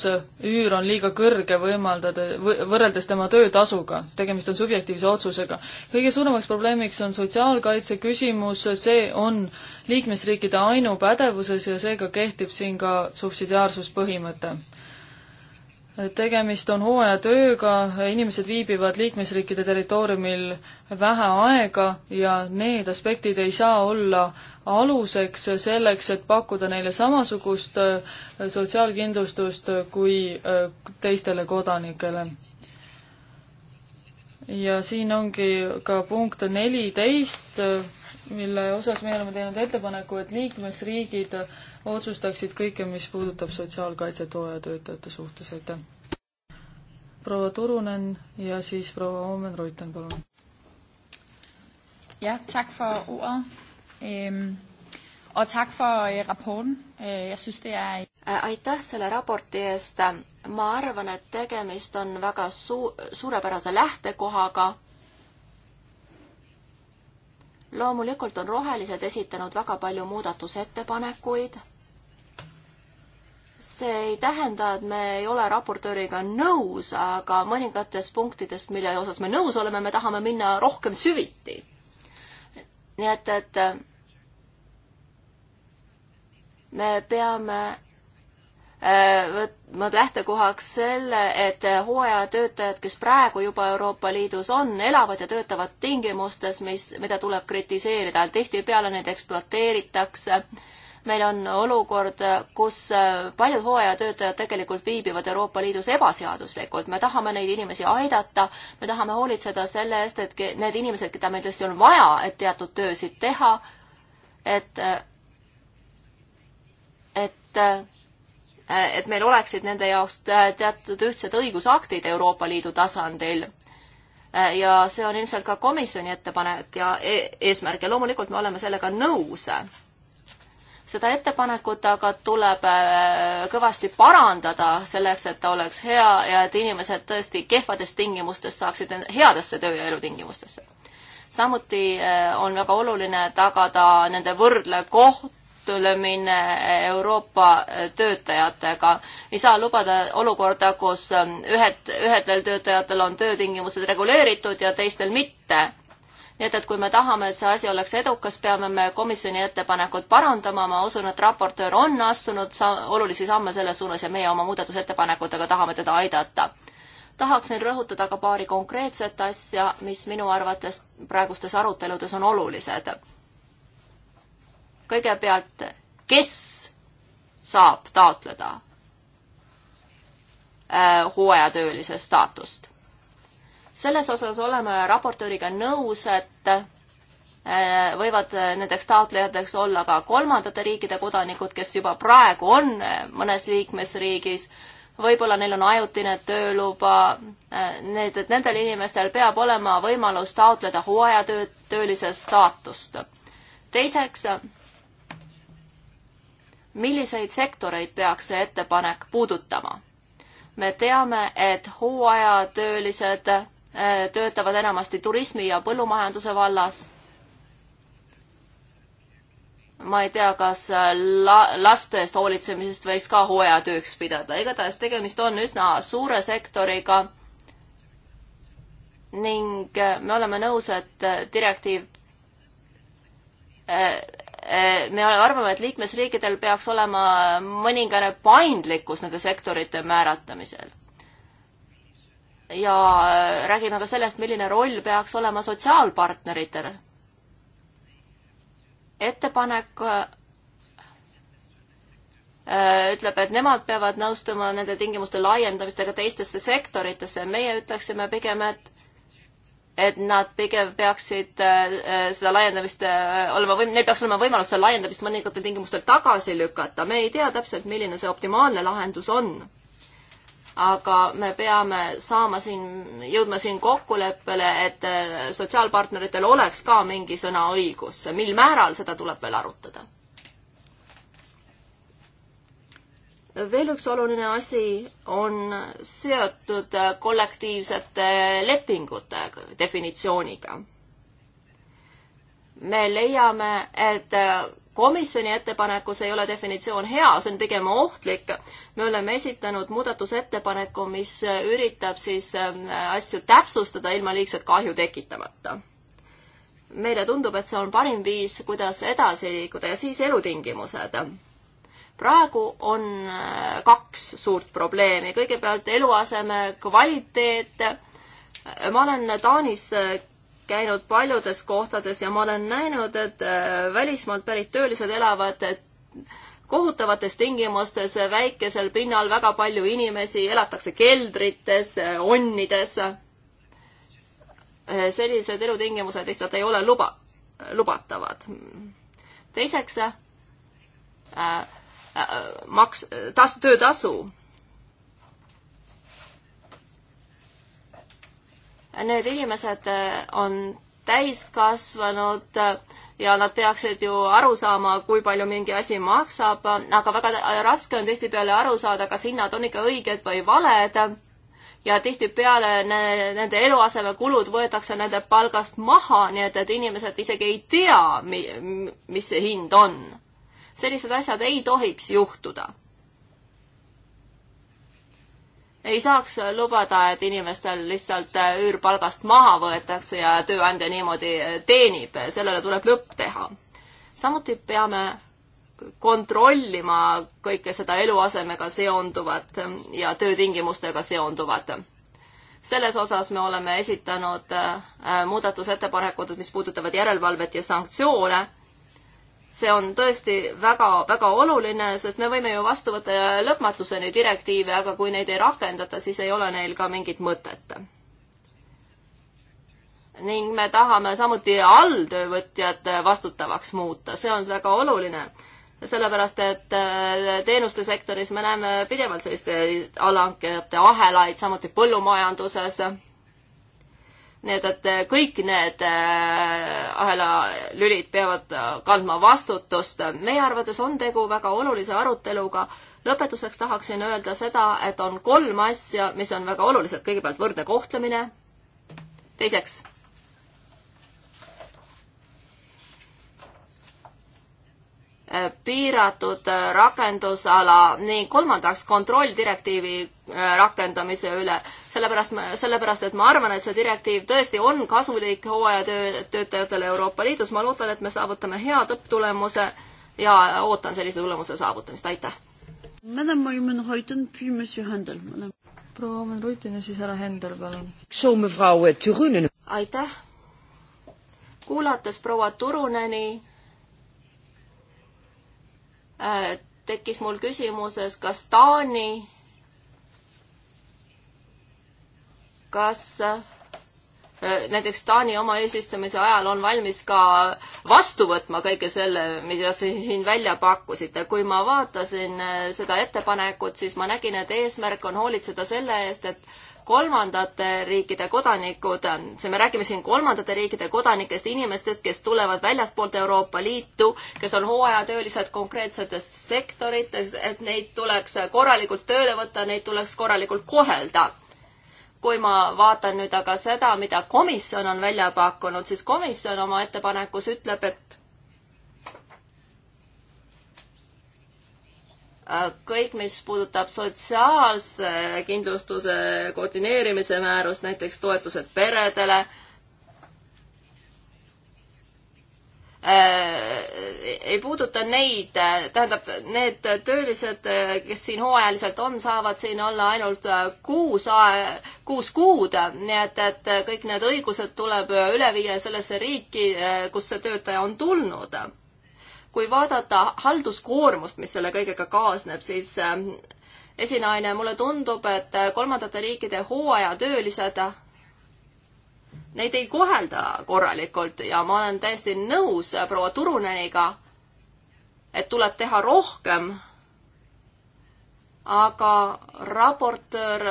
üür on liiga kõrge võimaldada, võrreldes tema töötasuga, tegemist on subjektiivse otsusega. kõige suuremaks probleemiks on sotsiaalkaitse küsimus, see on liikmesriikide ainupädevuses ja seega kehtib siin ka subsidiaarsuspõhimõte tegemist on hooajatööga, inimesed viibivad liikmesriikide territooriumil vähe aega ja need aspektid ei saa olla aluseks selleks, et pakkuda neile samasugust äh, sotsiaalkindlustust kui äh, teistele kodanikele. ja siin ongi ka punkt neliteist, äh, mille osas me oleme teinud ettepaneku, et liikmesriigid otsustaksid kõike, mis puudutab sotsiaalkaitset hooajatöötajate suhtes, aitäh. proua Turunen ja siis proua Oomen Ruiten, palun. jah, tänan for ordet Ehm, og tak for eh, rapporten. Eh, jeg synes, det er... Aitäh selle raporti eest. Ma arvan, et tegemist on väga su suurepärase lähtekohaga. Loomulikult on rohelised esitanud väga palju muudatusettepanekuid. See ei tähenda, et me ei ole raportööriga nõus, aga mõningates punktidest, mille osas me nõus oleme, me tahame minna rohkem süviti. Nii et, et me peame äh, võtma lähtekohaks selle, et hooajatöötajad, kes praegu juba Euroopa Liidus on, elavad ja töötavad tingimustes, mis, mida tuleb kritiseerida. tihtipeale neid ekspluateeritakse. meil on olukord, kus äh, paljud hooajatöötajad tegelikult viibivad Euroopa Liidus ebaseaduslikult. me tahame neid inimesi aidata, me tahame hoolitseda selle eest, et need inimesed, keda meil tõesti on vaja, et teatud töösid teha, et äh, et äh, et meil oleksid nende jaoks äh, teatud ühtsed õigusaktid Euroopa Liidu tasandil. Äh, ja see on ilmselt ka komisjoni ettepanek ja e-, eesmärk ja loomulikult me oleme sellega nõus. seda ettepanekut aga tuleb kõvasti parandada selleks, et ta oleks hea ja et inimesed tõesti kehvades tingimustes saaksid headesse töö- ja elutingimustesse. samuti on väga oluline tagada nende võrdle koht, ülemine Euroopa töötajatega. ei saa lubada olukorda, kus ähm, ühed, ühedel töötajatel on töötingimused reguleeritud ja teistel mitte. nii et, et kui me tahame, et see asi oleks edukas, peame me komisjoni ettepanekut parandama, ma usun, et raportöör on astunud sa-, olulisi samme selles suunas ja meie oma muudatusettepanekutega tahame teda aidata. tahaksin rõhutada ka paari konkreetset asja, mis minu arvates praegustes aruteludes on olulised kõigepealt, kes saab taotleda äh, hooajatöölise staatust. selles osas oleme raportööriga nõus, et äh, võivad nendeks taotlejateks olla ka kolmandate riikide kodanikud, kes juba praegu on äh, mõnes liikmesriigis võib-olla neil on ajutine tööluba, need, et nendel inimestel peab olema võimalus taotleda hooajatöö, töölise staatust. teiseks milliseid sektoreid peaks see ettepanek puudutama? me teame, et hooajatöölised äh, töötavad enamasti turismi ja põllumajanduse vallas. ma ei tea, kas äh, la-, laste eest hoolitsemisest võiks ka hooajatööks pidada, igatahes tegemist on üsna suure sektoriga ning äh, me oleme nõus, et direktiiv Äh, me arvame, et liikmesriikidel peaks olema mõningane paindlikkus nende sektorite määratamisel. ja äh, räägime ka sellest, milline roll peaks olema sotsiaalpartneritel. ettepanek äh, ütleb, et nemad peavad nõustuma nende tingimuste laiendamistega teistesse sektoritesse, meie ütleksime pigem, et et nad pigem peaksid äh, äh, seda laiendamist äh, olema võim-, neil peaks olema võimalus seda laiendamist mõningatel tingimustel tagasi lükata. me ei tea täpselt, milline see optimaalne lahendus on. aga me peame saama siin, jõudma siin kokkuleppele, et sotsiaalpartneritel oleks ka mingi sõnaõigus. mil määral, seda tuleb veel arutada veel üks oluline asi on seotud kollektiivsete lepingute definitsiooniga. me leiame, et komisjoni ettepanekus ei ole definitsioon hea, see on pigem ohtlik. me oleme esitanud muudatusettepaneku, mis üritab siis ähm, asju täpsustada ilma liigset kahju tekitamata. meile tundub, et see on parim viis, kuidas edasi liikuda ja siis elutingimused praegu on äh, kaks suurt probleemi, kõigepealt eluaseme kvaliteet. Äh, ma olen Taanis äh, käinud paljudes kohtades ja ma olen näinud, et välismaalt pärit töölised elavad kohutavates tingimustes, väikesel pinnal väga palju inimesi, elatakse keldrites, onnides. sellised elutingimused lihtsalt ei ole luba, lubatavad. teiseks äh, Äh, maks-, tas-, töötasu. Need inimesed äh, on täiskasvanud äh, ja nad peaksid ju aru saama, kui palju mingi asi maksab, aga väga raske on tihtipeale aru saada, kas hinnad on ikka õiged või valed. ja tihtipeale ne, nende eluasemekulud võetakse nende palgast maha, nii et, et inimesed isegi ei tea, mis see hind on sellised asjad ei tohiks juhtuda. ei saaks lubada, et inimestel lihtsalt äh, üürpalgast maha võetakse ja tööandja niimoodi äh, teenib, sellele tuleb lõpp teha. samuti peame kontrollima kõike seda eluasemega seonduvat ja töötingimustega seonduvat selles osas me oleme esitanud äh, muudatusettepanekud, mis puudutavad järelevalvet ja sanktsioone see on tõesti väga, väga oluline, sest me võime ju vastu võtta lõpmatuseni direktiive, aga kui neid ei rakendata, siis ei ole neil ka mingit mõtet. ning me tahame samuti alltöövõtjad vastutavaks muuta, see on väga oluline sellepärast, et äh, teenuste sektoris me näeme pidevalt selliste äh, allhankijate ahelaid, samuti põllumajanduses nii et, et äh, kõik need äh, ahelalülid peavad äh, kandma vastutust. meie arvates on tegu väga olulise aruteluga. lõpetuseks tahaksin öelda seda, et on kolm asja, mis on väga olulised. kõigepealt võrdne kohtlemine. teiseks, Äh, piiratud äh, rakendusala ning kolmandaks kontroll direktiivi äh, rakendamise üle. sellepärast, sellepärast et ma arvan, et see direktiiv tõesti on kasulik hooajatöötajatele Euroopa Liidus, ma loodan, et me saavutame hea lõpptulemuse ja ootan sellise tulemuse saavutamist, aitäh! proua Oman Ruitin ja siis härra Hendel, palun! Eh, aitäh! kuulates proua Turuneni Äh, tekkis mul küsimuses, kas Taani, kas Äh, näiteks Taani oma eesistumise ajal on valmis ka vastu võtma kõige selle, mida te siin välja pakkusite. kui ma vaatasin äh, seda ettepanekut, siis ma nägin, et eesmärk on hoolitseda selle eest, et kolmandate riikide kodanikud, äh, see, me räägime siin kolmandate riikide kodanikest, inimestest, kes tulevad väljastpoolt Euroopa Liitu, kes on hooajatöölised konkreetsetes sektorites, et neid tuleks korralikult tööle võtta, neid tuleks korralikult kohelda kui ma vaatan nüüd aga seda, mida komisjon on välja pakkunud, siis komisjon oma ettepanekus ütleb, et kõik, mis puudutab sotsiaalse kindlustuse koordineerimise määrust, näiteks toetused peredele, Äh, ei puuduta neid, äh, tähendab, need töölised, äh, kes siin hooajaliselt on, saavad siin olla ainult kuus, kuus kuud, nii et, et kõik need õigused tuleb üle viia sellesse riiki, kus see töötaja on tulnud. kui vaadata halduskoormust, mis selle kõigega kaasneb, siis esinaine, mulle tundub, et kolmandate riikide hooajatöölised neid ei kohelda korralikult ja ma olen täiesti nõus proua Turuneniga, et tuleb teha rohkem. aga raportöör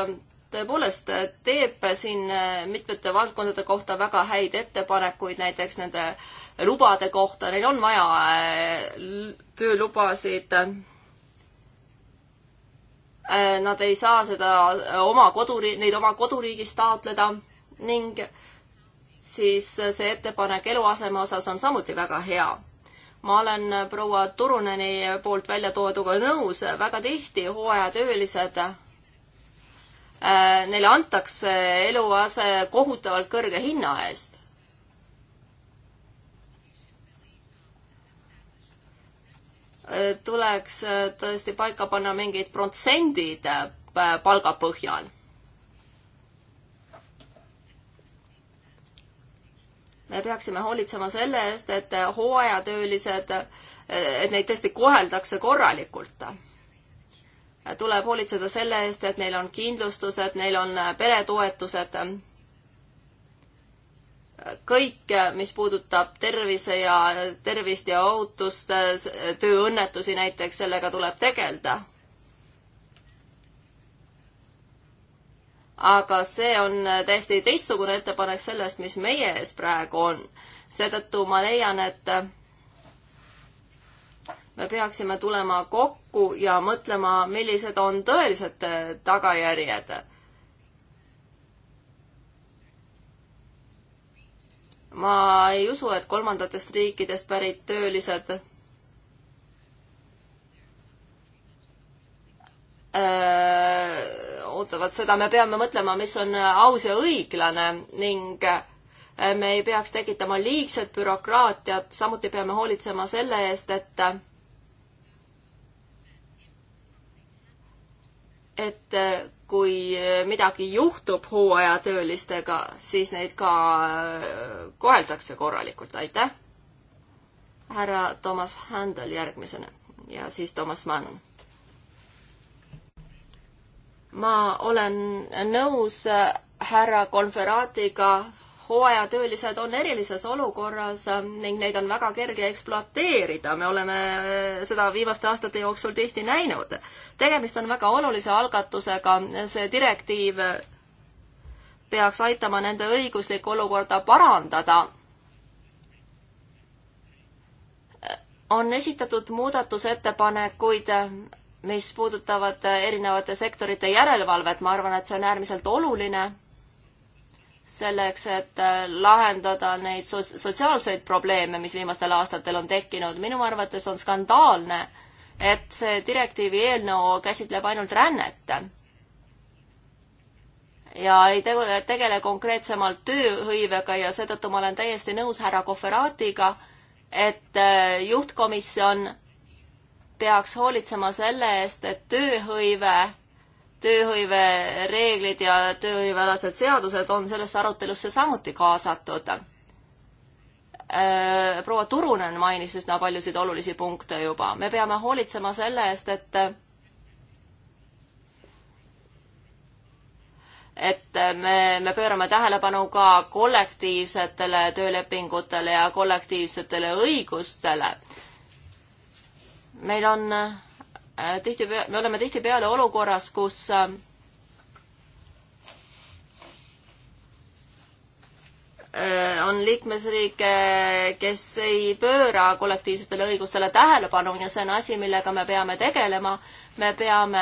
tõepoolest teeb siin mitmete valdkondade kohta väga häid ettepanekuid, näiteks nende lubade kohta, neil on vaja äh, töölubasid. Äh, nad ei saa seda oma koduri-, neid oma koduriigis taotleda ning siis see ettepanek eluaseme osas on samuti väga hea. ma olen proua Turuneni poolt välja tooduga nõus, väga tihti hooajatöölised äh, neile antakse eluase kohutavalt kõrge hinna eest. Äh, tuleks äh, tõesti paika panna mingid protsendid palga põhjal me peaksime hoolitsema selle eest, et hooajatöölised, et neid tõesti koheldakse korralikult. tuleb hoolitseda selle eest, et neil on kindlustused, neil on peretoetused. kõik, mis puudutab tervise ja tervist ja ohutust, tööõnnetusi näiteks, sellega tuleb tegeleda aga see on täiesti teistsugune ettepanek sellest, mis meie ees praegu on. seetõttu ma leian, et me peaksime tulema kokku ja mõtlema, millised on tõelised tagajärjed. ma ei usu, et kolmandatest riikidest pärit töölised Äh, ootavad seda, me peame mõtlema, mis on aus ja õiglane ning äh, me ei peaks tekitama liigset bürokraatiat, samuti peame hoolitsema selle eest, et et äh, kui midagi juhtub hooajatöölistega, siis neid ka koheldakse korralikult, aitäh! härra Toomas Händel järgmisena ja siis Toomas Mann ma olen nõus äh, härra Konferaatiga, hooajatöölised on erilises olukorras äh, ning neid on väga kerge ekspluateerida, me oleme äh, seda viimaste aastate jooksul tihti näinud. tegemist on väga olulise algatusega, see direktiiv peaks aitama nende õiguslikku olukorda parandada on esitatud muudatusettepanekuid, mis puudutavad äh, erinevate sektorite järelevalvet, ma arvan, et see on äärmiselt oluline selleks, et äh, lahendada neid so sotsiaalseid probleeme, mis viimastel aastatel on tekkinud. minu arvates on skandaalne, et see direktiivi eelnõu käsitleb ainult rännet ja ei tegele, tegele konkreetsemalt tööhõivega ja seetõttu ma olen täiesti nõus härra Kohveratiga, et äh, juhtkomisjon peaks hoolitsema selle eest, et tööhõive, tööhõivereeglid ja tööhõivealased seadused on sellesse arutelusse samuti kaasatud. Äh, proua Turunen mainis üsna paljusid olulisi punkte juba. me peame hoolitsema selle eest, et et me, me pöörame tähelepanu ka kollektiivsetele töölepingutele ja kollektiivsetele õigustele meil on äh, tihti, me oleme tihtipeale olukorras, kus äh, on liikmesriike, kes ei pööra kollektiivsetele õigustele tähelepanu ja see on asi, millega me peame tegelema. me peame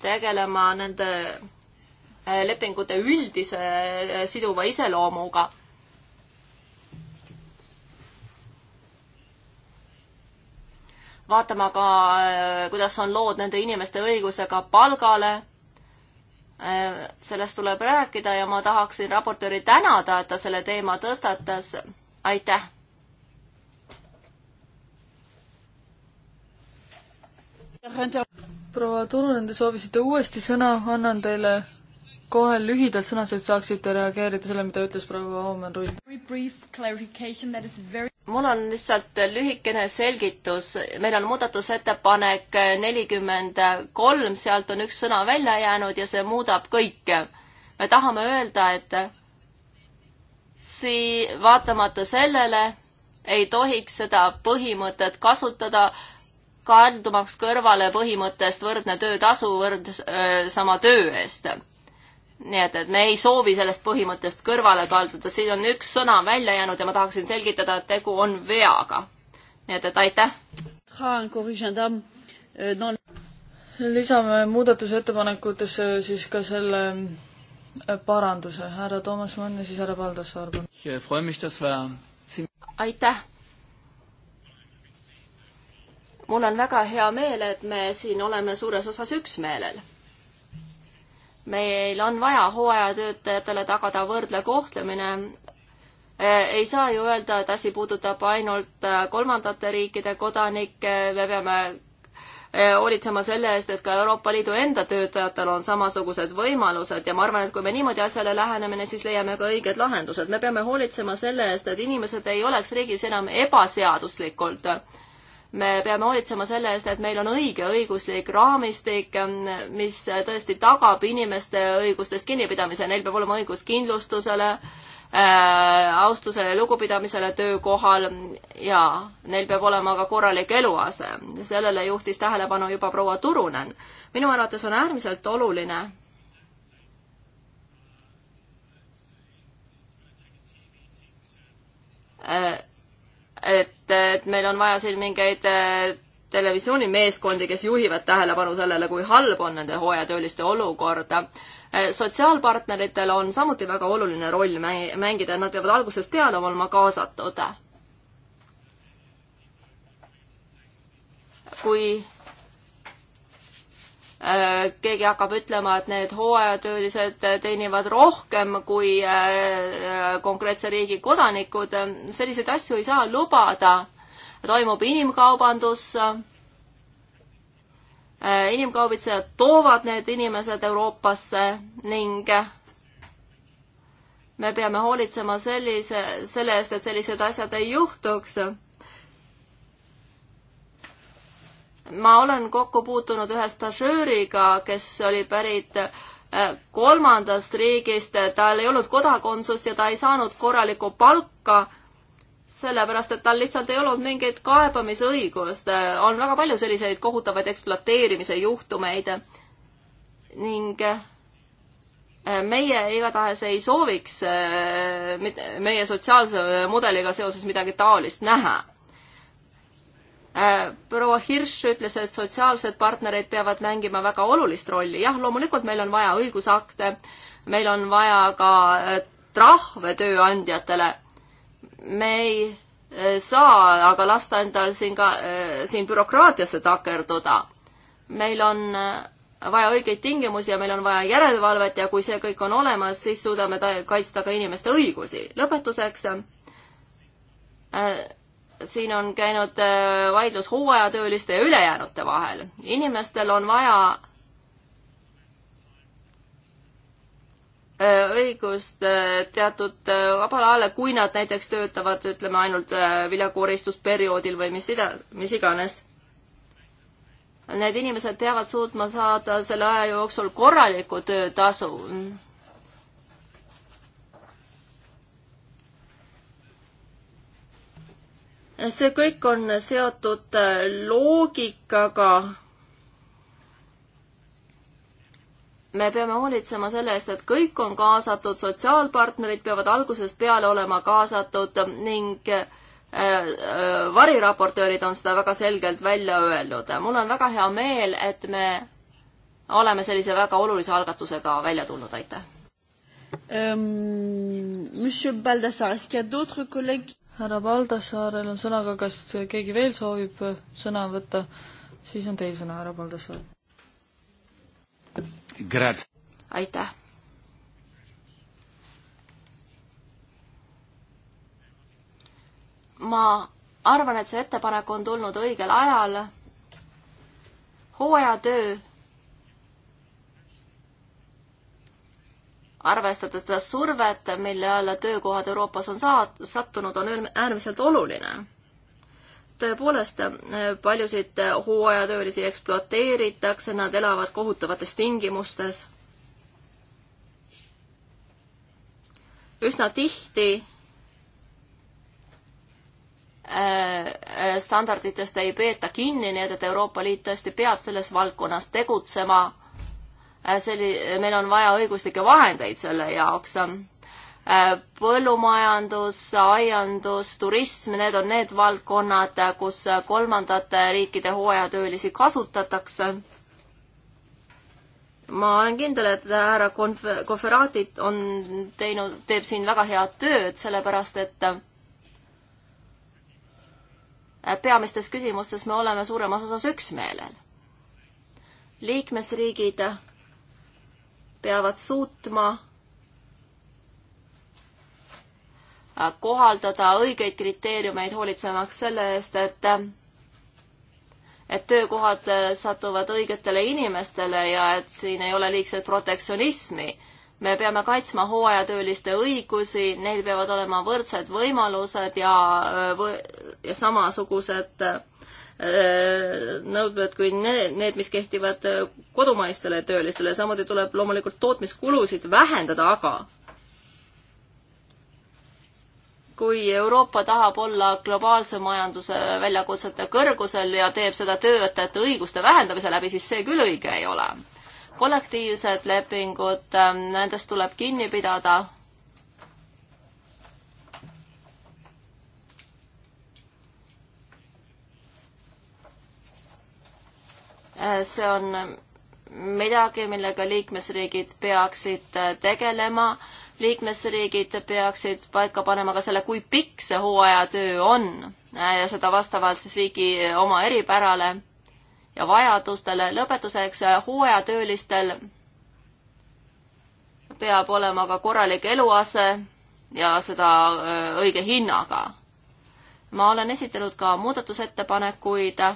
tegelema nende äh, lepingute üldise siduva iseloomuga vaatama ka, äh, kuidas on lood nende inimeste õigusega palgale. Äh, sellest tuleb rääkida ja ma tahaksin raportööri tänada, et ta selle teema tõstatas. aitäh! proua Turunen, te soovisite uuesti sõna, annan teile kohe lühidalt sõnased saaksite reageerida selle, mida ütles proua Oomen Rull mul on lihtsalt lühikene selgitus, meil on muudatusettepanek nelikümmend kolm, sealt on üks sõna välja jäänud ja see muudab kõike. me tahame öelda, et sii-, vaatamata sellele ei tohiks seda põhimõtet kasutada, kaldumaks kõrvale põhimõttest võrdne töötasu võrd-, sama töö eest nii et, et me ei soovi sellest põhimõttest kõrvale kalduda, siin on üks sõna välja jäänud ja ma tahaksin selgitada, et tegu on veaga. nii et, et aitäh! lisame muudatusettepanekutesse siis ka selle äh, paranduse, härra Toomas Mann ja siis härra Paldassaar. aitäh! mul on väga hea meel, et me siin oleme suures osas üksmeelel meil on vaja hooajatöötajatele tagada võrdne kohtlemine. Eh, ei saa ju öelda, et asi puudutab ainult eh, kolmandate riikide kodanikke, me peame eh, hoolitsema selle eest, et ka Euroopa Liidu enda töötajatel on samasugused võimalused ja ma arvan, et kui me niimoodi asjale läheneme, siis leiame ka õiged lahendused. me peame hoolitsema selle eest, et inimesed ei oleks riigis enam ebaseaduslikult me peame hoolitsema selle eest, et meil on õige õiguslik raamistik, ähm, mis tõesti tagab inimeste õigustest kinnipidamise, neil peab olema õigus kindlustusele äh,, austusele ja lugupidamisele töökohal ja neil peab olema ka korralik eluase. sellele juhtis tähelepanu juba proua Turunen. minu arvates on äärmiselt oluline äh, et, et meil on vaja siin mingeid äh, televisioonimeeskondi, kes juhivad tähelepanu sellele, kui halb on nende hooajatööliste olukord. Äh, sotsiaalpartneritel on samuti väga oluline roll mängida, nad peavad algusest peale olema kaasatud. kui Äh, keegi hakkab ütlema, et need hooajatöölised äh, teenivad rohkem kui äh, konkreetse riigi kodanikud, selliseid asju ei saa lubada. toimub inimkaubandus, inimkaubitsejad toovad need inimesed Euroopasse ning me peame hoolitsema sellise, selle eest, et sellised asjad ei juhtuks ma olen kokku puutunud ühe stažööriga, kes oli pärit äh, kolmandast riigist, tal ei olnud kodakondsust ja ta ei saanud korralikku palka, sellepärast et tal lihtsalt ei olnud mingit kaebamisõigust. on väga palju selliseid kohutavaid ekspluateerimise juhtumeid ning äh, meie igatahes ei sooviks äh, meie sotsiaalse mudeliga seoses midagi taolist näha Äh, proua Hirsch ütles, et sotsiaalsed partnerid peavad mängima väga olulist rolli. jah, loomulikult meil on vaja õigusakte, meil on vaja ka äh, trahve tööandjatele. me ei äh, saa aga lasta endal siin ka, siin bürokraatiasse takerduda. meil on vaja õigeid tingimusi ja meil on vaja järelevalvet ja kui see kõik on olemas, siis suudame kaitsta ka inimeste õigusi. lõpetuseks äh, siin on käinud äh, vaidlus hooajatööliste ja ülejäänute vahel. inimestel on vaja äh, õigust äh, teatud vabale ajale, kui nad näiteks töötavad, ütleme ainult viljakoristusperioodil või mis ida, mis iganes. Need inimesed peavad suutma saada selle aja jooksul korralikku töötasu see kõik on seotud loogikaga. me peame hoolitsema selle eest, et kõik on kaasatud, sotsiaalpartnerid peavad algusest peale olema kaasatud ning äh, äh, variraportöörid on seda väga selgelt välja öelnud. mul on väga hea meel, et me oleme sellise väga olulise algatusega välja tulnud, aitäh. Euh, monsieur Baldassar, est-ce qu'il y a d'autres collègues härra Valdasaarel on sõna, aga kas keegi veel soovib sõna võtta, siis on teil sõna, härra Valdasaar. aitäh. ma arvan, et see ettepanek on tulnud õigel ajal. hooajatöö arvestada seda survet, mille alla töökohad Euroopas on saad-, sattunud, on äärmiselt oluline. tõepoolest, paljusid hooajatöölisi ekspluateeritakse, nad elavad kohutavates tingimustes. üsna tihti äh, standarditest ei peeta kinni, nii et, et Euroopa Liit tõesti peab selles valdkonnas tegutsema Äh, selli-, meil on vaja õiguslikke vahendeid selle jaoks. Äh, põllumajandus, aiandus, turism, need on need valdkonnad, kus kolmandate riikide hooajatöölisi kasutatakse. ma olen kindel, et härra konf-, konveraatit on teinud, teeb siin väga head tööd, sellepärast et äh, peamistes küsimustes me oleme suuremas osas üksmeelel liikmesriigid peavad suutma kohaldada õigeid kriteeriumeid, hoolitsemaks selle eest, et et töökohad satuvad õigetele inimestele ja et siin ei ole liigset protektsionismi. me peame kaitsma hooajatööliste õigusi, neil peavad olema võrdsed võimalused ja, ja samasugused äh, Äh, nõudmed kui need, need, mis kehtivad äh, kodumaistele töölistele, samuti tuleb loomulikult tootmiskulusid vähendada, aga kui Euroopa tahab olla globaalse majanduse väljakutsete kõrgusel ja teeb seda töötajate õiguste vähendamise läbi, siis see küll õige ei ole. kollektiivsed lepingud, ähm, nendest tuleb kinni pidada Äh, see on midagi, millega liikmesriigid peaksid äh, tegelema. liikmesriigid peaksid paika panema ka selle, kui pikk see hooajatöö on äh, ja seda vastavalt siis riigi oma eripärale ja vajadustele. lõpetuseks hooajatöölistel peab olema ka korralik eluase ja seda õige hinnaga. ma olen esitanud ka muudatusettepanekuid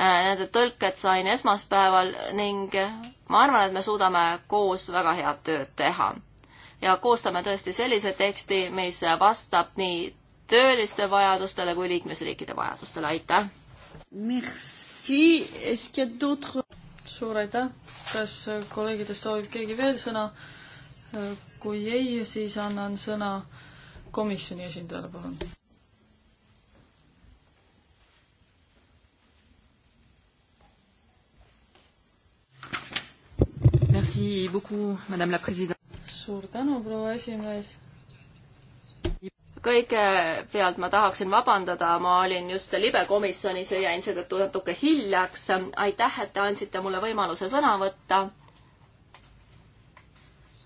Äh, nende tõlked sain esmaspäeval ning ma arvan, et me suudame koos väga head tööd teha. ja koostame tõesti sellise teksti, mis vastab nii tööliste vajadustele kui liikmesriikide vajadustele, aitäh! suur aitäh, kas kolleegidest soovib keegi veel sõna? Äh, kui ei, siis annan sõna komisjoni esindajale, palun. Merci beaucoup, madame la president. suur tänu, proua esimees. kõigepealt ma tahaksin vabandada, ma olin just libekomisjonis ja jäin seetõttu natuke hiljaks. aitäh, et te andsite mulle võimaluse sõna võtta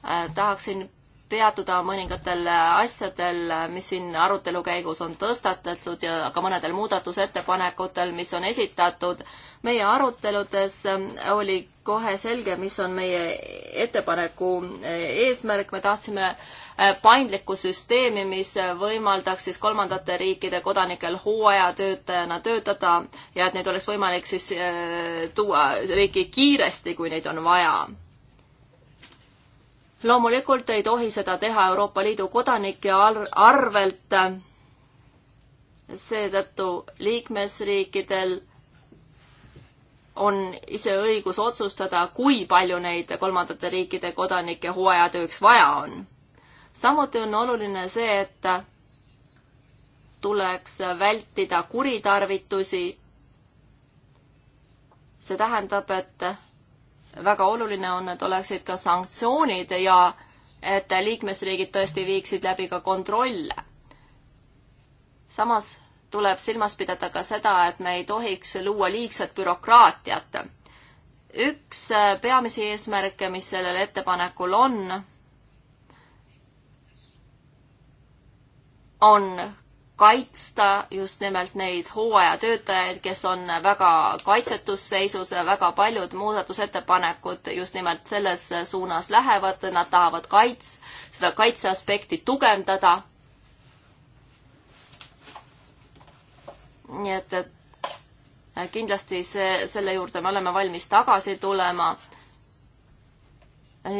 äh,. tahaksin peatuda mõningatel asjadel, mis siin arutelu käigus on tõstatatud ja ka mõnedel muudatusettepanekutel, mis on esitatud. meie aruteludes oli kohe selge, mis on meie ettepaneku e, eesmärk, me tahtsime e, paindlikku süsteemi, mis võimaldaks siis kolmandate riikide kodanikel hooajatöötajana töötada ja et neid oleks võimalik siis e, tuua riiki kiiresti, kui neid on vaja loomulikult ei tohi seda teha Euroopa Liidu kodanike arvelt. seetõttu liikmesriikidel on ise õigus otsustada, kui palju neid kolmandate riikide kodanikke hooajatööks vaja on. samuti on oluline see, et tuleks vältida kuritarvitusi. see tähendab, et väga oluline on, et oleksid ka sanktsioonid ja et liikmesriigid tõesti viiksid läbi ka kontrolle. samas tuleb silmas pidada ka seda, et me ei tohiks luua liigset bürokraatiat. üks äh, peamisi eesmärke, mis sellel ettepanekul on, on kaitsta just nimelt neid hooajatöötajaid, kes on väga kaitsetus seisus, väga paljud muudatusettepanekud just nimelt selles suunas lähevad, nad tahavad kaits-, seda kaitseaspekti tugevdada nii et, et äh, kindlasti see, selle juurde me oleme valmis tagasi tulema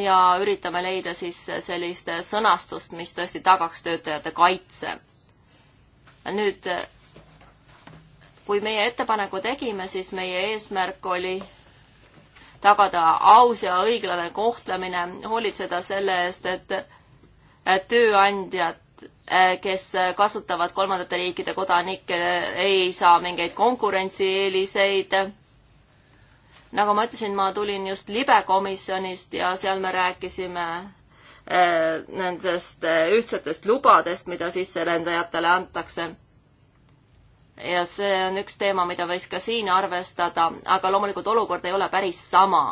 ja üritame leida siis sellist sõnastust, mis tõesti tagaks töötajate kaitse. nüüd, kui meie ettepaneku tegime, siis meie eesmärk oli tagada aus ja õiglane kohtlemine, hoolitseda selle eest, et tööandjad Äh, kes kasutavad kolmandate riikide kodanikke, ei saa mingeid konkurentsieeliseid. nagu ma ütlesin, ma tulin just libekomisjonist ja seal me rääkisime äh, nendest äh, ühtsetest lubadest, mida sisserändajatele antakse ja see on üks teema, mida võiks ka siin arvestada, aga loomulikult olukord ei ole päris sama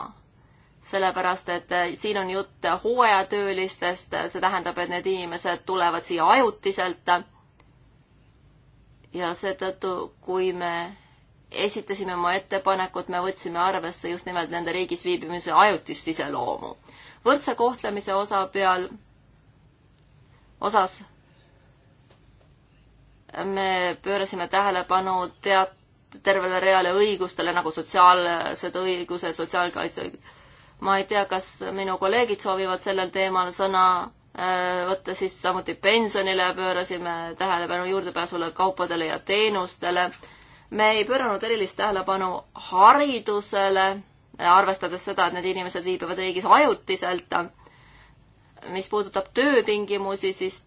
sellepärast et eh, siin on jutt hooajatöölistest, see tähendab, et need inimesed tulevad siia ajutiselt. ja seetõttu, kui me esitasime oma ettepanekud, me võtsime arvesse just nimelt nende riigis viibimise ajutist iseloomu. võrdse kohtlemise osa peal, osas me pöörasime tähelepanu teat-, tervele reale õigustele nagu sotsiaalsed õigused, sotsiaalkaitse õigused ma ei tea, kas minu kolleegid soovivad sellel teemal sõna äh, võtta, siis samuti pensionile pöörasime tähelepanu juurdepääsule kaupadele ja teenustele. me ei pööranud erilist tähelepanu haridusele, äh, arvestades seda, et need inimesed viibivad riigis ajutiselt. mis puudutab töötingimusi, siis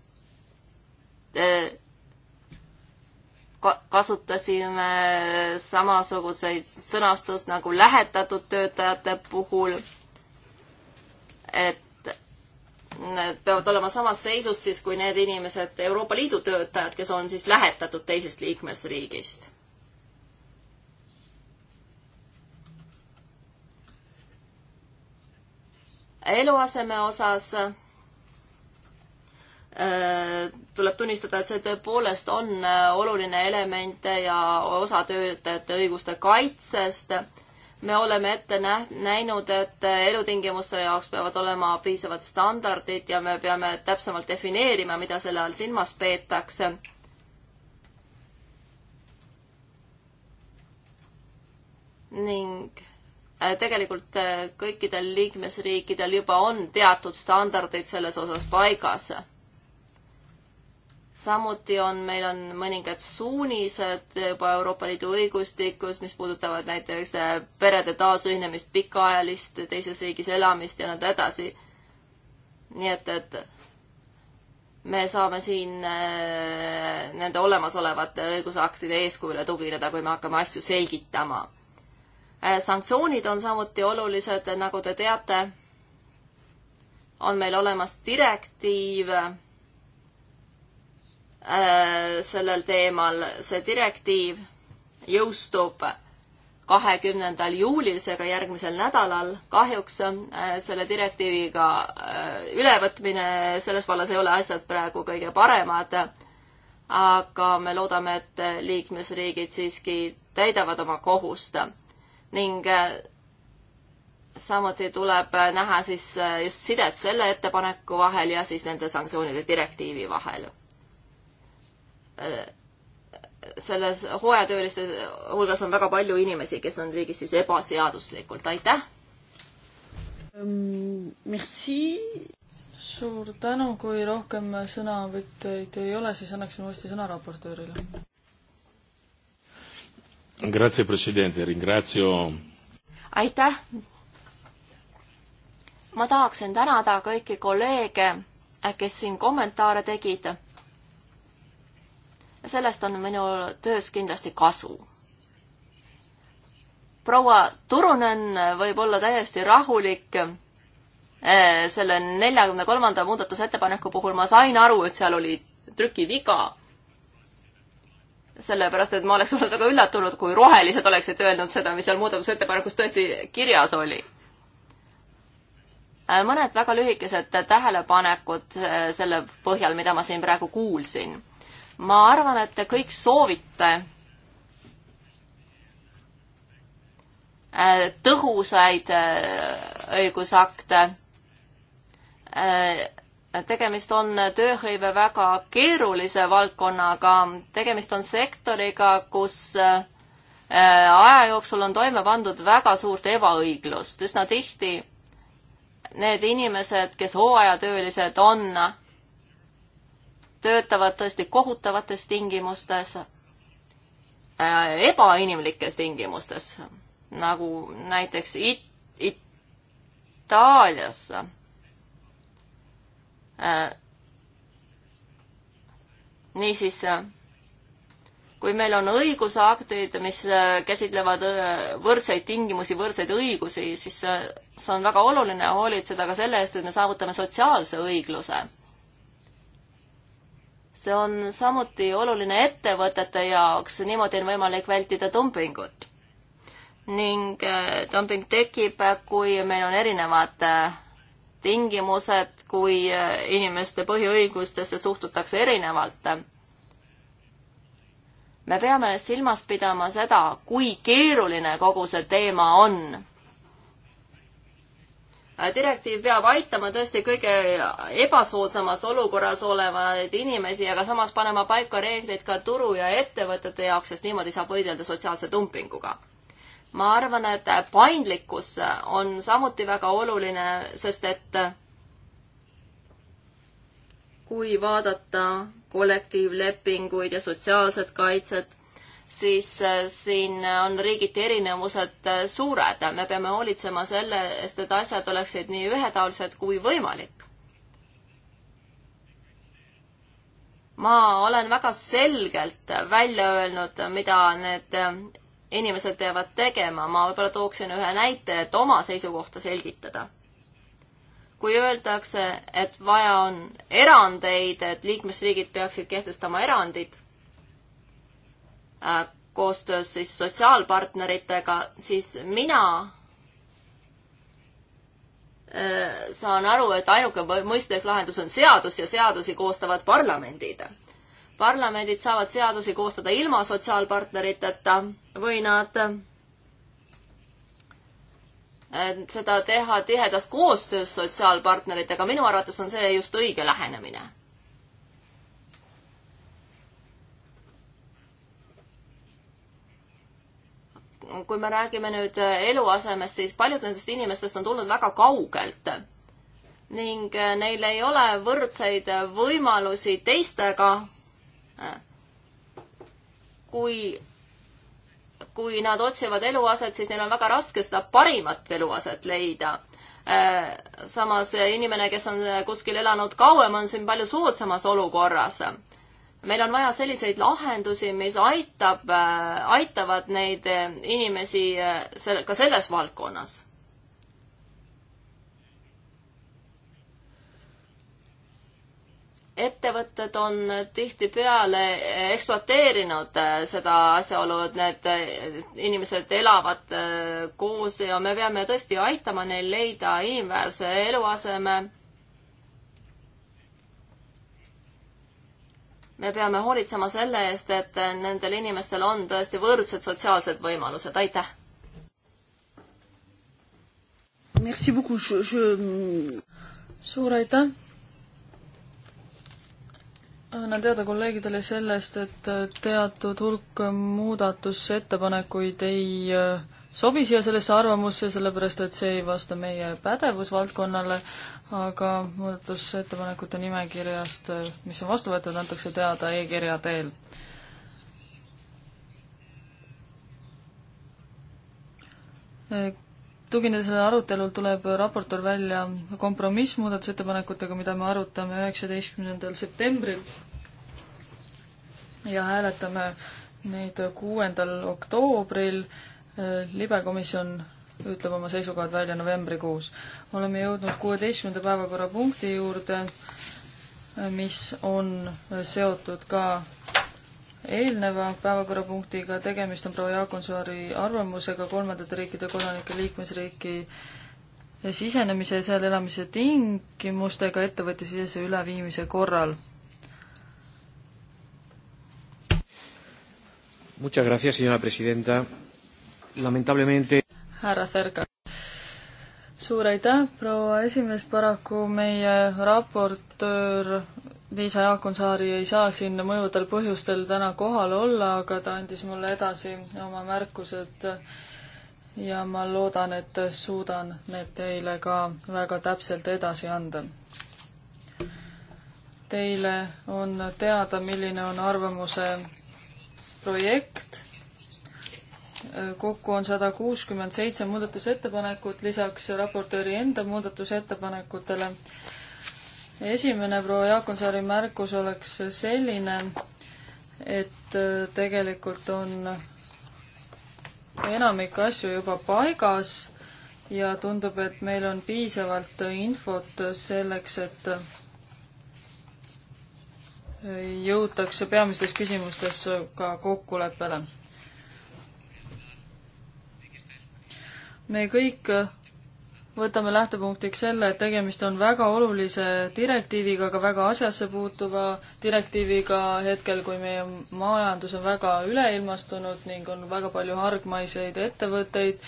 äh, kasutasime samasuguseid sõnastust nagu lähetatud töötajate puhul et need peavad olema samas seisus siis kui need inimesed, Euroopa Liidu töötajad, kes on siis lähetatud teisest liikmesriigist. eluaseme osas äh, tuleb tunnistada, et see tõepoolest on äh, oluline element ja osa töötajate õiguste kaitsest me oleme ette nä-, näinud, et elutingimuste jaoks peavad olema piisavad standardid ja me peame täpsemalt defineerima, mida selle all silmas peetakse. ning äh, tegelikult äh, kõikidel liikmesriikidel juba on teatud standardid selles osas paigas samuti on, meil on mõningad suunised juba Euroopa Liidu õigustikus, mis puudutavad näiteks äh, perede taasühinemist, pikaajalist teises riigis elamist ja nõnda edasi. nii et, et me saame siin äh, nende olemasolevate õigusaktide eeskujule tugineda, kui me hakkame asju selgitama. Äh, sanktsioonid on samuti olulised, nagu te teate, on meil olemas direktiiv Äh, sellel teemal. see direktiiv jõustub kahekümnendal juulil, seega järgmisel nädalal. kahjuks äh, selle direktiiviga äh, ülevõtmine selles vallas ei ole asjad praegu kõige paremad. aga me loodame, et liikmesriigid siiski täidavad oma kohust ning samuti tuleb näha siis just sidet selle ettepaneku vahel ja siis nende sanktsioonide direktiivi vahel selles hooajatööliste hulgas on väga palju inimesi, kes on riigis siis ebaseaduslikult, aitäh um,! Merci! suur tänu, kui rohkem sõnavõtjaid ei ole, siis annaksin uuesti sõna raportöörile. Grazie, president, ringrazio. aitäh! ma tahaksin tänada kõiki kolleege, kes siin kommentaare tegid sellest on minu töös kindlasti kasu. proua Turunen võib olla täiesti rahulik selle neljakümne kolmanda muudatusettepaneku puhul ma sain aru, et seal oli trükiviga. sellepärast, et ma oleks olnud väga üllatunud, kui rohelised oleksid öelnud seda, mis seal muudatusettepanekus tõesti kirjas oli. mõned väga lühikesed tähelepanekud selle põhjal, mida ma siin praegu kuulsin ma arvan, et te kõik soovite äh, tõhusaid äh, õigusakte. Äh, tegemist on tööhõive väga keerulise valdkonnaga, tegemist on sektoriga, kus aja jooksul on toime pandud väga suurt ebaõiglust, üsna tihti need inimesed, kes hooajatöölised on, töötavad tõesti kohutavates tingimustes, äh, ebainimlikes tingimustes, nagu näiteks It-, It Itaalias äh, niisiis, kui meil on õigusaktid, mis äh, käsitlevad võrdseid tingimusi, võrdseid õigusi, siis see on väga oluline hoolitseda ka selle eest, et me saavutame sotsiaalse õigluse see on samuti oluline ettevõtete jaoks, niimoodi on võimalik vältida dumpingut. ning äh, dumping tekib, kui meil on erinevad äh, tingimused, kui äh, inimeste põhiõigustesse suhtutakse erinevalt. me peame silmas pidama seda, kui keeruline kogu see teema on Äh, direktiiv peab aitama tõesti kõige ebasoodsamas olukorras olevaid inimesi, aga samas panema paika reegleid ka turu ja ettevõtete jaoks, sest niimoodi saab võidelda sotsiaalse dumpinguga. ma arvan, et paindlikkus on samuti väga oluline, sest et kui vaadata kollektiivlepinguid ja sotsiaalset kaitset, siis äh, siin on riigiti erinevused äh, suured. me peame hoolitsema selle eest, et asjad oleksid nii ühetaolised kui võimalik. ma olen väga selgelt välja öelnud, mida need äh, inimesed peavad tegema. ma võib-olla tooksin ühe näite, et oma seisukohta selgitada kui öeldakse, et vaja on erandeid, et liikmesriigid peaksid kehtestama erandid Äh, koostöös siis sotsiaalpartneritega, siis mina äh, saan aru, et ainuke mõistlik lahendus on seadus ja seadusi koostavad parlamendid. parlamendid saavad seadusi koostada ilma sotsiaalpartneriteta või nad äh, seda teha tihedas koostöös sotsiaalpartneritega, minu arvates on see just õige lähenemine kui me räägime nüüd äh, eluasemest, siis paljud nendest inimestest on tulnud väga kaugelt ning äh, neil ei ole võrdseid äh, võimalusi teistega, kui, kui nad otsivad eluaset, siis neil on väga raske seda parimat eluaset leida. samas inimene, kes on kuskil elanud kauem, on siin palju soodsamas olukorras meil on vaja selliseid lahendusi, mis aitab, äh, aitavad neid äh, inimesi äh, selle, ka selles valdkonnas. ettevõtted on tihtipeale ekspluateerinud seda asjaolu, et need inimesed elavad koos ja me peame tõesti aitama neil leida inimväärse eluaseme me peame hoolitsema selle eest, et nendel inimestel on tõesti võrdsed sotsiaalsed võimalused, aitäh! Merci beaucoup, je, je... suur aitäh! annan teada kolleegidele sellest, et teatud hulk muudatusettepanekuid ei äh, sobi siia sellesse arvamusse, sellepärast et see ei vasta meie pädevusvaldkonnale, aga muudatusettepanekute nimekirjast, mis on vastu võetud, antakse teada e-kirja teel. tuginedes sellele arutelul, tuleb raportor välja kompromissmuudatusettepanekutega, mida me arutame üheksateistkümnendal septembril ja hääletame neid kuuendal oktoobril Äh, libekomisjon ütleb oma seisukohad välja novembrikuus. oleme jõudnud kuueteistkümnenda päevakorrapunkti juurde, äh, mis on äh, seotud ka eelneva päevakorrapunktiga, tegemist on proua Jaakonsaari arvamusega kolmandate riikide kodanike liikmesriiki sisenemise ja seal elamise tingimustega ettevõttesisese üleviimise korral. Muchas gracias, señora presidenta lamentablemente härra Ferga. suur aitäh, proua esimees, paraku meie raportöör Liisa Jaakonsaari ei saa siin mõjuvatel põhjustel täna kohal olla, aga ta andis mulle edasi oma märkused ja ma loodan, et suudan need teile ka väga täpselt edasi anda. Teile on teada, milline on arvamuse projekt kokku on sada kuuskümmend seitse muudatusettepanekut lisaks raportööri enda muudatusettepanekutele. esimene proua Jaakonsaari märkus oleks selline, et äh, tegelikult on enamik asju juba paigas ja tundub, et meil on piisavalt infot selleks, et äh, jõutakse peamistes küsimustes ka kokkuleppele me kõik äh, võtame lähtepunktiks selle, et tegemist on väga olulise direktiiviga, aga väga asjasse puutuva direktiiviga hetkel, kui meie majandus on väga üleilmastunud ning on väga palju hargmaiseid ettevõtteid,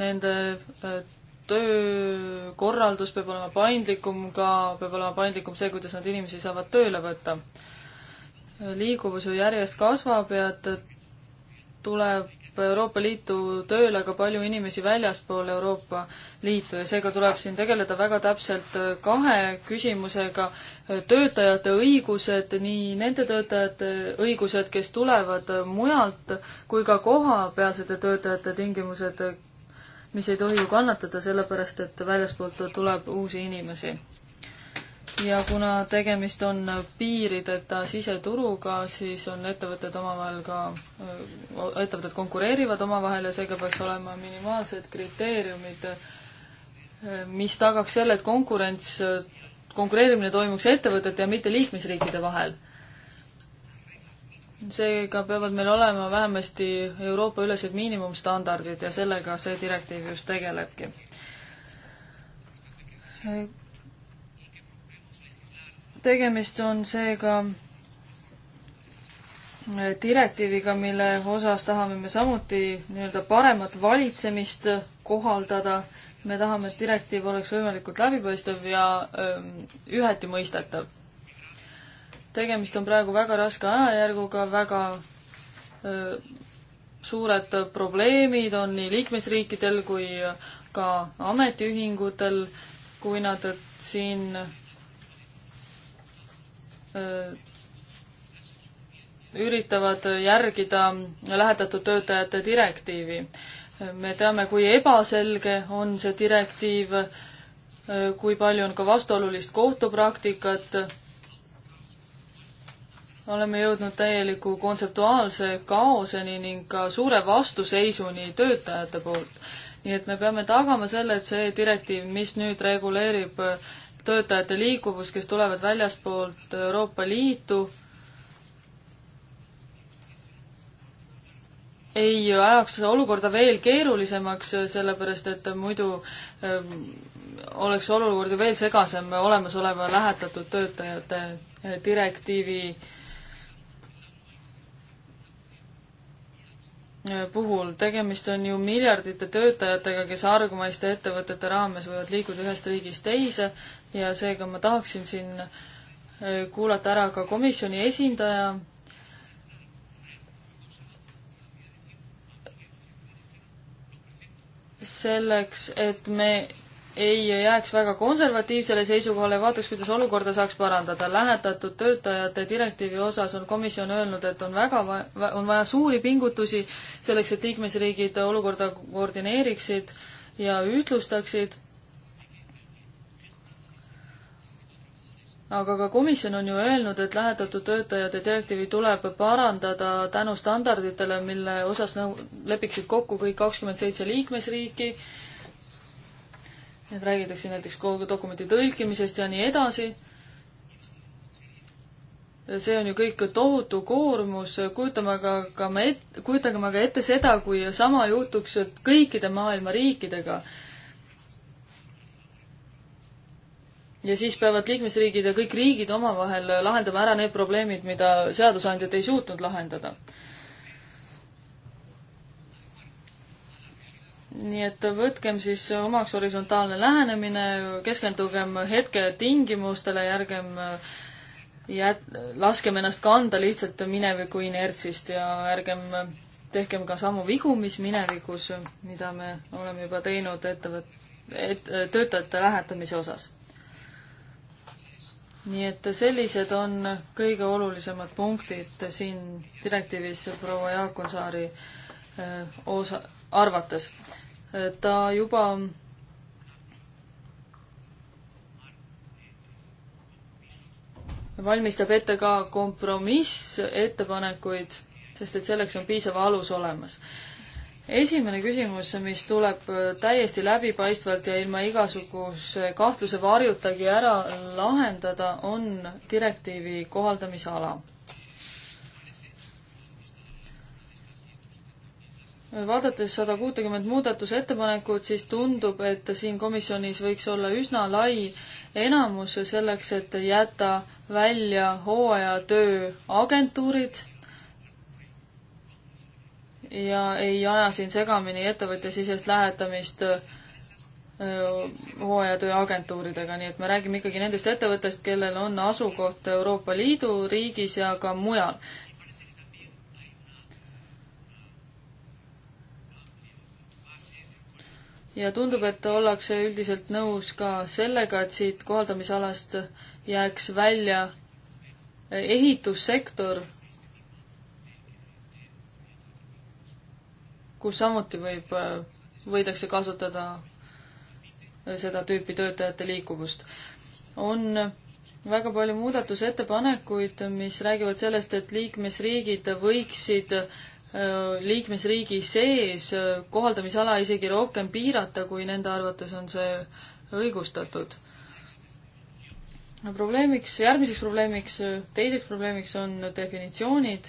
nende äh, töökorraldus peab olema paindlikum ka, peab olema paindlikum see, kuidas nad inimesi saavad tööle võtta. liikuvus ju järjest kasvab ja et tuleb Euroopa Liitu tööle ka palju inimesi väljaspool Euroopa Liitu ja seega tuleb siin tegeleda väga täpselt äh, kahe küsimusega. Äh, töötajate õigused, nii nende töötajate õigused, kes tulevad äh, mujalt, kui ka kohapealsete töötajate tingimused, mis ei tohi ju kannatada, sellepärast et väljastpoolt tuleb uusi inimesi ja kuna tegemist on piirideta siseturuga, siis on ettevõtted omavahel ka, äh, ettevõtted konkureerivad omavahel ja seega peaks olema minimaalsed kriteeriumid, äh, mis tagaks selle, et konkurents, äh, konkureerimine toimuks ettevõtete ja mitte liikmesriikide vahel. seega peavad meil olema vähemasti Euroopa-ülesed miinimumstandardid ja sellega see direktiiv just tegelebki tegemist on seega äh, direktiiviga, mille osas tahame me samuti nii-öelda paremat valitsemist kohaldada. me tahame, et direktiiv oleks võimalikult läbipaistev ja ähm, üheti mõistetav. tegemist on praegu väga raske ajajärguga, väga öö, äh, suured probleemid on nii liikmesriikidel kui ka ametiühingutel, kui nad siin Äh, üritavad järgida lähetatud töötajate direktiivi. me teame, kui ebaselge on see direktiiv, äh, kui palju on ka vastuolulist kohtupraktikat. oleme jõudnud täieliku kontseptuaalse kaoseni ning ka suure vastuseisuni töötajate poolt. nii et me peame tagama selle, et see direktiiv, mis nüüd reguleerib äh, töötajate liikuvus, kes tulevad väljaspoolt Euroopa Liitu, ei ajaks seda olukorda veel keerulisemaks, sellepärast et muidu ähm, oleks olukord ju veel segasem olemasoleva lähetatud töötajate äh, direktiivi äh, puhul. tegemist on ju miljardite töötajatega, kes hargmaiste ettevõtete raames võivad liikuda ühest riigist teise ja seega ma tahaksin siin äh, kuulata ära ka komisjoni esindaja. selleks, et me ei jääks väga konservatiivsele seisukohale ja vaataks, kuidas olukorda saaks parandada. lähetatud töötajate direktiivi osas on komisjon öelnud, et on väga va-, on vaja suuri pingutusi selleks, et liikmesriigid olukorda koordineeriksid ja ühtlustaksid aga ka komisjon on ju öelnud, et lähetatud töötajate direktiivi tuleb parandada tänu standarditele, mille osas nõu-, lepiksid kokku kõik kakskümmend seitse liikmesriiki, et räägitakse näiteks kogu dokumendi tõlkimisest ja nii edasi, see on ju kõik tohutu koormus, kujutame aga ka me et-, kujutagem aga ette seda, kui sama juhtuks kõikide maailma riikidega ja siis peavad liikmesriigid ja kõik riigid omavahel lahendama ära need probleemid, mida seadusandjad ei suutnud lahendada. nii et võtkem siis omaks horisontaalne lähenemine, keskendugem hetketingimustele ja ärgem jät-, laskem ennast kanda lihtsalt mineviku inertsist ja ärgem tehkem ka samu vigu, mis minevikus, mida me oleme juba teinud ettevõt-, et-, töötajate lähetamise osas nii et sellised on kõige olulisemad punktid siin direktiivis proua Jaakonsaari osa, arvates. ta juba valmistab ette ka kompromissettepanekuid, sest et selleks on piisav alus olemas esimene küsimus, mis tuleb äh, täiesti läbipaistvalt ja ilma igasuguse kahtluse varjutagi ära lahendada, on direktiivi kohaldamisala. vaadates sada kuutekümmet muudatusettepanekut, siis tundub, et siin komisjonis võiks olla üsna lai enamus selleks, et jätta välja hooajatöö agentuurid ja ei aja siin segamini ettevõttesisest lähetamist äh, hooajatööagentuuridega, nii et me räägime ikkagi nendest ettevõttest, kellel on asukoht Euroopa Liidu riigis ja ka mujal. ja tundub, et ollakse üldiselt nõus ka sellega, et siit kohaldamisalast jääks välja ehitussektor kus samuti võib, võidakse kasutada äh, seda tüüpi töötajate liikuvust. on väga palju muudatusettepanekuid, mis räägivad sellest, et liikmesriigid võiksid äh, liikmesriigi sees äh, kohaldamisala isegi rohkem piirata, kui nende arvates on see õigustatud. probleemiks, järgmiseks probleemiks, teiseks probleemiks on definitsioonid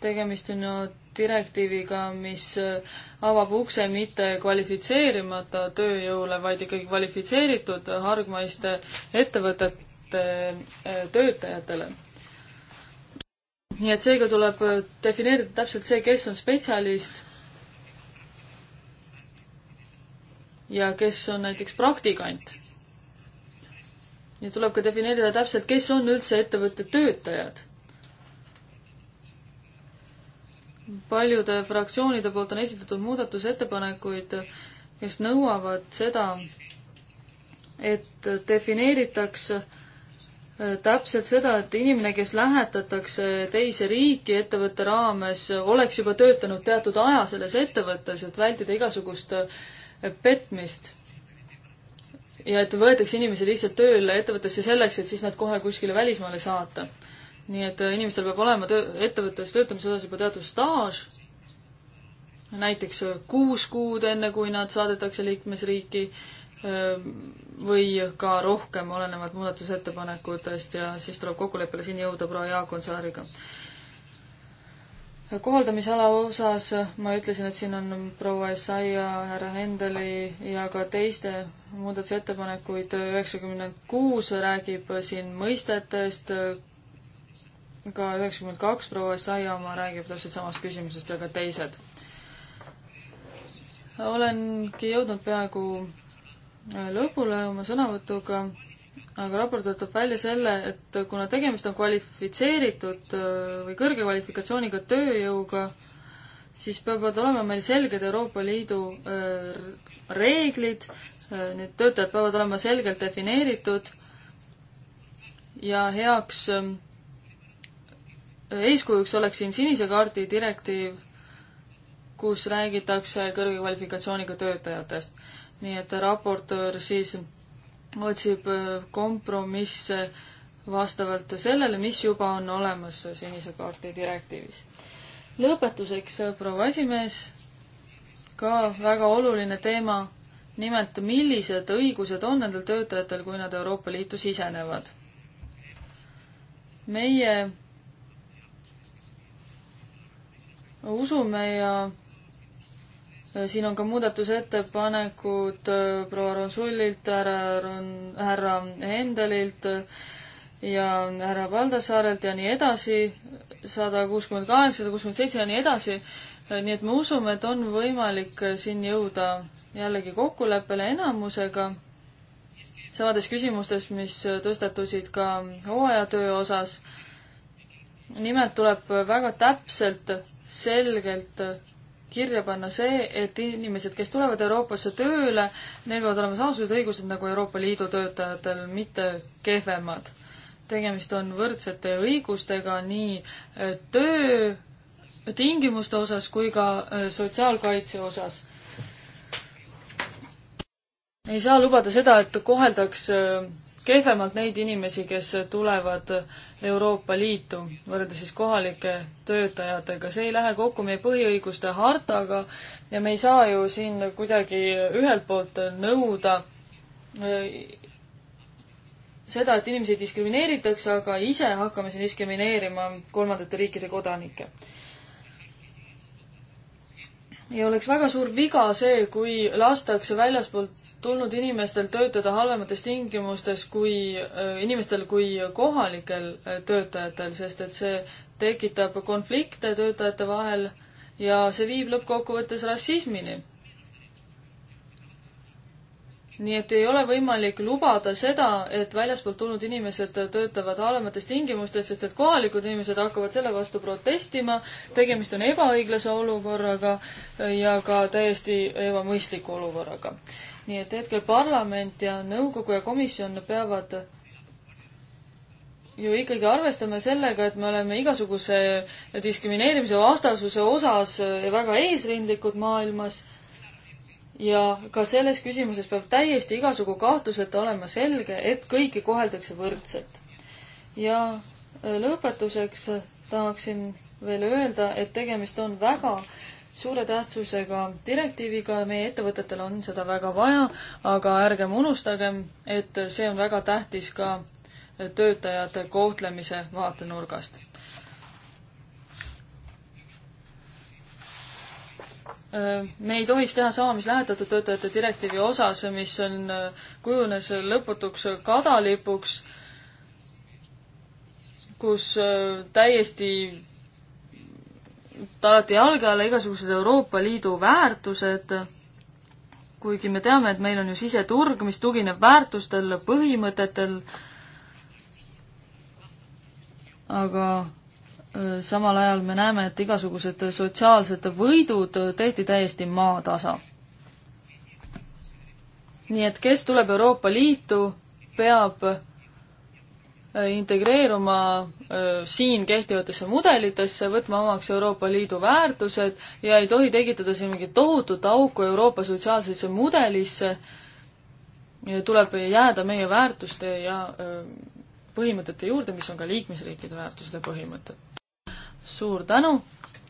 tegemist on direktiiviga, mis äh, avab ukse mitte kvalifitseerimata tööjõule, vaid ikkagi kvalifitseeritud hargmaiste ettevõtete äh, töötajatele. nii et seega tuleb äh, defineerida täpselt see, kes on spetsialist ja kes on näiteks praktikant. ja tuleb ka defineerida täpselt, kes on üldse ettevõtte töötajad paljude fraktsioonide poolt on esitatud muudatusettepanekuid, kes nõuavad seda, et defineeritaks äh, täpselt seda, et inimene, kes lähetatakse teise riiki ettevõtte raames, oleks juba töötanud teatud aja selles ettevõttes, et vältida igasugust äh, petmist. ja et võetakse inimesi lihtsalt tööle ettevõttesse selleks, et siis nad kohe kuskile välismaale saata nii et äh, inimestel peab olema töö, ettevõttes töötamise osas juba teatud staaž, näiteks äh, kuus kuud, enne kui nad saadetakse liikmesriiki ähm, või ka rohkem, olenevad muudatusettepanekutest ja siis tuleb kokkuleppele siin jõuda proua Jaak Onsaariga. Äh, kohaldamisala osas ma ütlesin, et siin on proua Essaia, härra Hendeli ja ka teiste muudatusettepanekuid, üheksakümmend kuus räägib siin mõistetest, ka üheksakümmend kaks proua Saia oma räägib täpselt samast küsimusest ja ka teised. olengi jõudnud peaaegu äh, lõpule oma sõnavõtuga, aga raport võtab välja selle, et kuna tegemist on kvalifitseeritud äh, või kõrge kvalifikatsiooniga tööjõuga, siis peavad olema meil selged Euroopa Liidu äh, reeglid, need töötajad peavad olema selgelt defineeritud ja heaks eeskujuks oleks siin sinise kaardi direktiiv, kus räägitakse kõrge kvalifikatsiooniga töötajatest. nii et raportöör siis otsib äh, kompromisse vastavalt sellele, mis juba on olemas sinise kaardi direktiivis. lõpetuseks, äh, proua esimees, ka väga oluline teema, nimelt millised õigused on nendel töötajatel, kui nad Euroopa Liitu sisenevad. meie usume ja siin on ka muudatusettepanekud äh, proua Ronsullilt, härra Ron-, härra Hendelilt ja härra Valdassaarelt ja nii edasi, sada kuuskümmend kaheksa, sada kuuskümmend seitse ja nii edasi äh, nii et me usume, et on võimalik äh, siin jõuda jällegi kokkuleppele enamusega, samades küsimustes, mis tõstatusid ka hooajatöö osas. nimelt tuleb väga täpselt selgelt kirja panna see, et inimesed, kes tulevad Euroopasse tööle, neil peavad olema samasugused õigused nagu Euroopa Liidu töötajatel, mitte kehvemad. tegemist on võrdsete õigustega nii eh, töötingimuste osas kui ka eh, sotsiaalkaitse osas. ei saa lubada seda, et koheldaks eh, kehvemalt neid inimesi, kes tulevad Euroopa Liitu võrreldes siis kohalike töötajatega. see ei lähe kokku meie põhiõiguste hartaga ja me ei saa ju siin kuidagi ühelt poolt nõuda äh, seda, et inimesi diskrimineeritakse, aga ise hakkame siin diskrimineerima kolmandate riikide kodanikke ja oleks väga suur viga see, kui lastakse väljaspoolt tulnud inimestel töötada halvemates tingimustes kui äh, inimestel kui kohalikel äh, töötajatel, sest et see tekitab konflikte töötajate vahel ja see viib lõppkokkuvõttes rassismini. nii et ei ole võimalik lubada seda, et väljaspoolt tulnud inimesed töötavad halvemates tingimustes, sest et kohalikud inimesed hakkavad selle vastu protestima, tegemist on ebaõiglase olukorraga ja ka täiesti ebamõistliku olukorraga nii et hetkel parlament ja nõukogu ja komisjon peavad ju ikkagi arvestame sellega, et me oleme igasuguse diskrimineerimise vastasuse osas väga eesrindlikud maailmas. ja ka selles küsimuses peab täiesti igasugu kahtluseta olema selge, et kõiki koheldakse võrdselt. ja lõpetuseks tahaksin veel öelda, et tegemist on väga äh, suure tähtsusega direktiiviga, meie ettevõtetel on seda väga vaja, aga ärgem unustagem, et see on väga tähtis ka töötajate kohtlemise vaatenurgast. me ei tohiks teha sama, mis lähetatud töötajate direktiivi osas, mis on, kujunes lõputuks kadalipuks, kus äh, täiesti alati jalge alla igasugused Euroopa Liidu väärtused, kuigi me teame, et meil on ju siseturg, mis tugineb väärtustel, põhimõtetel, aga samal ajal me näeme, et igasugused sotsiaalsed võidud tehti täiesti maatasa. nii et kes tuleb Euroopa Liitu, peab integreeruma siin kehtivatesse mudelitesse, võtma omaks Euroopa Liidu väärtused ja ei tohi tekitada siin mingit tohutut auku Euroopa sotsiaalsesse mudelisse. tuleb jääda meie väärtuste ja põhimõtete juurde, mis on ka liikmesriikide väärtuste põhimõtted. suur tänu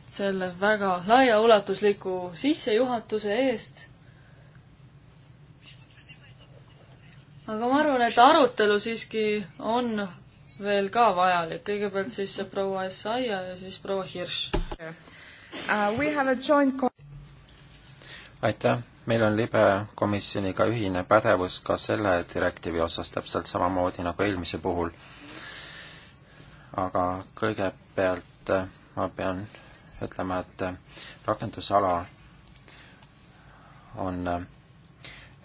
selle väga laiaulatusliku sissejuhatuse eest aga ma arvan, et arutelu siiski on veel ka vajalik, kõigepealt siis proua Essaia ja siis proua Hirš uh,. aitäh, meil on libe komisjoniga ühine pädevus ka selle direktiivi osas, täpselt samamoodi nagu eelmise puhul. aga kõigepealt äh, ma pean ütlema, et äh, rakendusala on äh,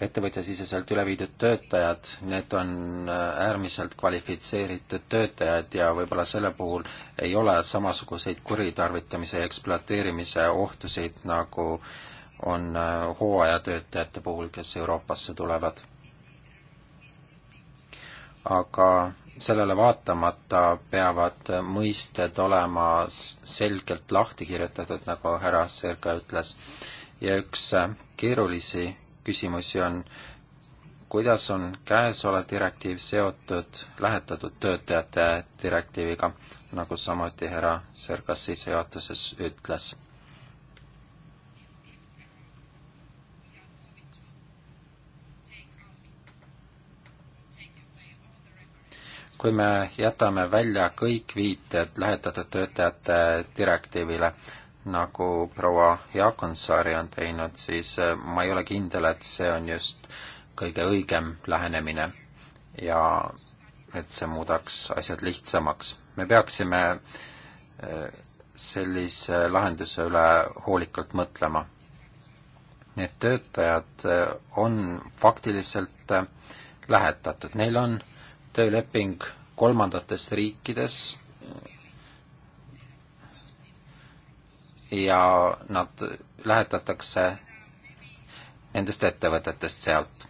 ettevõtjasiseselt üle viidud töötajad, need on äh, äärmiselt kvalifitseeritud töötajad ja võib-olla selle puhul ei ole samasuguseid kuritarvitamise ja ekspluateerimise ohtusid, nagu on äh, hooajatöötajate puhul, kes Euroopasse tulevad. aga sellele vaatamata peavad mõisted olema selgelt lahti kirjutatud, nagu härra Serka ütles, ja üks äh, keerulisi küsimusi on, kuidas on käesolev direktiiv seotud lähetatud töötajate direktiiviga, nagu samuti härra Sergas sissejuhatuses ütles kui me jätame välja kõik viited lähetatud töötajate direktiivile, nagu proua Jaakonsaari on teinud, siis äh, ma ei ole kindel, et see on just kõige õigem lähenemine ja et see muudaks asjad lihtsamaks. me peaksime äh, sellise lahenduse üle hoolikalt mõtlema. Need töötajad äh, on faktiliselt lähetatud, neil on tööleping kolmandates riikides ja nad lähetatakse nendest ettevõtetest sealt.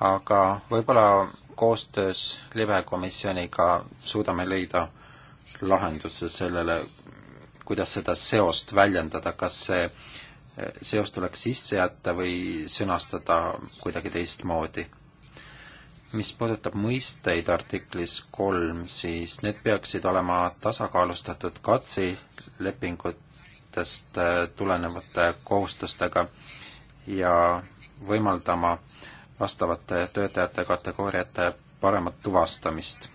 aga võib-olla koostöös libekomisjoniga suudame leida lahenduse sellele, kuidas seda seost väljendada, kas see eh, seos tuleks sisse jätta või sõnastada kuidagi teistmoodi. mis puudutab mõisteid artiklis kolm, siis need peaksid olema tasakaalustatud katselepingut lepingutest äh, tulenevate kohustustega ja võimaldama vastavate töötajate kategooriate paremat tuvastamist.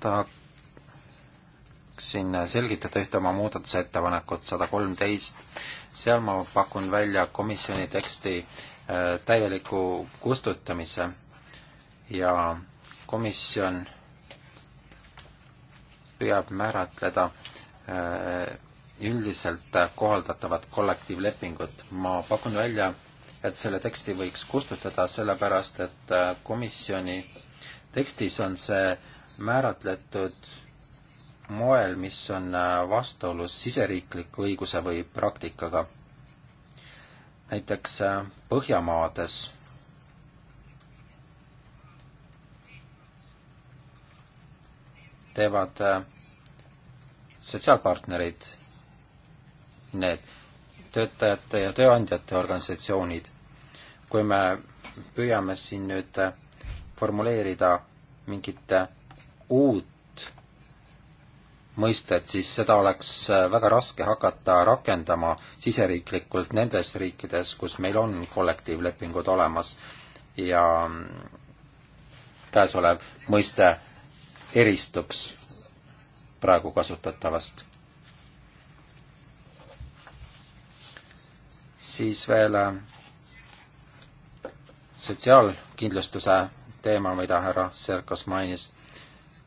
tahaksin selgitada ühte oma muudatusettepanekut sada kolmteist, seal ma pakun välja komisjoni teksti äh, täieliku kustutamise ja komisjon püüab määratleda Äh, üldiselt kohaldatavat kollektiivlepingut. ma pakun välja, et selle teksti võiks kustutada, sellepärast et äh, komisjoni tekstis on see määratletud moel, mis on äh, vastuolus siseriikliku õiguse või praktikaga. näiteks Põhjamaades teevad sotsiaalpartnerid, need töötajate ja tööandjate organisatsioonid, kui me püüame siin nüüd formuleerida mingit uut mõistet, siis seda oleks väga raske hakata rakendama siseriiklikult nendes riikides, kus meil on kollektiivlepingud olemas ja käesolev mõiste eristuks praegu kasutatavast. siis veel äh, sotsiaalkindlustuse teema, mida härra Serkas mainis.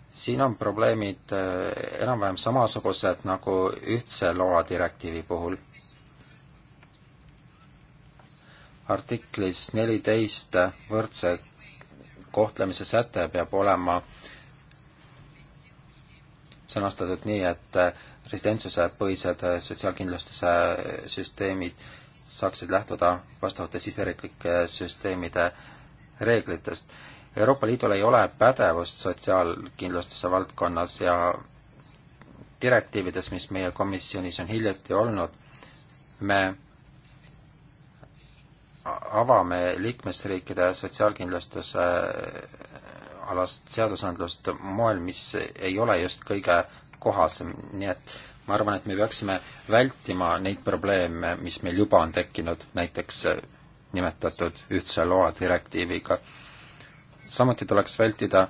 siin on probleemid äh, enam-vähem samasugused nagu ühtse loa direktiivi puhul artiklis neliteist võrdse kohtlemise säte peab olema sõnastatud nii, et äh, residentsusepõhised äh, sotsiaalkindlustuse äh, süsteemid saaksid lähtuda vastavate siseriiklike süsteemide reeglitest. Euroopa Liidul ei ole pädevust sotsiaalkindlustuse valdkonnas ja direktiivides, mis meie komisjonis on hiljuti olnud, me avame liikmesriikide sotsiaalkindlustuse alast seadusandlust moel, mis ei ole just kõige kohasem, nii et ma arvan, et me peaksime vältima neid probleeme, mis meil juba on tekkinud, näiteks äh, nimetatud ühtse loa direktiiviga. samuti tuleks vältida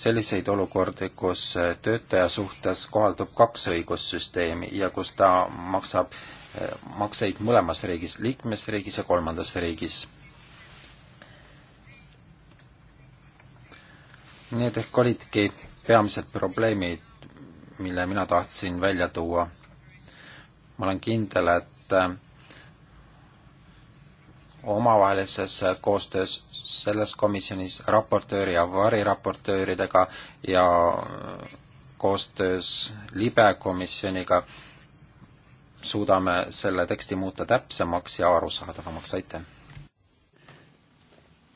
selliseid olukordi, kus äh, töötaja suhtes kohaldub kaks õigussüsteemi ja kus ta maksab äh, makseid mõlemas riigis, liikmesriigis ja kolmandas riigis Need ehk olidki peamised probleemid, mille mina tahtsin välja tuua. ma olen kindel, et äh, omavahelises koostöös selles komisjonis raportööri ja variraportööridega ja äh, koostöös libe komisjoniga suudame selle teksti muuta täpsemaks ja arusaadavamaks, aitäh!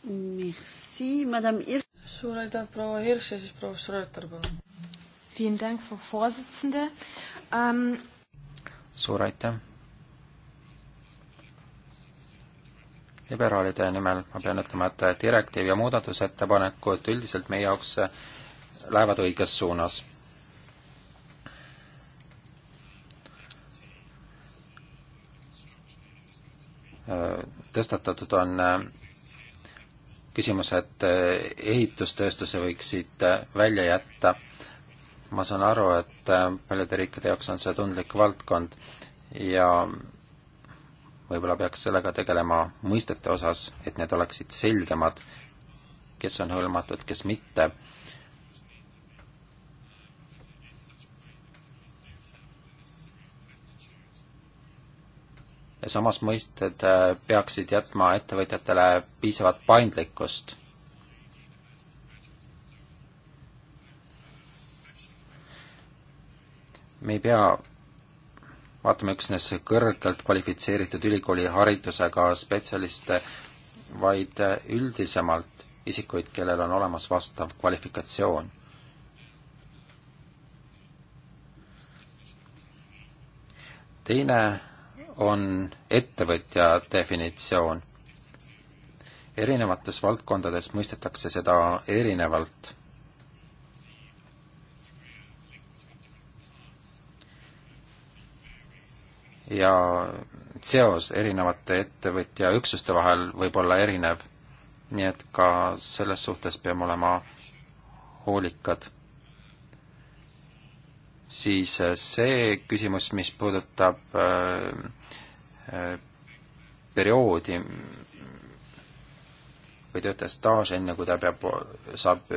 Merci, madame Ir- suur aitäh, proua Hirš ja siis proua Schröter, palun. Ähm, suur aitäh. liberaalide nimel ma pean ütlema, et direktiiv ja muudatusettepanekud üldiselt meie jaoks lähevad õiges suunas tõstatatud on küsimused eh, ehitustööstuse võiksid eh, välja jätta. ma saan aru, et eh, paljude riikide jaoks on see tundlik valdkond ja võib-olla peaks sellega tegelema mõistete osas, et need oleksid selgemad, kes on hõlmatud, kes mitte samas mõisted äh, peaksid jätma ettevõtjatele piisavat paindlikkust. me ei pea vaatame üksnes kõrgelt kvalifitseeritud ülikooliharidusega spetsialiste, vaid äh, üldisemalt isikuid, kellel on olemas vastav kvalifikatsioon. teine on ettevõtja definitsioon. erinevates valdkondades mõistetakse seda erinevalt. ja seos erinevate ettevõtja üksuste vahel võib olla erinev, nii et ka selles suhtes peame olema hoolikad siis äh, see küsimus, mis puudutab äh, äh, perioodi või töötaja staaž, enne kui ta peab, saab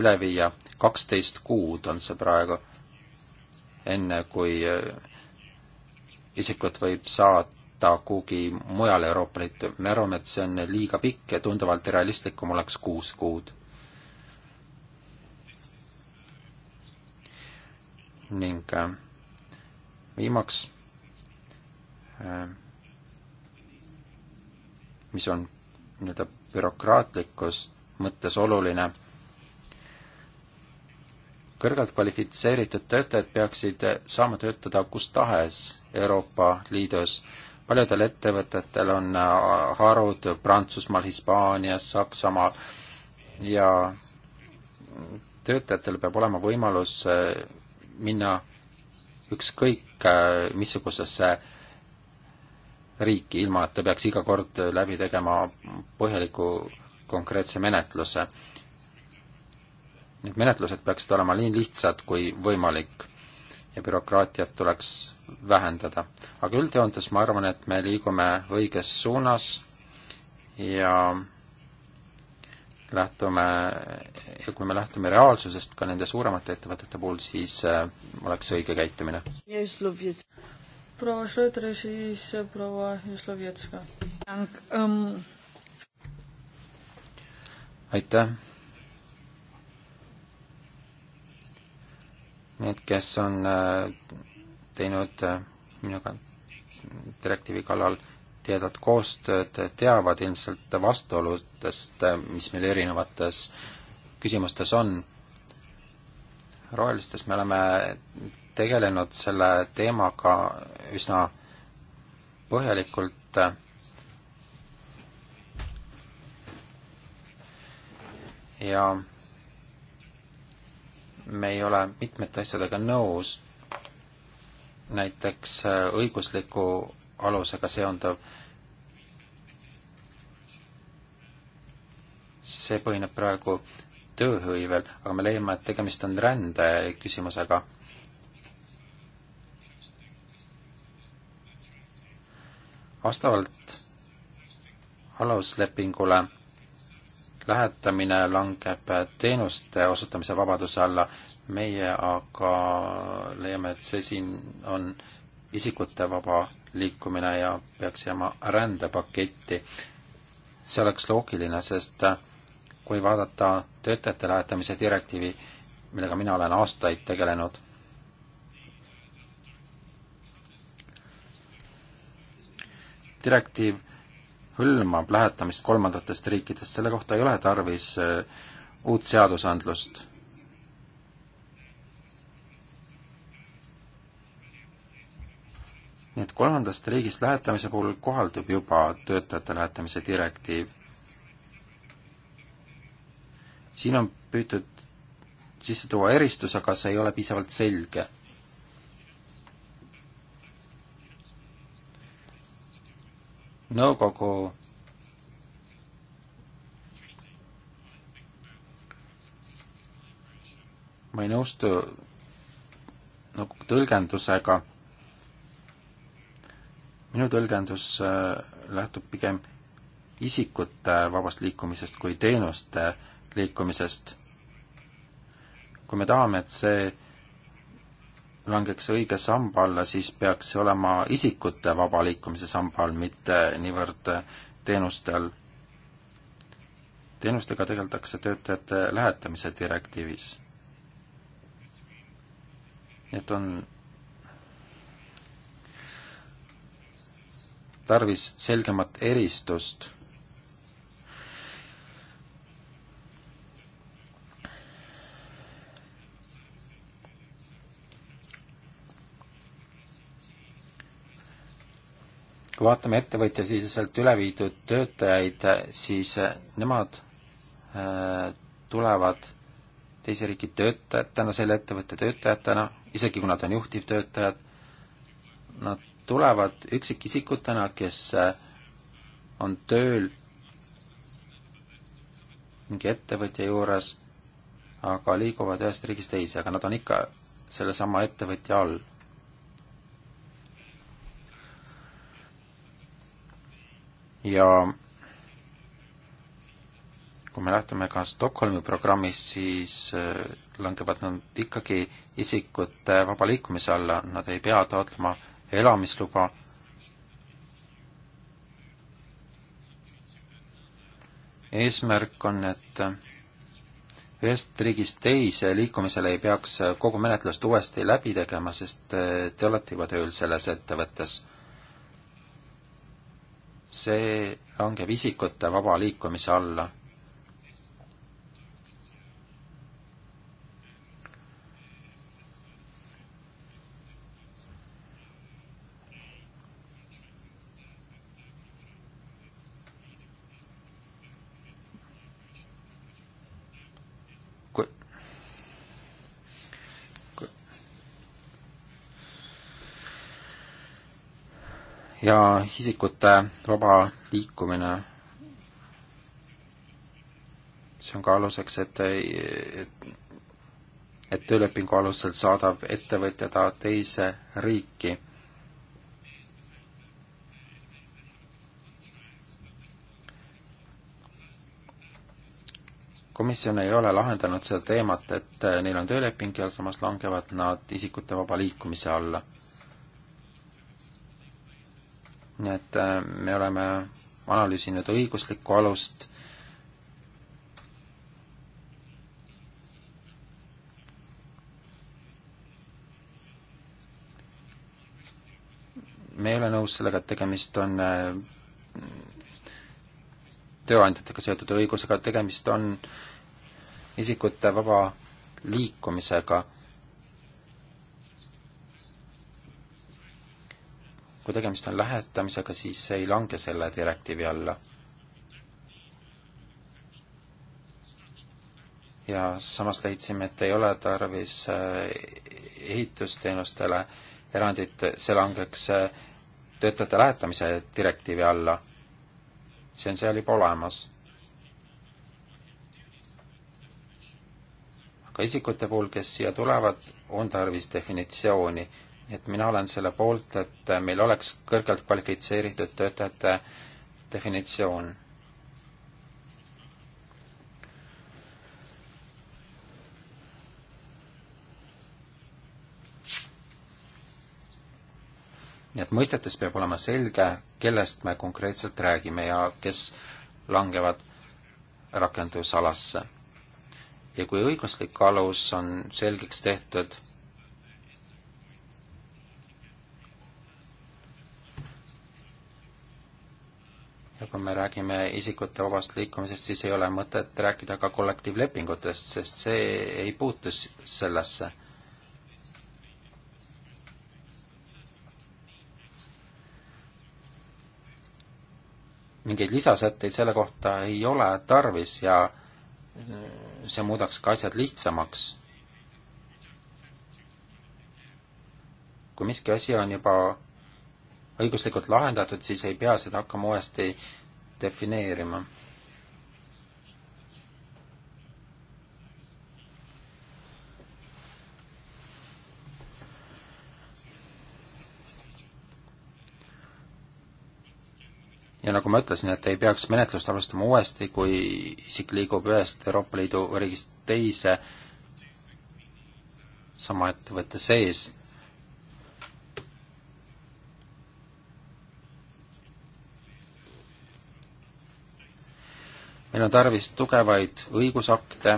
üle viia, kaksteist kuud on see praegu, enne kui isikut võib saata kuhugi mujale Euroopa Liitu. me arvame, et see on liiga pikk ja tunduvalt realistlikum oleks kuus kuud ning äh, viimaks, äh, mis on nii-öelda bürokraatlikus mõttes oluline, kõrgelt kvalifitseeritud töötajad peaksid saama töötada kus tahes Euroopa Liidus. paljudel ettevõtetel on äh, harud Prantsusmaal, Hispaanias, Saksamaal ja töötajatel peab olema võimalus minna ükskõik äh, missugusesse riiki, ilma et ta peaks iga kord läbi tegema põhjaliku konkreetse menetluse. Need menetlused peaksid olema nii lihtsad kui võimalik ja bürokraatiat tuleks vähendada. aga üldjoontes ma arvan, et me liigume õiges suunas ja lähtume ja kui me lähtume reaalsusest ka nende suuremate ettevõtete puhul, siis äh, oleks õige käitumine. proua Schröder, siis proua Jaslovjetska. aitäh. Need, kes on äh, teinud äh, minuga direktiivi kallal tihedat koostööd, teavad ilmselt vastuoludest, mis meil erinevates küsimustes on. rohelistes me oleme tegelenud selle teemaga üsna põhjalikult. ja me ei ole mitmete asjadega nõus, näiteks õigusliku alusega seonduv, see põhineb praegu tööhõivel, aga me leiame, et tegemist on rändeküsimusega. vastavalt aluslepingule lähetamine langeb teenuste osutamise vabaduse alla, meie aga leiame, et see siin on isikute vaba liikumine ja peaks jääma rändepaketti. see oleks loogiline, sest kui vaadata töötajate lähetamise direktiivi, millega mina olen aastaid tegelenud, direktiiv hõlmab lähetamist kolmandatest riikidest, selle kohta ei ole tarvis äh, uut seadusandlust nii et kolmandast riigist lähetamise puhul kohaldub juba töötajate lähetamise direktiiv. siin on püütud sisse tuua eristus, aga see ei ole piisavalt selge. nõukogu ma ei nõustu nagu tõlgendusega minu tõlgendus äh, lähtub pigem isikute vabast liikumisest kui teenuste liikumisest. kui me tahame, et see langeks õige samba alla, siis peaks see olema isikute vaba liikumise samba all, mitte niivõrd teenuste all. teenustega tegeldakse töötajate lähetamise direktiivis. nii et on tarvis selgemat eristust. kui vaatame ettevõtjasiseselt üle viidud töötajaid, siis eh, nemad eh, tulevad teise riigi töötajatena, selle ettevõtte töötajatena, isegi kui nad on juhtivtöötajad, nad tulevad üksikisikutena, kes äh, on tööl mingi ettevõtja juures, aga liiguvad ühest riigist teise, aga nad on ikka sellesama ettevõtja all. ja kui me lähtume ka Stockholmi programmist, siis äh, langevad nad ikkagi isikute vaba liikumise alla, nad ei pea taotlema elamisluba. eesmärk on, et ühest riigist teise liikumisel ei peaks kogu menetlust uuesti läbi tegema, sest te olete juba tööl selles ettevõttes. see langeb isikute vaba liikumise alla ja isikute vaba liikumine, see on ka aluseks, et, et et töölepingu alusel saadab ettevõtja ta teise riiki. komisjon ei ole lahendanud seda teemat, et neil on tööleping ja samas langevad nad isikute vaba liikumise alla nii et äh, me oleme analüüsinud õiguslikku alust me ei ole nõus sellega, et tegemist on äh, tööandjatega seotud õigusega, tegemist on isikute vaba liikumisega kui tegemist on lähetamisega, siis see ei lange selle direktiivi alla. ja samas leidsime, et ei ole tarvis äh, ehitusteenustele erandit, see langeks äh, töötajate lähetamise direktiivi alla. see on seal juba olemas ka isikute puhul, kes siia tulevad, on tarvis definitsiooni et mina olen selle poolt, et meil oleks kõrgelt kvalifitseeritud töötajate definitsioon. nii et mõistetes peab olema selge, kellest me konkreetselt räägime ja kes langevad rakendusalasse. ja kui õiguslik alus on selgeks tehtud, ja kui me räägime isikute vabast liikumisest, siis ei ole mõtet rääkida ka kollektiivlepingutest, sest see ei puutu sellesse. mingeid lisasätteid selle kohta ei ole tarvis ja see muudaks ka asjad lihtsamaks kui miski asi on juba õiguslikult lahendatud, siis ei pea seda hakkama uuesti defineerima. ja nagu ma ütlesin, et ei peaks menetlust alustama uuesti, kui isik liigub ühest Euroopa Liidu riigist teise sama ettevõtte sees meil on tarvis tugevaid õigusakte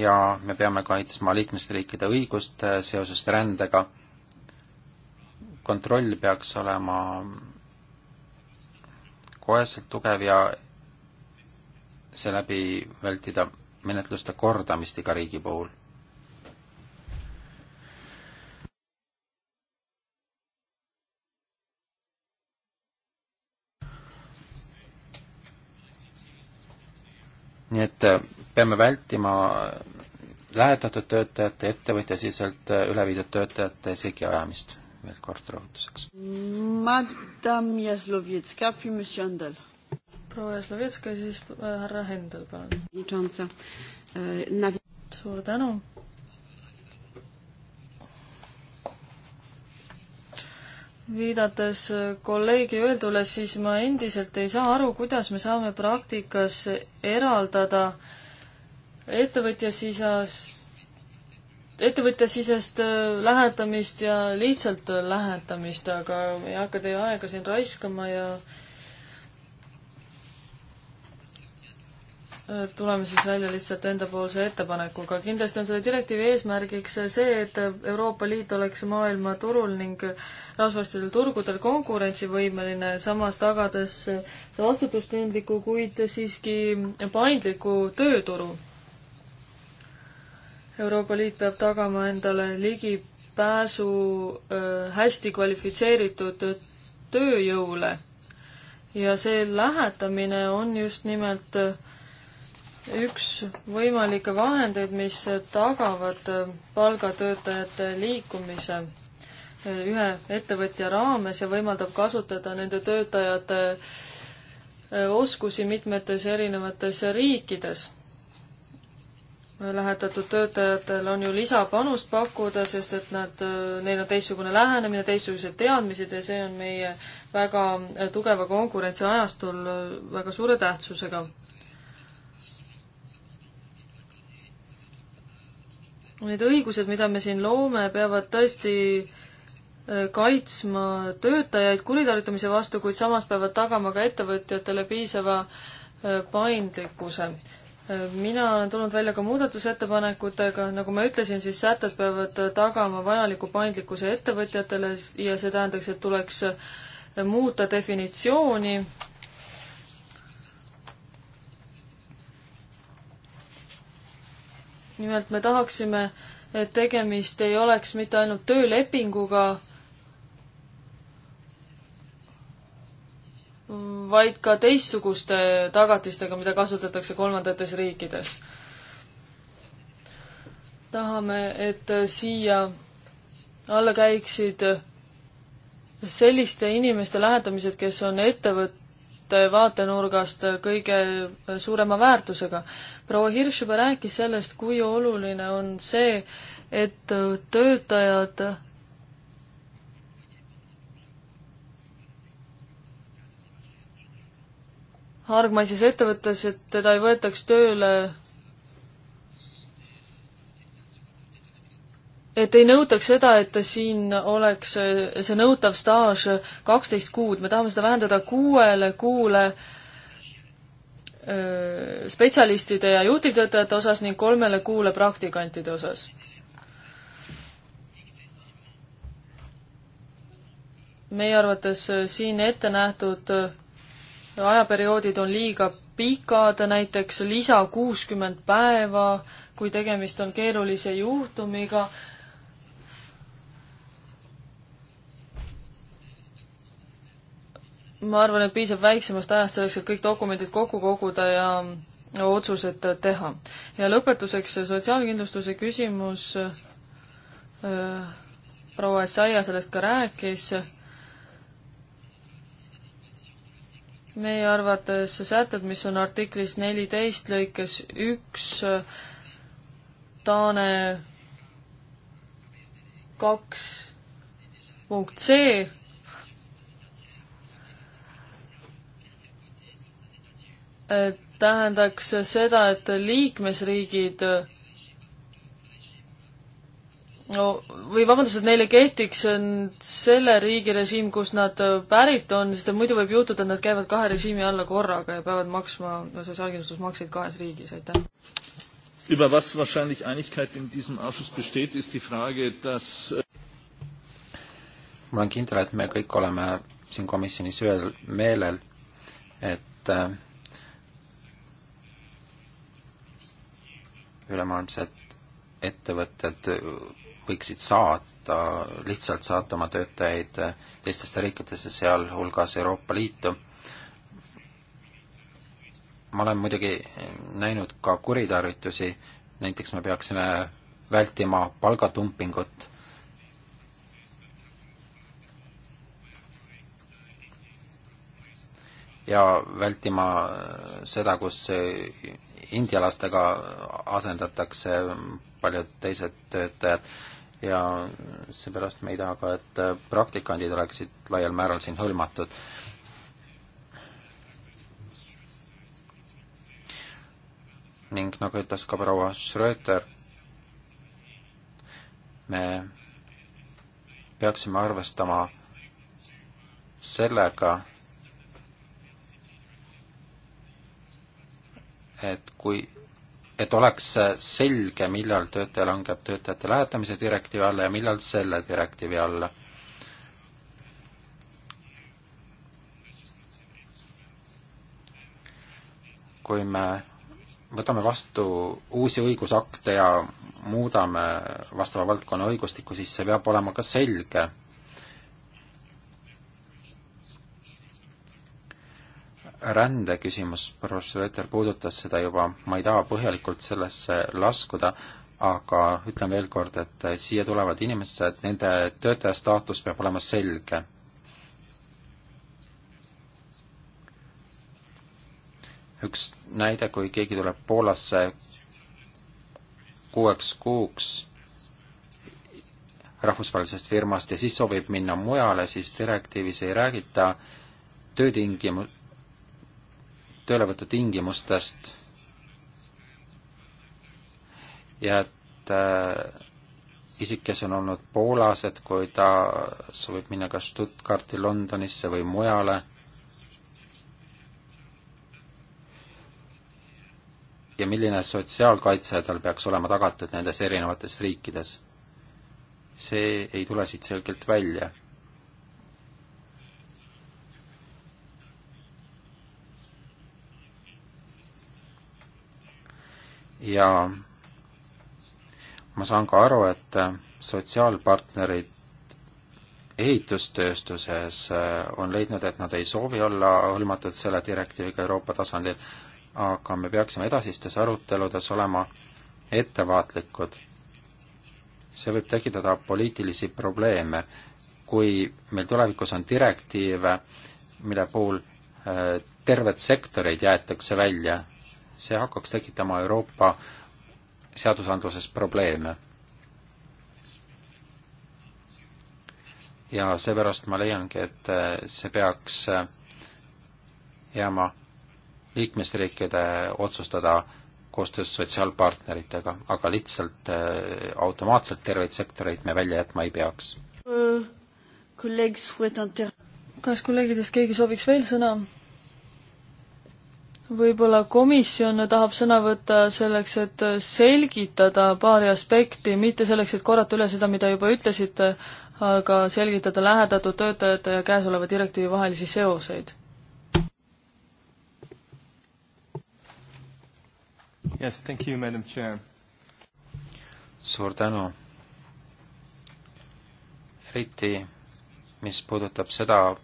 ja me peame kaitsma liikmesriikide õigust eh, seoses rändega. kontroll peaks olema koheselt tugev ja seeläbi vältida menetluste kordamist iga riigi puhul. nii et äh, peame vältima lähetatud töötajate ettevõtjasiselt äh, üle viidud töötajate segi ajamist, veel kord rõhutuseks. Madame Jaslovjetska, Monsieur Andel. proua Jaslovjetska, siis äh, härra Hendel, palun. E, suur tänu viidates kolleegi öeldule, siis ma endiselt ei saa aru, kuidas me saame praktikas eraldada ettevõtja sisast, ettevõtjasisest äh, lähetamist ja lihtsalt lähetamist, aga ei hakka teie aega siin raiskama ja äh, tuleme siis välja lihtsalt endapoolse ettepanekuga. kindlasti on selle direktiivi eesmärgiks see, et Euroopa Liit oleks maailmaturul ning rahvusvahelistel turgudel konkurentsivõimeline, samas tagades vastutustundliku, kuid siiski paindliku tööturu. Euroopa Liit peab tagama endale ligipääsu hästi kvalifitseeritud tööjõule ja see lähetamine on just nimelt äh, üks võimalikke vahendeid, mis tagavad palgatöötajate liikumise ühe ettevõtja raames ja võimaldab kasutada nende töötajate äh, oskusi mitmetes erinevates riikides. lähetatud töötajatel on ju lisapanust pakkuda, sest et nad, äh, neil on teistsugune lähenemine, teistsugused teadmised ja see on meie väga äh, tugeva konkurentsi ajastul väga suure tähtsusega Need õigused, mida me siin loome, peavad tõesti äh, kaitsma töötajaid kuritarvitamise vastu, kuid samas peavad tagama ka ettevõtjatele piisava äh, paindlikkuse. Äh, mina olen tulnud välja ka muudatusettepanekutega, nagu ma ütlesin, siis sätted peavad tagama vajaliku paindlikkuse ettevõtjatele ja see tähendaks, et tuleks muuta definitsiooni nimelt me tahaksime, et tegemist ei oleks mitte ainult töölepinguga, vaid ka teistsuguste tagatistega, mida kasutatakse kolmandates riikides. tahame, et siia alla käiksid selliste inimeste lähetamised, kes on ettevõt-, Äh, vaatenurgast äh, kõige äh, suurema väärtusega. proua Hirš juba rääkis sellest, kui oluline on see, et töötajad hargmaises ettevõttes, et teda ei võetaks tööle et ei nõutaks seda, et siin oleks see nõutav staaž kaksteist kuud, me tahame seda vähendada kuuele kuule spetsialistide ja juhtivtöötajate osas ning kolmele kuule praktikantide osas meie arvates siin ette nähtud ajaperioodid on liiga pikad, näiteks lisa kuuskümmend päeva, kui tegemist on keerulise juhtumiga ma arvan, et piisab väiksemast ajast selleks, et kõik dokumendid kokku koguda ja otsused teha. ja lõpetuseks sotsiaalkindlustuse küsimus, äh, proua Essaia sellest ka rääkis, meie arvates sätted, mis on artiklis neliteist lõikes üks, Taane kaks punkt C tähendaks seda, et liikmesriigid no või vabandust, et neile kehtiks selle riigi režiim, kust nad pärit on, sest muidu võib juhtuda, et nad käivad kahe režiimi alla korraga ja peavad maksma no, sotsiaalkindlustusmakseid kahes riigis, aitäh. Über was wahrscheinlich Einigkeit in diesem Ausschuss besteht, ist die Frage, dass äh, ma olen kindel, et me kõik oleme siin komisjonis ühel meelel, et äh, ülemaailmsed ettevõtted võiksid saata, lihtsalt saata oma töötajaid teistesse riikidesse, sealhulgas Euroopa Liitu. ma olen muidugi näinud ka kuritarvitusi, näiteks me peaksime vältima palgatumpingut. ja vältima seda, kus India lastega asendatakse paljud teised töötajad ja seepärast me ei taha ka, et praktikandid oleksid laial määral siin hõlmatud. ning nagu ütles ka proua Schröter, me peaksime arvestama sellega, et kui, et oleks selge, millal töötaja langeb töötajate lähetamise direktiivi alla ja millal selle direktiivi alla. kui me võtame vastu uusi õigusakte ja muudame vastava valdkonna õigustikku, siis see peab olema ka selge rändeküsimus, professor Veter puudutas seda juba, ma ei taha põhjalikult sellesse laskuda, aga ütlen veel kord, et siia tulevad inimesed, nende töötaja staatus peab olema selge. üks näide, kui keegi tuleb Poolasse kuueks kuuks rahvusvahelisest firmast ja siis soovib minna mujale, siis direktiivis ei räägita töötingimus, töölevõtu tingimustest ja et äh, isik, kes on olnud Poolas, et kui ta soovib minna kas Stuttgarti, Londonisse või mujale, ja milline sotsiaalkaitse tal peaks olema tagatud nendes erinevates riikides, see ei tule siit selgelt välja ja ma saan ka aru, et sotsiaalpartnerid ehitustööstuses äh, on leidnud, et nad ei soovi olla hõlmatud selle direktiiviga Euroopa tasandil, aga me peaksime edasistes aruteludes olema ettevaatlikud. see võib tekitada poliitilisi probleeme, kui meil tulevikus on direktiive, mille puhul äh, terved sektorid jäetakse välja see hakkaks tekitama Euroopa seadusandluses probleeme. ja seepärast ma leiangi, et eh, see peaks eh, jääma liikmesriikide otsustada koostöös sotsiaalpartneritega, aga lihtsalt eh, automaatselt terveid sektoreid me välja jätma ei peaks. Äh, kas kolleegidest keegi sooviks veel sõna? võib-olla komisjon tahab sõna võtta selleks, et selgitada paari aspekti, mitte selleks, et korrata üle seda, mida juba ütlesite, aga selgitada lähedatud töötajate ja käesoleva direktiivi vahelisi seoseid. Yes, thank you, madam chair. suur tänu. eriti, mis puudutab seda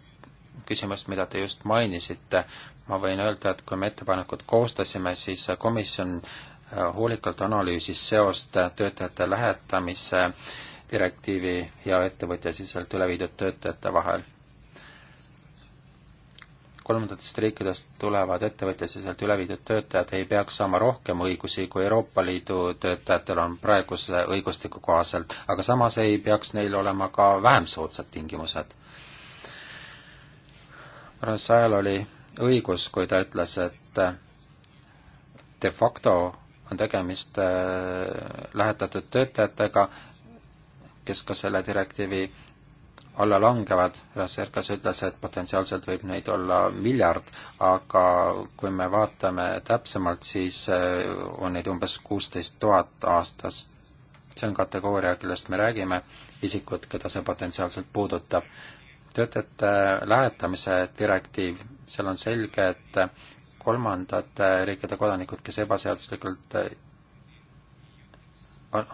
küsimust, mida te just mainisite, ma võin öelda, et kui me ettepanekut koostasime, siis komisjon äh, hoolikalt analüüsis seost töötajate lähetamise direktiivi ja ettevõtjasiselt üle viidud töötajate vahel. kolmandatest riikidest tulevad ettevõtjasiselt üle viidud töötajad ei peaks saama rohkem õigusi, kui Euroopa Liidu töötajatel on praeguse õigustiku kohaselt, aga samas ei peaks neil olema ka vähem soodsad tingimused. Rasajal oli õigus, kui ta ütles, et eh, de facto on tegemist eh, lähetatud töötajatega, kes ka selle direktiivi alla langevad, Serkas ütles, et potentsiaalselt võib neid olla miljard, aga kui me vaatame täpsemalt, siis eh, on neid umbes kuusteist tuhat aastas. see on kategooria, kellest me räägime, isikud, keda see potentsiaalselt puudutab. töötajate lähetamise direktiiv seal on selge, et kolmandate äh, riikide kodanikud, kes ebaseaduslikult äh, on,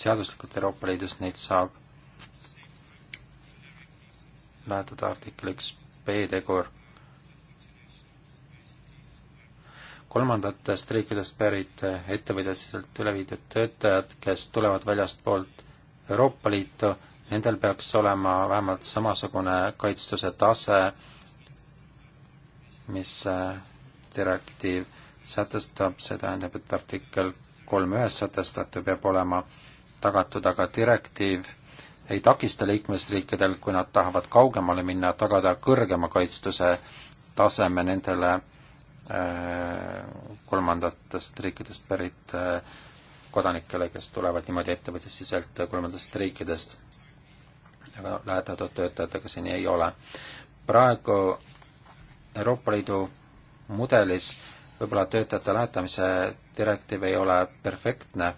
seaduslikult Euroopa Liidus neid saab lähetada artikkel üks B-tegur. kolmandatest riikidest pärit äh, ettevõtjatelt üle viidud töötajad, kes tulevad väljastpoolt Euroopa Liitu, nendel peaks olema vähemalt samasugune kaitstuse tase, mis äh, direktiiv sätestab, see tähendab, et artikkel kolm ühes sätestatu peab olema tagatud, aga direktiiv ei takista liikmesriikidel, kui nad tahavad kaugemale minna, tagada kõrgema kaitstuse taseme nendele äh, kolmandatest riikidest pärit äh, kodanikele, kes tulevad niimoodi ettevõtjasiselt kolmandatest riikidest lähetatud töötajatega see nii ei ole. praegu Euroopa Liidu mudelis võib-olla töötajate lähetamise direktiiv ei ole perfektne,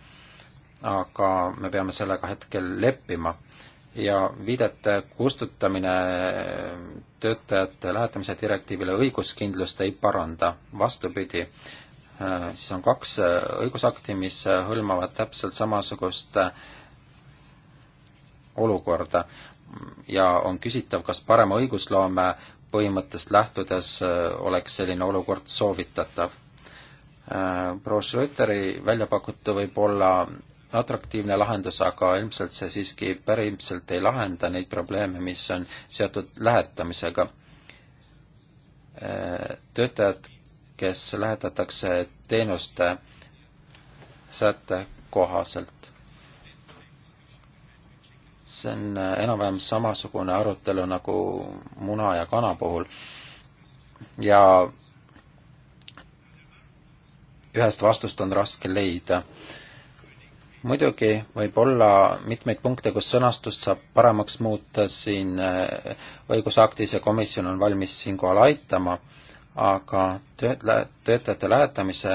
aga me peame sellega hetkel leppima. ja viidete kustutamine töötajate lähetamise direktiivile õiguskindlust ei paranda, vastupidi, äh, siis on kaks äh, õigusakti, mis äh, hõlmavad täpselt samasugust olukorda ja on küsitav, kas parema õigusloome põhimõttest lähtudes äh, oleks selline olukord soovitatav. Äh, proua Schröteri välja pakutu võib olla atraktiivne lahendus, aga ilmselt see siiski päriselt ei lahenda neid probleeme, mis on seotud lähetamisega. Äh, töötajad, kes lähetatakse teenuste sätte kohaselt see on äh, enam-vähem samasugune arutelu nagu muna ja kana puhul. ja ühest vastust on raske leida. muidugi võib olla mitmeid punkte, kus sõnastust saab paremaks muuta siin äh, õigusaktis ja komisjon on valmis siinkohal aitama, aga töötle-, töötajate lähetamise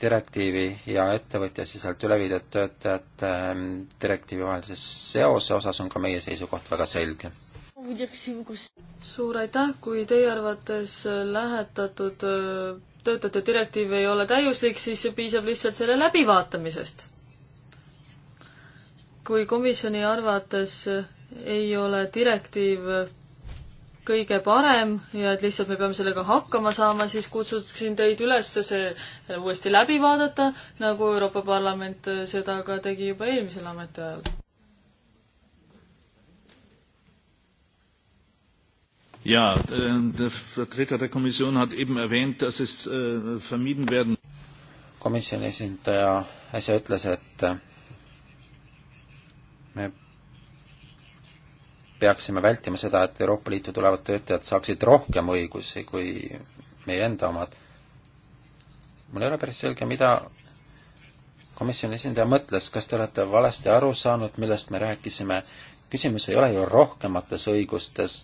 direktiivi ja ettevõtja sisalt üle viidud töötajate ehm, direktiivi vahelise seose osas on ka meie seisukoht väga selge. suur aitäh, kui teie arvates lähetatud töötajate direktiiv ei ole täiuslik, siis piisab lihtsalt selle läbivaatamisest. kui komisjoni arvates ei ole direktiiv kõige parem ja et lihtsalt me peame sellega hakkama saama, siis kutsuksin teid üles see uuesti läbi vaadata, nagu Euroopa Parlament seda ka tegi juba eelmisel ametiajal. Ja, äh, der Vertreter der Kommission hat eben erwähnt, dass es äh, vermieden werden. Komisjoni esindaja äsja ütles, et äh, me peaksime vältima seda, et Euroopa Liitu tulevad töötajad saaksid rohkem õigusi kui meie enda omad. mul ei ole päris selge, mida komisjoni esindaja mõtles, kas te olete valesti aru saanud, millest me rääkisime, küsimus ei ole ju rohkemates õigustes,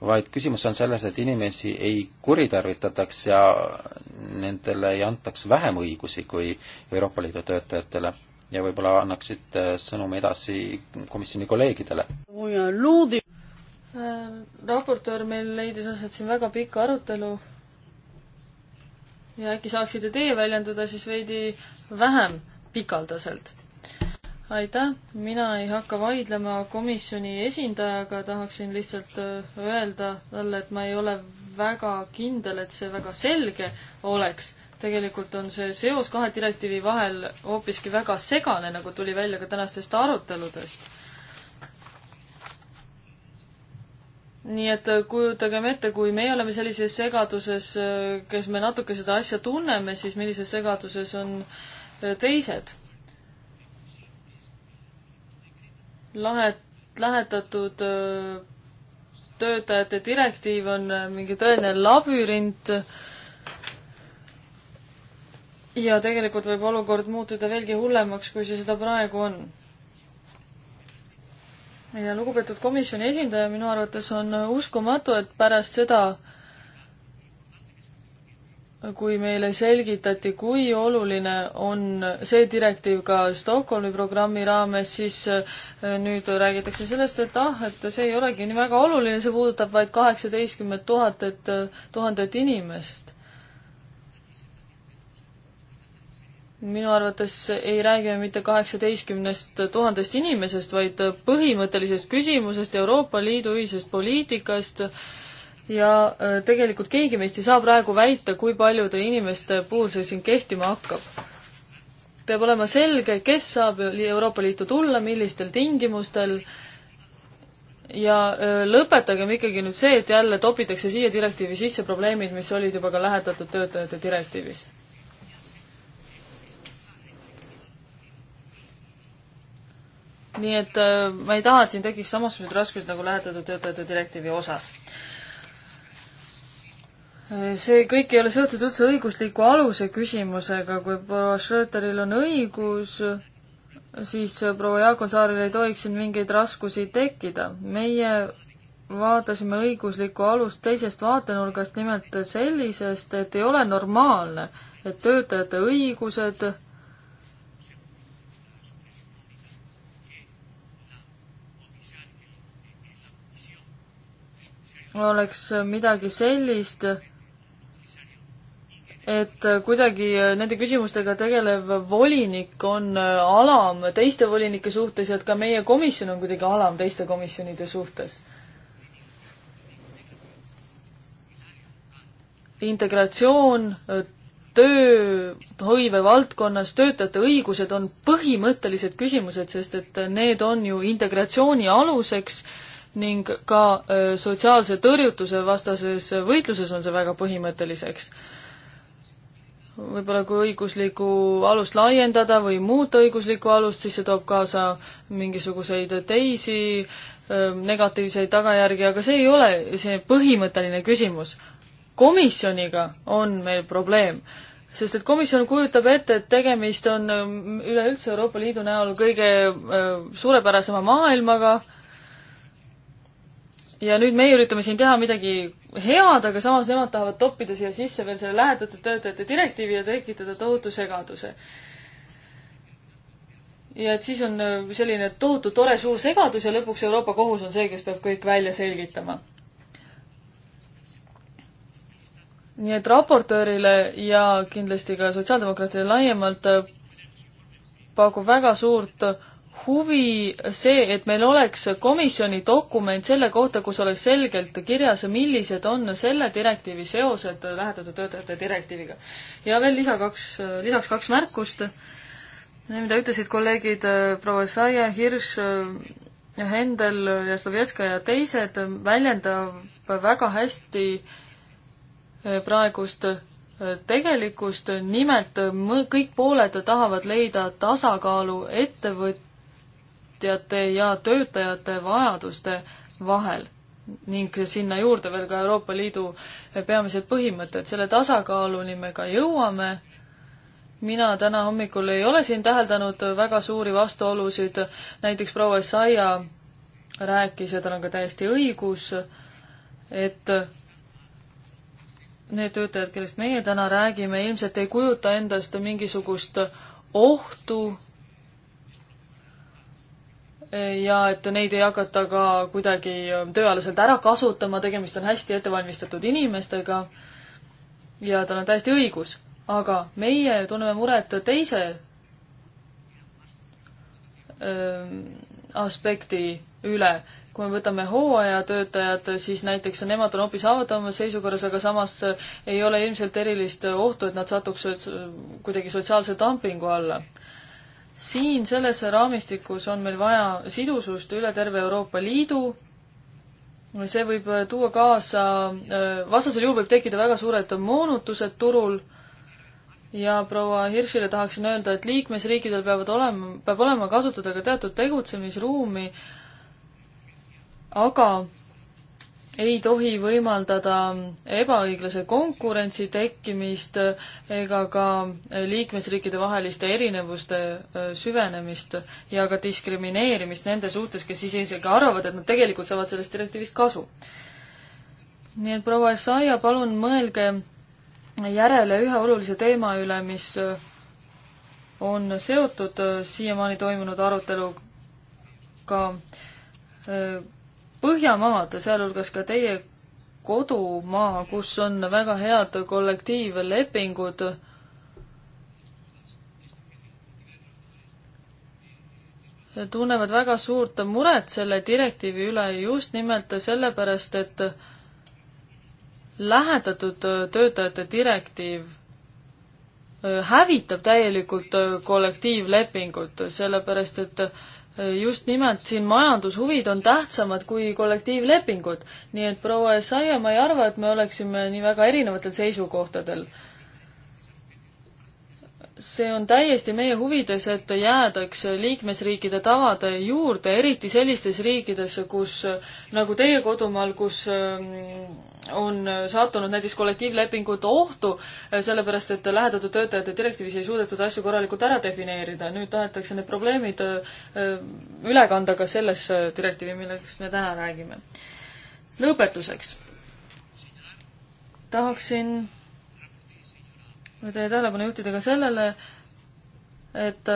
vaid küsimus on selles, et inimesi ei kuritarvitataks ja nendele ei antaks vähem õigusi kui Euroopa Liidu töötajatele ja võib-olla annaksite sõnumi edasi komisjoni kolleegidele. Ähm, raportöör meil leidis aset siin väga pika arutelu ja äkki saaksite teie väljenduda siis veidi vähem pikaldaselt? aitäh, mina ei hakka vaidlema komisjoni esindajaga, tahaksin lihtsalt äh, öelda talle, et ma ei ole väga kindel, et see väga selge oleks tegelikult on see seos kahe direktiivi vahel hoopiski väga segane, nagu tuli välja ka tänastest aruteludest. nii et äh, kujutagem ette, kui meie oleme sellises segaduses, äh, kes me natuke seda asja tunneme, siis millises segaduses on äh, teised. lahe, lähetatud töötajate direktiiv on mingi tõeline labürint ja tegelikult võib olukord muutuda veelgi hullemaks, kui see seda praegu on. ja lugupeetud komisjoni esindaja minu arvates on uskumatu, et pärast seda, kui meile selgitati, kui oluline on see direktiiv ka Stockholmi programmi raames, siis äh, nüüd räägitakse sellest, et ah, et see ei olegi nii väga oluline, see puudutab vaid kaheksateistkümmet tuhat, et äh, tuhandet inimest minu arvates ei räägi me mitte kaheksateistkümnest tuhandest inimesest, vaid põhimõttelisest küsimusest, Euroopa Liidu ühisest poliitikast ja äh, tegelikult keegi meist ei saa praegu väita, kui paljude inimeste puhul see siin kehtima hakkab. peab olema selge, kes saab Euroopa Liitu tulla, millistel tingimustel ja äh, lõpetagem ikkagi nüüd see, et jälle topitakse siia direktiivi sisse probleemid, mis olid juba ka lähetatud töötajate direktiivis nii et äh, ma ei taha, et siin tekiks samasugused raskused nagu lähetatud töötajate direktiivi osas. Äh, see kõik ei ole seotud üldse õigusliku aluse küsimusega, kui proua Schröteril on õigus, siis äh, proua Jaakonsaaril ei tohiks siin mingeid raskusi tekkida. meie vaatasime õiguslikku alust teisest vaatenurgast, nimelt sellisest, et ei ole normaalne, et töötajate õigused oleks midagi sellist, et kuidagi nende küsimustega tegelev volinik on alam teiste volinike suhtes ja et ka meie komisjon on kuidagi alam teiste komisjonide suhtes. integratsioon, tööhõive valdkonnas töötajate õigused on põhimõttelised küsimused, sest et need on ju integratsiooni aluseks äh, ning ka sotsiaalse tõrjutuse vastases võitluses on see väga põhimõtteliseks. võib-olla kui õiguslikku alust laiendada või muuta õiguslikku alust, siis see toob kaasa mingisuguseid teisi negatiivseid tagajärgi, aga see ei ole see põhimõtteline küsimus. komisjoniga on meil probleem sest et komisjon kujutab ette, et tegemist on üleüldse Euroopa Liidu näol kõige suurepärasema maailmaga, ja nüüd meie üritame siin teha midagi head, aga samas nemad tahavad toppida siia sisse veel selle lähetatud töötajate direktiivi ja tekitada tohutu segaduse. ja et siis on äh, selline tohutu tore suur segadus ja lõpuks Euroopa Kohus on see, kes peab kõik välja selgitama. nii et raportöörile ja kindlasti ka sotsiaaldemokraatidele laiemalt äh, pakub väga suurt huvi see, et meil oleks komisjoni dokument selle kohta, kus oleks selgelt kirjas, millised on selle direktiivi seosed lähetatud töötajate direktiiviga. ja veel lisa kaks, lisaks kaks märkust, mida ütlesid kolleegid äh, proua Saia, Hirš, äh, Hendel ja Slovjetska ja teised, väljendab väga hästi äh, praegust tegelikkust, nimelt kõik pooled tahavad leida tasakaalu ettevõt-, ettevõtjate ja töötajate vajaduste vahel ning sinna juurde veel ka Euroopa Liidu peamised põhimõtted. selle tasakaaluni me ka jõuame. mina täna hommikul ei ole siin täheldanud väga suuri vastuolusid, näiteks proua Saia rääkis ja tal on ka täiesti õigus, et need töötajad, kellest meie täna räägime, ilmselt ei kujuta endast mingisugust ohtu ja et neid ei hakata ka kuidagi ähm, tööalaselt ära kasutama, tegemist on hästi ettevalmistatud inimestega ja tal on täiesti õigus. aga meie tunneme muret teise öö, ähm, aspekti üle. kui me võtame hooajatöötajad, siis näiteks nemad on hoopis haavatavamas seisukorras, aga samas äh, ei ole ilmselt erilist ohtu, et nad satuks kuidagi sotsiaalse dumpingu alla siin selles raamistikus on meil vaja sidusust üle terve Euroopa Liidu, see võib äh, tuua kaasa, äh, vastasel juhul võib tekkida väga suured moonutused turul ja proua Hirschile tahaksin öelda, et liikmesriikidel peavad olema, peab olema kasutada ka teatud tegutsemisruumi, aga ei tohi võimaldada ebaõiglase konkurentsi tekkimist ega ka liikmesriikide vaheliste erinevuste süvenemist ja ka diskrimineerimist nende suhtes, kes ise isegi arvavad, et nad tegelikult saavad sellest direktiivist kasu. nii et proua Essaia, palun mõelge järele ühe olulise teema üle, mis on seotud siiamaani toimunud aruteluga Põhjamaad, sealhulgas ka teie kodumaa, kus on väga head kollektiivlepingud. tunnevad väga suurt muret selle direktiivi üle just nimelt sellepärast, et lähedatud töötajate direktiiv äh, hävitab täielikult kollektiivlepingut, sellepärast et just nimelt siin majandushuvid on tähtsamad kui kollektiivlepingud. nii et proua Essaia, ma ei arva, et me oleksime nii väga erinevatel seisukohtadel see on täiesti meie huvides, et jäädaks liikmesriikide tavade juurde, eriti sellistes riikides, kus nagu teie kodumaal, kus ähm, on sattunud näiteks kollektiivlepingud ohtu, äh, sellepärast et lähedatud töötajate direktiivis ei suudetud asju korralikult ära defineerida. nüüd tahetakse need probleemid äh, üle kanda ka sellesse äh, direktiivi, millest me täna räägime. lõpetuseks tahaksin teie tähelepanu juhtida ka sellele, et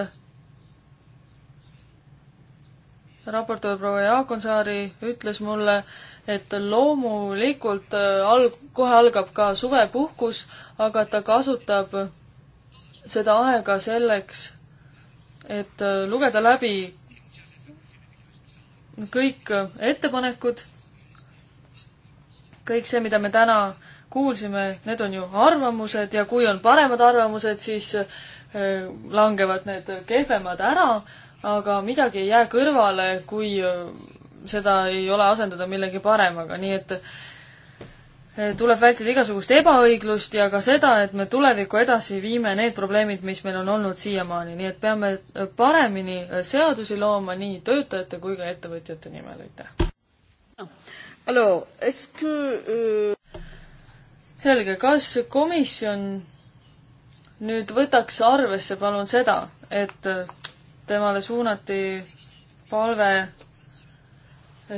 raportöör proua Jaakonsaari ütles mulle, et loomulikult äh, alg-, kohe algab ka suvepuhkus, aga ta kasutab seda aega selleks, et äh, lugeda läbi kõik ettepanekud, kõik see, mida me täna kuulsime, need on ju arvamused ja kui on paremad arvamused, siis eh, langevad need kehvemad ära, aga midagi ei jää kõrvale, kui eh, seda ei ole asendada millegi paremaga, nii et eh, tuleb vältida igasugust ebaõiglust ja ka seda, et me tulevikku edasi viime need probleemid, mis meil on olnud siiamaani, nii et peame paremini seadusi looma nii töötajate kui ka ettevõtjate nimel, aitäh selge, kas komisjon nüüd võtaks arvesse palun seda, et temale suunati palve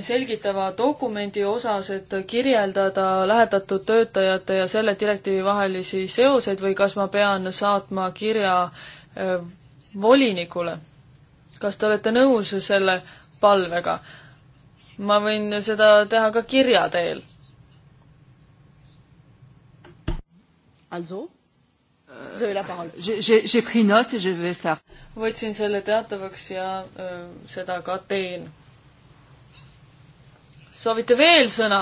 selgitava dokumendi osas, et kirjeldada lähetatud töötajate ja selle direktiivi vahelisi seoseid või kas ma pean saatma kirja äh, volinikule? kas te olete nõus selle palvega? ma võin seda teha ka kirja teel. Also? Euh, vous avez la parole. J'ai pris note et je vais faire. võtsin selle teatavaks ja öö, seda ka teen. soovite veel sõna?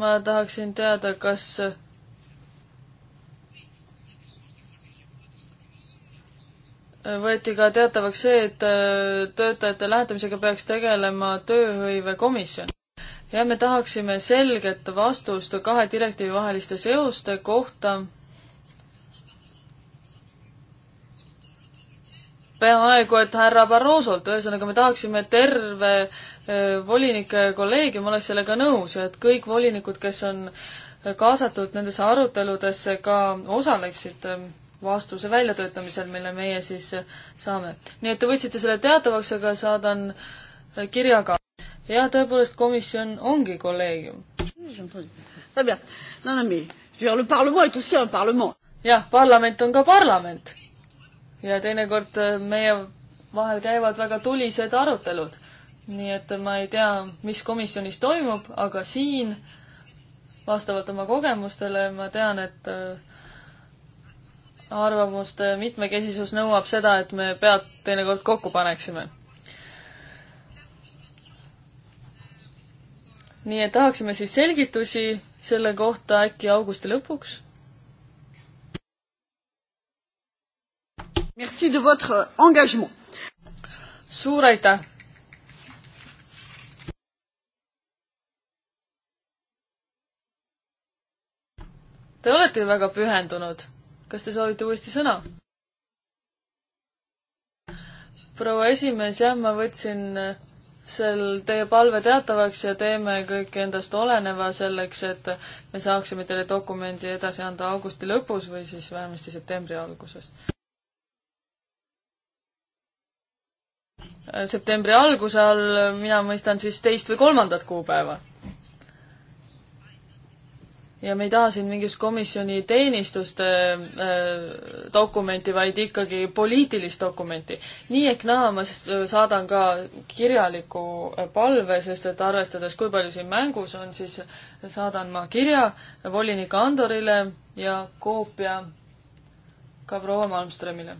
ma tahaksin teada, kas võeti ka teatavaks see, et töötajate lähetamisega peaks tegelema tööhõivekomisjon ja me tahaksime selget vastust kahe direktiivi vaheliste seoste kohta. peaaegu et härra Barrosolt, ühesõnaga me tahaksime terve eh, volinike eh, kolleegium oleks sellega nõus ja et kõik volinikud, kes on kaasatud nendesse aruteludesse, ka osaleksid eh, vastuse väljatöötamisel, mille meie siis saame. nii et te võtsite selle teatavaks, aga saadan kirja ka ja tõepoolest, komisjon ongi kolleegium. jah, parlament on ka parlament. ja teinekord äh, meie vahel käivad väga tulised arutelud. nii et ma ei tea, mis komisjonis toimub, aga siin vastavalt oma kogemustele ma tean, et äh, arvamuste mitmekesisus nõuab seda, et me pead teinekord kokku paneksime nii et tahaksime siis selgitusi selle kohta äkki augusti lõpuks. Merci de votre engagement. suur aitäh. Te olete ju väga pühendunud. kas te soovite uuesti sõna? proua esimees, jah, ma võtsin sel teie palve teatavaks ja teeme kõik endast oleneva selleks, et me saaksime teile dokumendi edasi anda augusti lõpus või siis vähemasti septembri alguses. septembri alguse all mina mõistan siis teist või kolmandat kuupäeva ja me ei taha siin mingist komisjoni teenistuste äh, dokumenti, vaid ikkagi poliitilist dokumenti. nii ehk naa ma saadan ka kirjaliku äh, palve, sest et arvestades, kui palju siin mängus on, siis saadan ma kirja volinik Andorile ja koopia ka proua Malmströmile.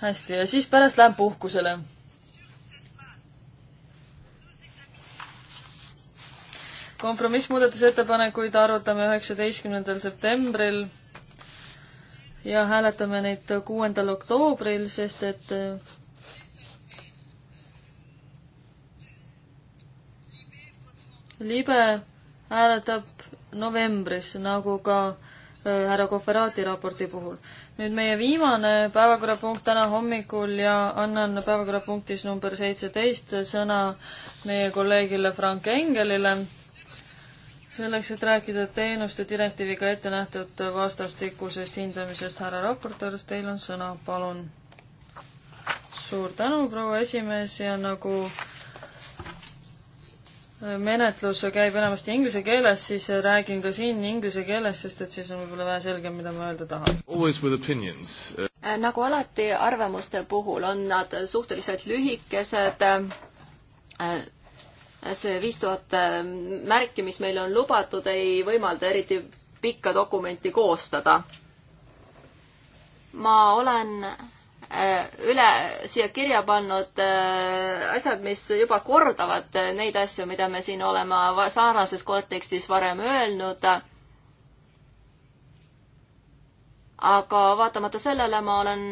hästi, ja siis pärast lähen puhkusele kompromissmuudatusettepanekuid arutame üheksateistkümnendal septembril ja hääletame neid kuuendal oktoobril, sest et äh, libe hääletab novembris, nagu ka äh, härra Kohveraati raporti puhul. nüüd meie viimane päevakorrapunkt täna hommikul ja annan päevakorrapunktis number seitseteist sõna meie kolleegile Frank Engelile selleks, et rääkida teenuste direktiiviga ette nähtud vastastikusest hindamisest, härra raportöör, teil on sõna, palun. suur tänu, proua esimees ja nagu menetlus käib enamasti inglise keeles, siis räägin ka siin inglise keeles, sest et siis on võib-olla vähe selgem, mida ma öelda tahan. nagu alati arvamuste puhul on nad suhteliselt lühikesed see viis tuhat ähm, märki, mis meile on lubatud, ei võimalda eriti pikka dokumenti koostada. ma olen äh, üle siia kirja pannud äh, asjad, mis juba kordavad äh, neid asju, mida me siin oleme sarnases kontekstis varem öelnud. aga vaatamata sellele ma olen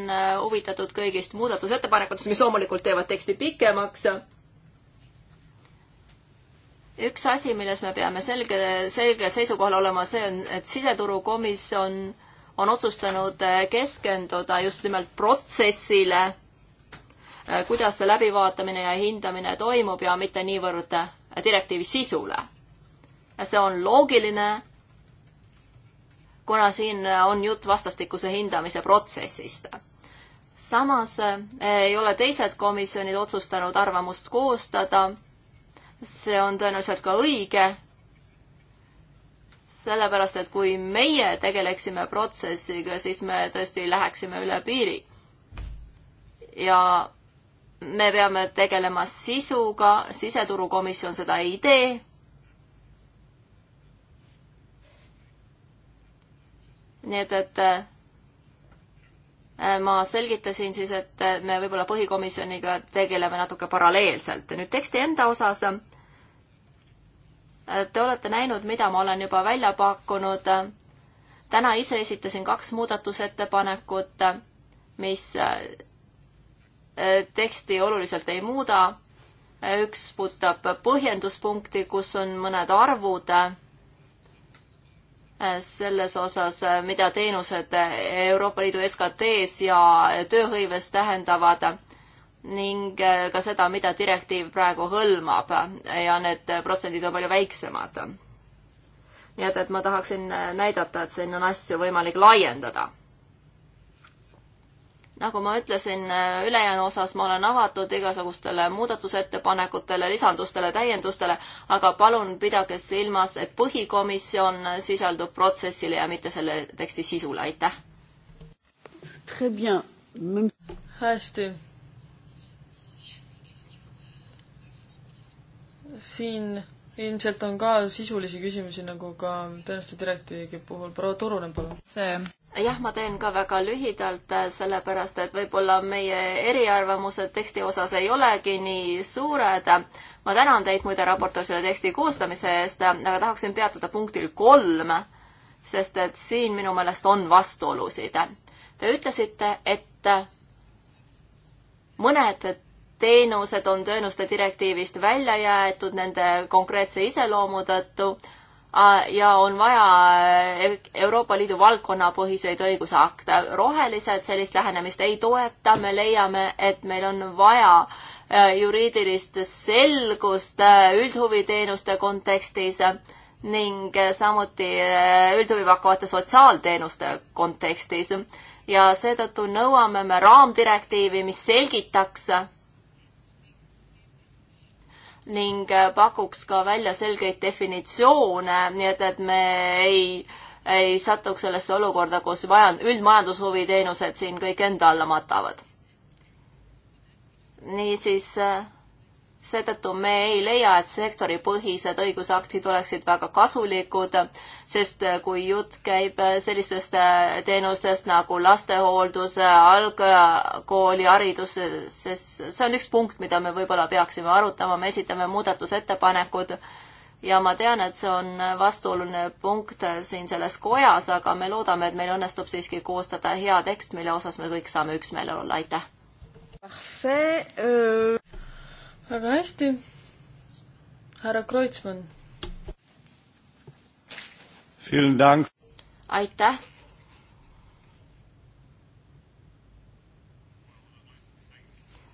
huvitatud kõigist muudatusettepanekutest, mis loomulikult teevad teksti pikemaks üks asi, milles me peame selge, selge seisukohal olema, see on, et siseturukomisjon on otsustanud eh, keskenduda just nimelt protsessile, eh, kuidas see läbivaatamine ja hindamine toimub ja mitte niivõrd eh, direktiivi sisule. see on loogiline, kuna siin on jutt vastastikuse hindamise protsessist. samas ei ole teised komisjonid otsustanud arvamust koostada see on tõenäoliselt ka õige, sellepärast et kui meie tegeleksime protsessiga, siis me tõesti läheksime üle piiri. ja me peame tegelema sisuga, siseturukomisjon seda ei tee nii et, et Äh, ma selgitasin siis, et äh, me võib-olla põhikomisjoniga tegeleme natuke paralleelselt. nüüd teksti enda osas. Äh, te olete näinud, mida ma olen juba välja pakkunud. täna ise esitasin kaks muudatusettepanekut, mis teksti oluliselt ei muuda. üks puudutab põhjenduspunkti, kus on mõned arvud selles osas, mida teenused Euroopa Liidu SKT-s ja tööhõives tähendavad ning ka seda, mida direktiiv praegu hõlmab ja need protsendid on palju väiksemad. nii et, et ma tahaksin näidata, et siin on asju võimalik laiendada nagu ma ütlesin, äh, ülejäänu osas ma olen avatud igasugustele muudatusettepanekutele, lisandustele, täiendustele, aga palun pidage silmas, et põhikomisjon sisaldub protsessile ja mitte selle teksti sisule, aitäh. hästi. siin ilmselt on ka sisulisi küsimusi, nagu ka tõenäoliselt direktiivi puhul. proua Turunen, palun. see jah, ma teen ka väga lühidalt, äh, sellepärast et võib-olla meie eriarvamused teksti osas ei olegi nii suured. ma tänan teid muide raportöör selle teksti koostamise eest, äh, aga tahaksin peatuda punktil kolm, sest et siin minu meelest on vastuolusid. Te ütlesite, et äh, mõned teenused on teenuste direktiivist välja jäetud nende konkreetse iseloomu tõttu ja on vaja eh, Euroopa Liidu valdkonnapõhiseid õigusakte. rohelised sellist lähenemist ei toeta, me leiame, et meil on vaja eh, juriidilist selgust eh, üldhuviteenuste kontekstis ning samuti üldhuvi pakkuvate sotsiaalteenuste kontekstis. ja seetõttu nõuame me raamdirektiivi, mis selgitaks ning äh, pakuks ka välja selgeid definitsioone, nii et, et me ei, ei satuks sellesse olukorda, kus majand-, üldmajandushuvi teenused siin kõik enda alla matavad. niisiis äh, seetõttu me ei leia, et sektoripõhised õigusaktid oleksid väga kasulikud, sest äh, kui jutt käib äh, sellistest äh, teenustest nagu lastehooldus, algkooliharidus, sest see on üks punkt, mida me võib-olla peaksime arutama, me esitame muudatusettepanekud ja ma tean, et see on vastuoluline punkt siin selles kojas, aga me loodame, et meil õnnestub siiski koostada hea tekst, mille osas me kõik saame üksmeelel olla, aitäh! Euh väga hästi. härra Kreutzmann. aitäh.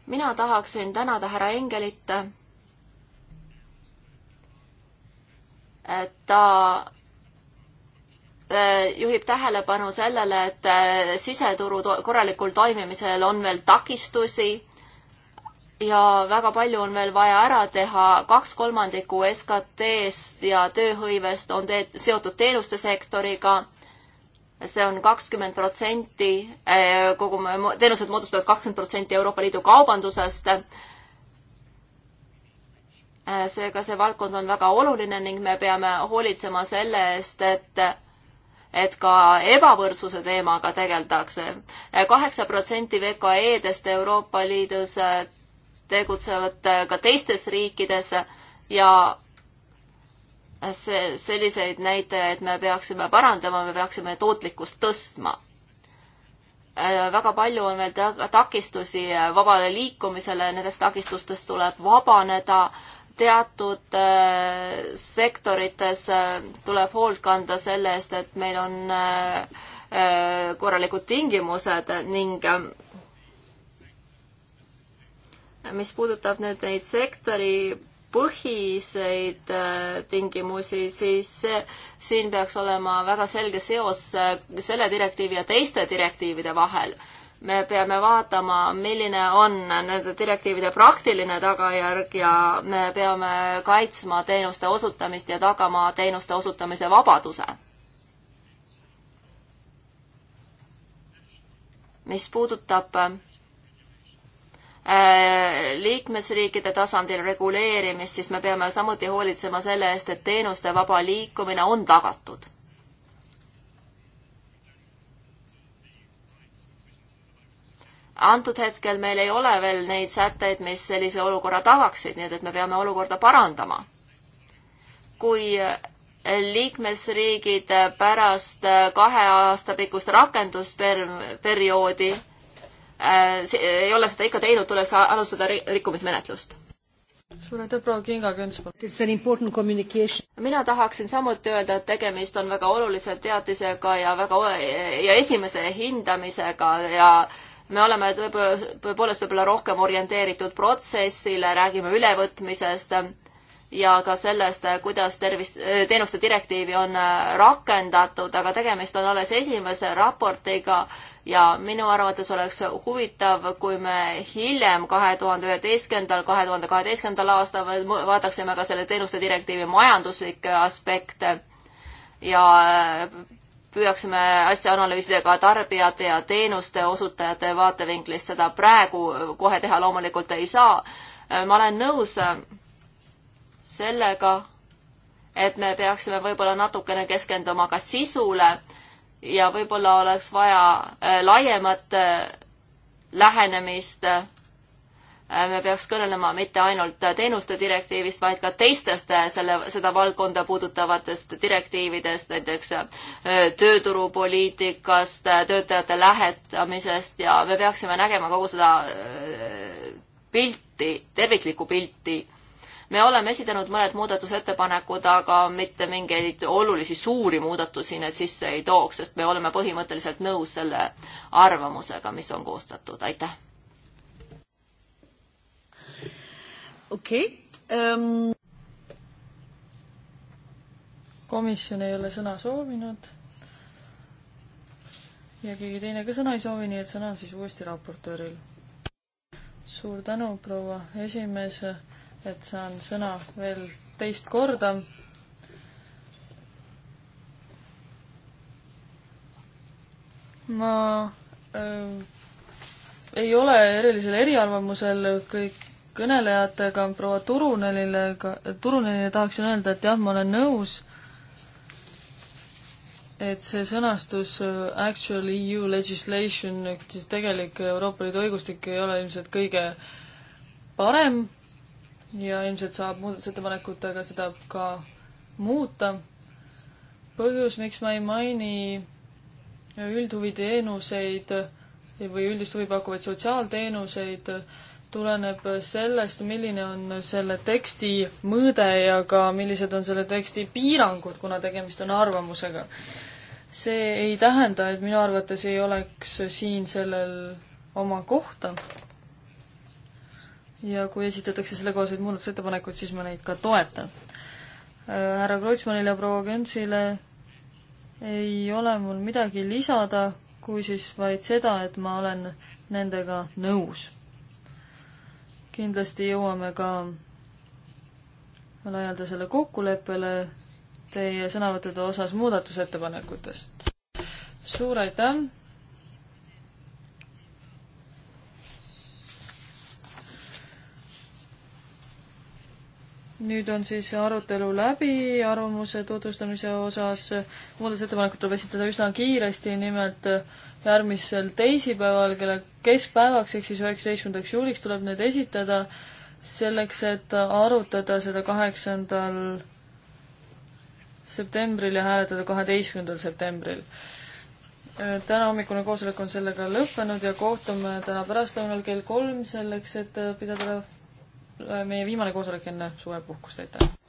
mina tahaksin tänada härra Engelit. ta e, juhib tähelepanu sellele, et e, siseturu korralikul toimimisel on veel takistusi ja väga palju on veel vaja ära teha, kaks kolmandikku SKT-st ja tööhõivest on te seotud teenuste sektoriga, see on kakskümmend protsenti, eh, kogu me, teenused moodustavad kakskümmend protsenti Euroopa Liidu kaubandusest, eh, seega see valdkond on väga oluline ning me peame hoolitsema selle eest, et et ka ebavõrdsuse teemaga tegeldakse. Eh, kaheksa protsenti VKE-dest Euroopa Liidus tegutsevad ka teistes riikides ja see, selliseid näitajaid me peaksime parandama, me peaksime tootlikkust tõstma. väga palju on veel takistusi vabale liikumisele, nendest takistustest tuleb vabaneda, teatud äh, sektorites äh, tuleb hoolt kanda selle eest, et meil on äh, korralikud tingimused ning mis puudutab nüüd neid sektori põhiseid äh, tingimusi, siis siin peaks olema väga selge seos äh, selle direktiivi ja teiste direktiivide vahel. me peame vaatama, milline on nende direktiivide praktiline tagajärg ja me peame kaitsma teenuste osutamist ja tagama teenuste osutamise vabaduse. mis puudutab äh, Äh, liikmesriikide tasandil reguleerimist, siis me peame samuti hoolitsema selle eest, et teenuste vaba liikumine on tagatud. antud hetkel meil ei ole veel neid sätteid, mis sellise olukorra tagaksid, nii et, et me peame olukorda parandama. kui liikmesriigid pärast kahe aasta pikkust rakendusperioodi per Äh, äh, ei ole seda ikka teinud, tuleks alustada rikkumismenetlust. suur aitäh, proua Kinga Küntsma! mina tahaksin samuti öelda, et tegemist on väga olulise teadisega ja väga ja esimese hindamisega ja me oleme tõepoolest võib-olla rohkem orienteeritud protsessile, räägime ülevõtmisest ja ka sellest, kuidas tervist, teenuste direktiivi on äh, rakendatud, aga tegemist on alles esimese raportiga ja minu arvates oleks huvitav, kui me hiljem, kahe tuhande üheteistkümnendal, kahe tuhande kaheteistkümnendal aastal vaataksime ka selle teenuste direktiivi majanduslikke aspekte ja äh, püüaksime asja analüüsida ka tarbijate ja teenuste osutajate vaatevinklist, seda praegu kohe teha loomulikult ei saa. Äh, ma olen nõus sellega, et me peaksime võib-olla natukene keskenduma ka sisule ja võib-olla oleks vaja äh, laiemat äh, lähenemist. Äh, me peaks kõnelema mitte ainult teenuste direktiivist, vaid ka teistest selle, seda valdkonda puudutavatest direktiividest, näiteks tööturupoliitikast, töötajate lähetamisest ja me peaksime nägema kogu seda pilti, terviklikku pilti me oleme esitanud mõned muudatusettepanekud, aga mitte mingeid olulisi suuri muudatusi need sisse ei tooks, sest me oleme põhimõtteliselt nõus selle arvamusega, mis on koostatud, aitäh. okei okay, um.... Ähm. komisjon ei ole sõna soovinud ja keegi teine ka sõna ei soovi, nii et sõna on siis uuesti raportööril. suur tänu, proua esimees et saan sõna veel teist korda. ma äh, ei ole erilisel eriarvamusel kõik kõnelejatega, proua Turunenile, Turunenile tahaksin öelda, et jah, ma olen nõus, et see sõnastus äh, actual EU legislation ehk siis tegelik Euroopa Liidu õigustik ei ole ilmselt kõige parem ja ilmselt saab muudatusettepanekutega seda ka muuta. põhjus, miks ma ei maini üldhuviteenuseid või üldist huvi pakkuvaid sotsiaalteenuseid, tuleneb sellest, milline on selle teksti mõõde ja ka millised on selle teksti piirangud, kuna tegemist on arvamusega. see ei tähenda, et minu arvates ei oleks siin sellel oma kohta ja kui esitatakse sellekohaseid muudatusettepanekuid, siis ma neid ka toetan. Äh, härra Kreutzmannile ja proua Gentsile ei ole mul midagi lisada, kui siis vaid seda, et ma olen nendega nõus. kindlasti jõuame ka laialdasele kokkuleppele teie sõnavõttude osas muudatusettepanekutest. suur aitäh! nüüd on siis arutelu läbi arvamuse tutvustamise osas. muudatusettepanekud tuleb esitada üsna kiiresti, nimelt järgmisel teisipäeval kella keskpäevaks ehk siis üheksateistkümnendaks juuliks tuleb need esitada selleks, et arutada seda kaheksandal septembril ja hääletada kaheteistkümnendal septembril. täna hommikune koosolek on sellega lõppenud ja kohtume täna pärastlõunal kell kolm selleks, et pidada meie viimane koosolek enne suvepuhkust, aitäh!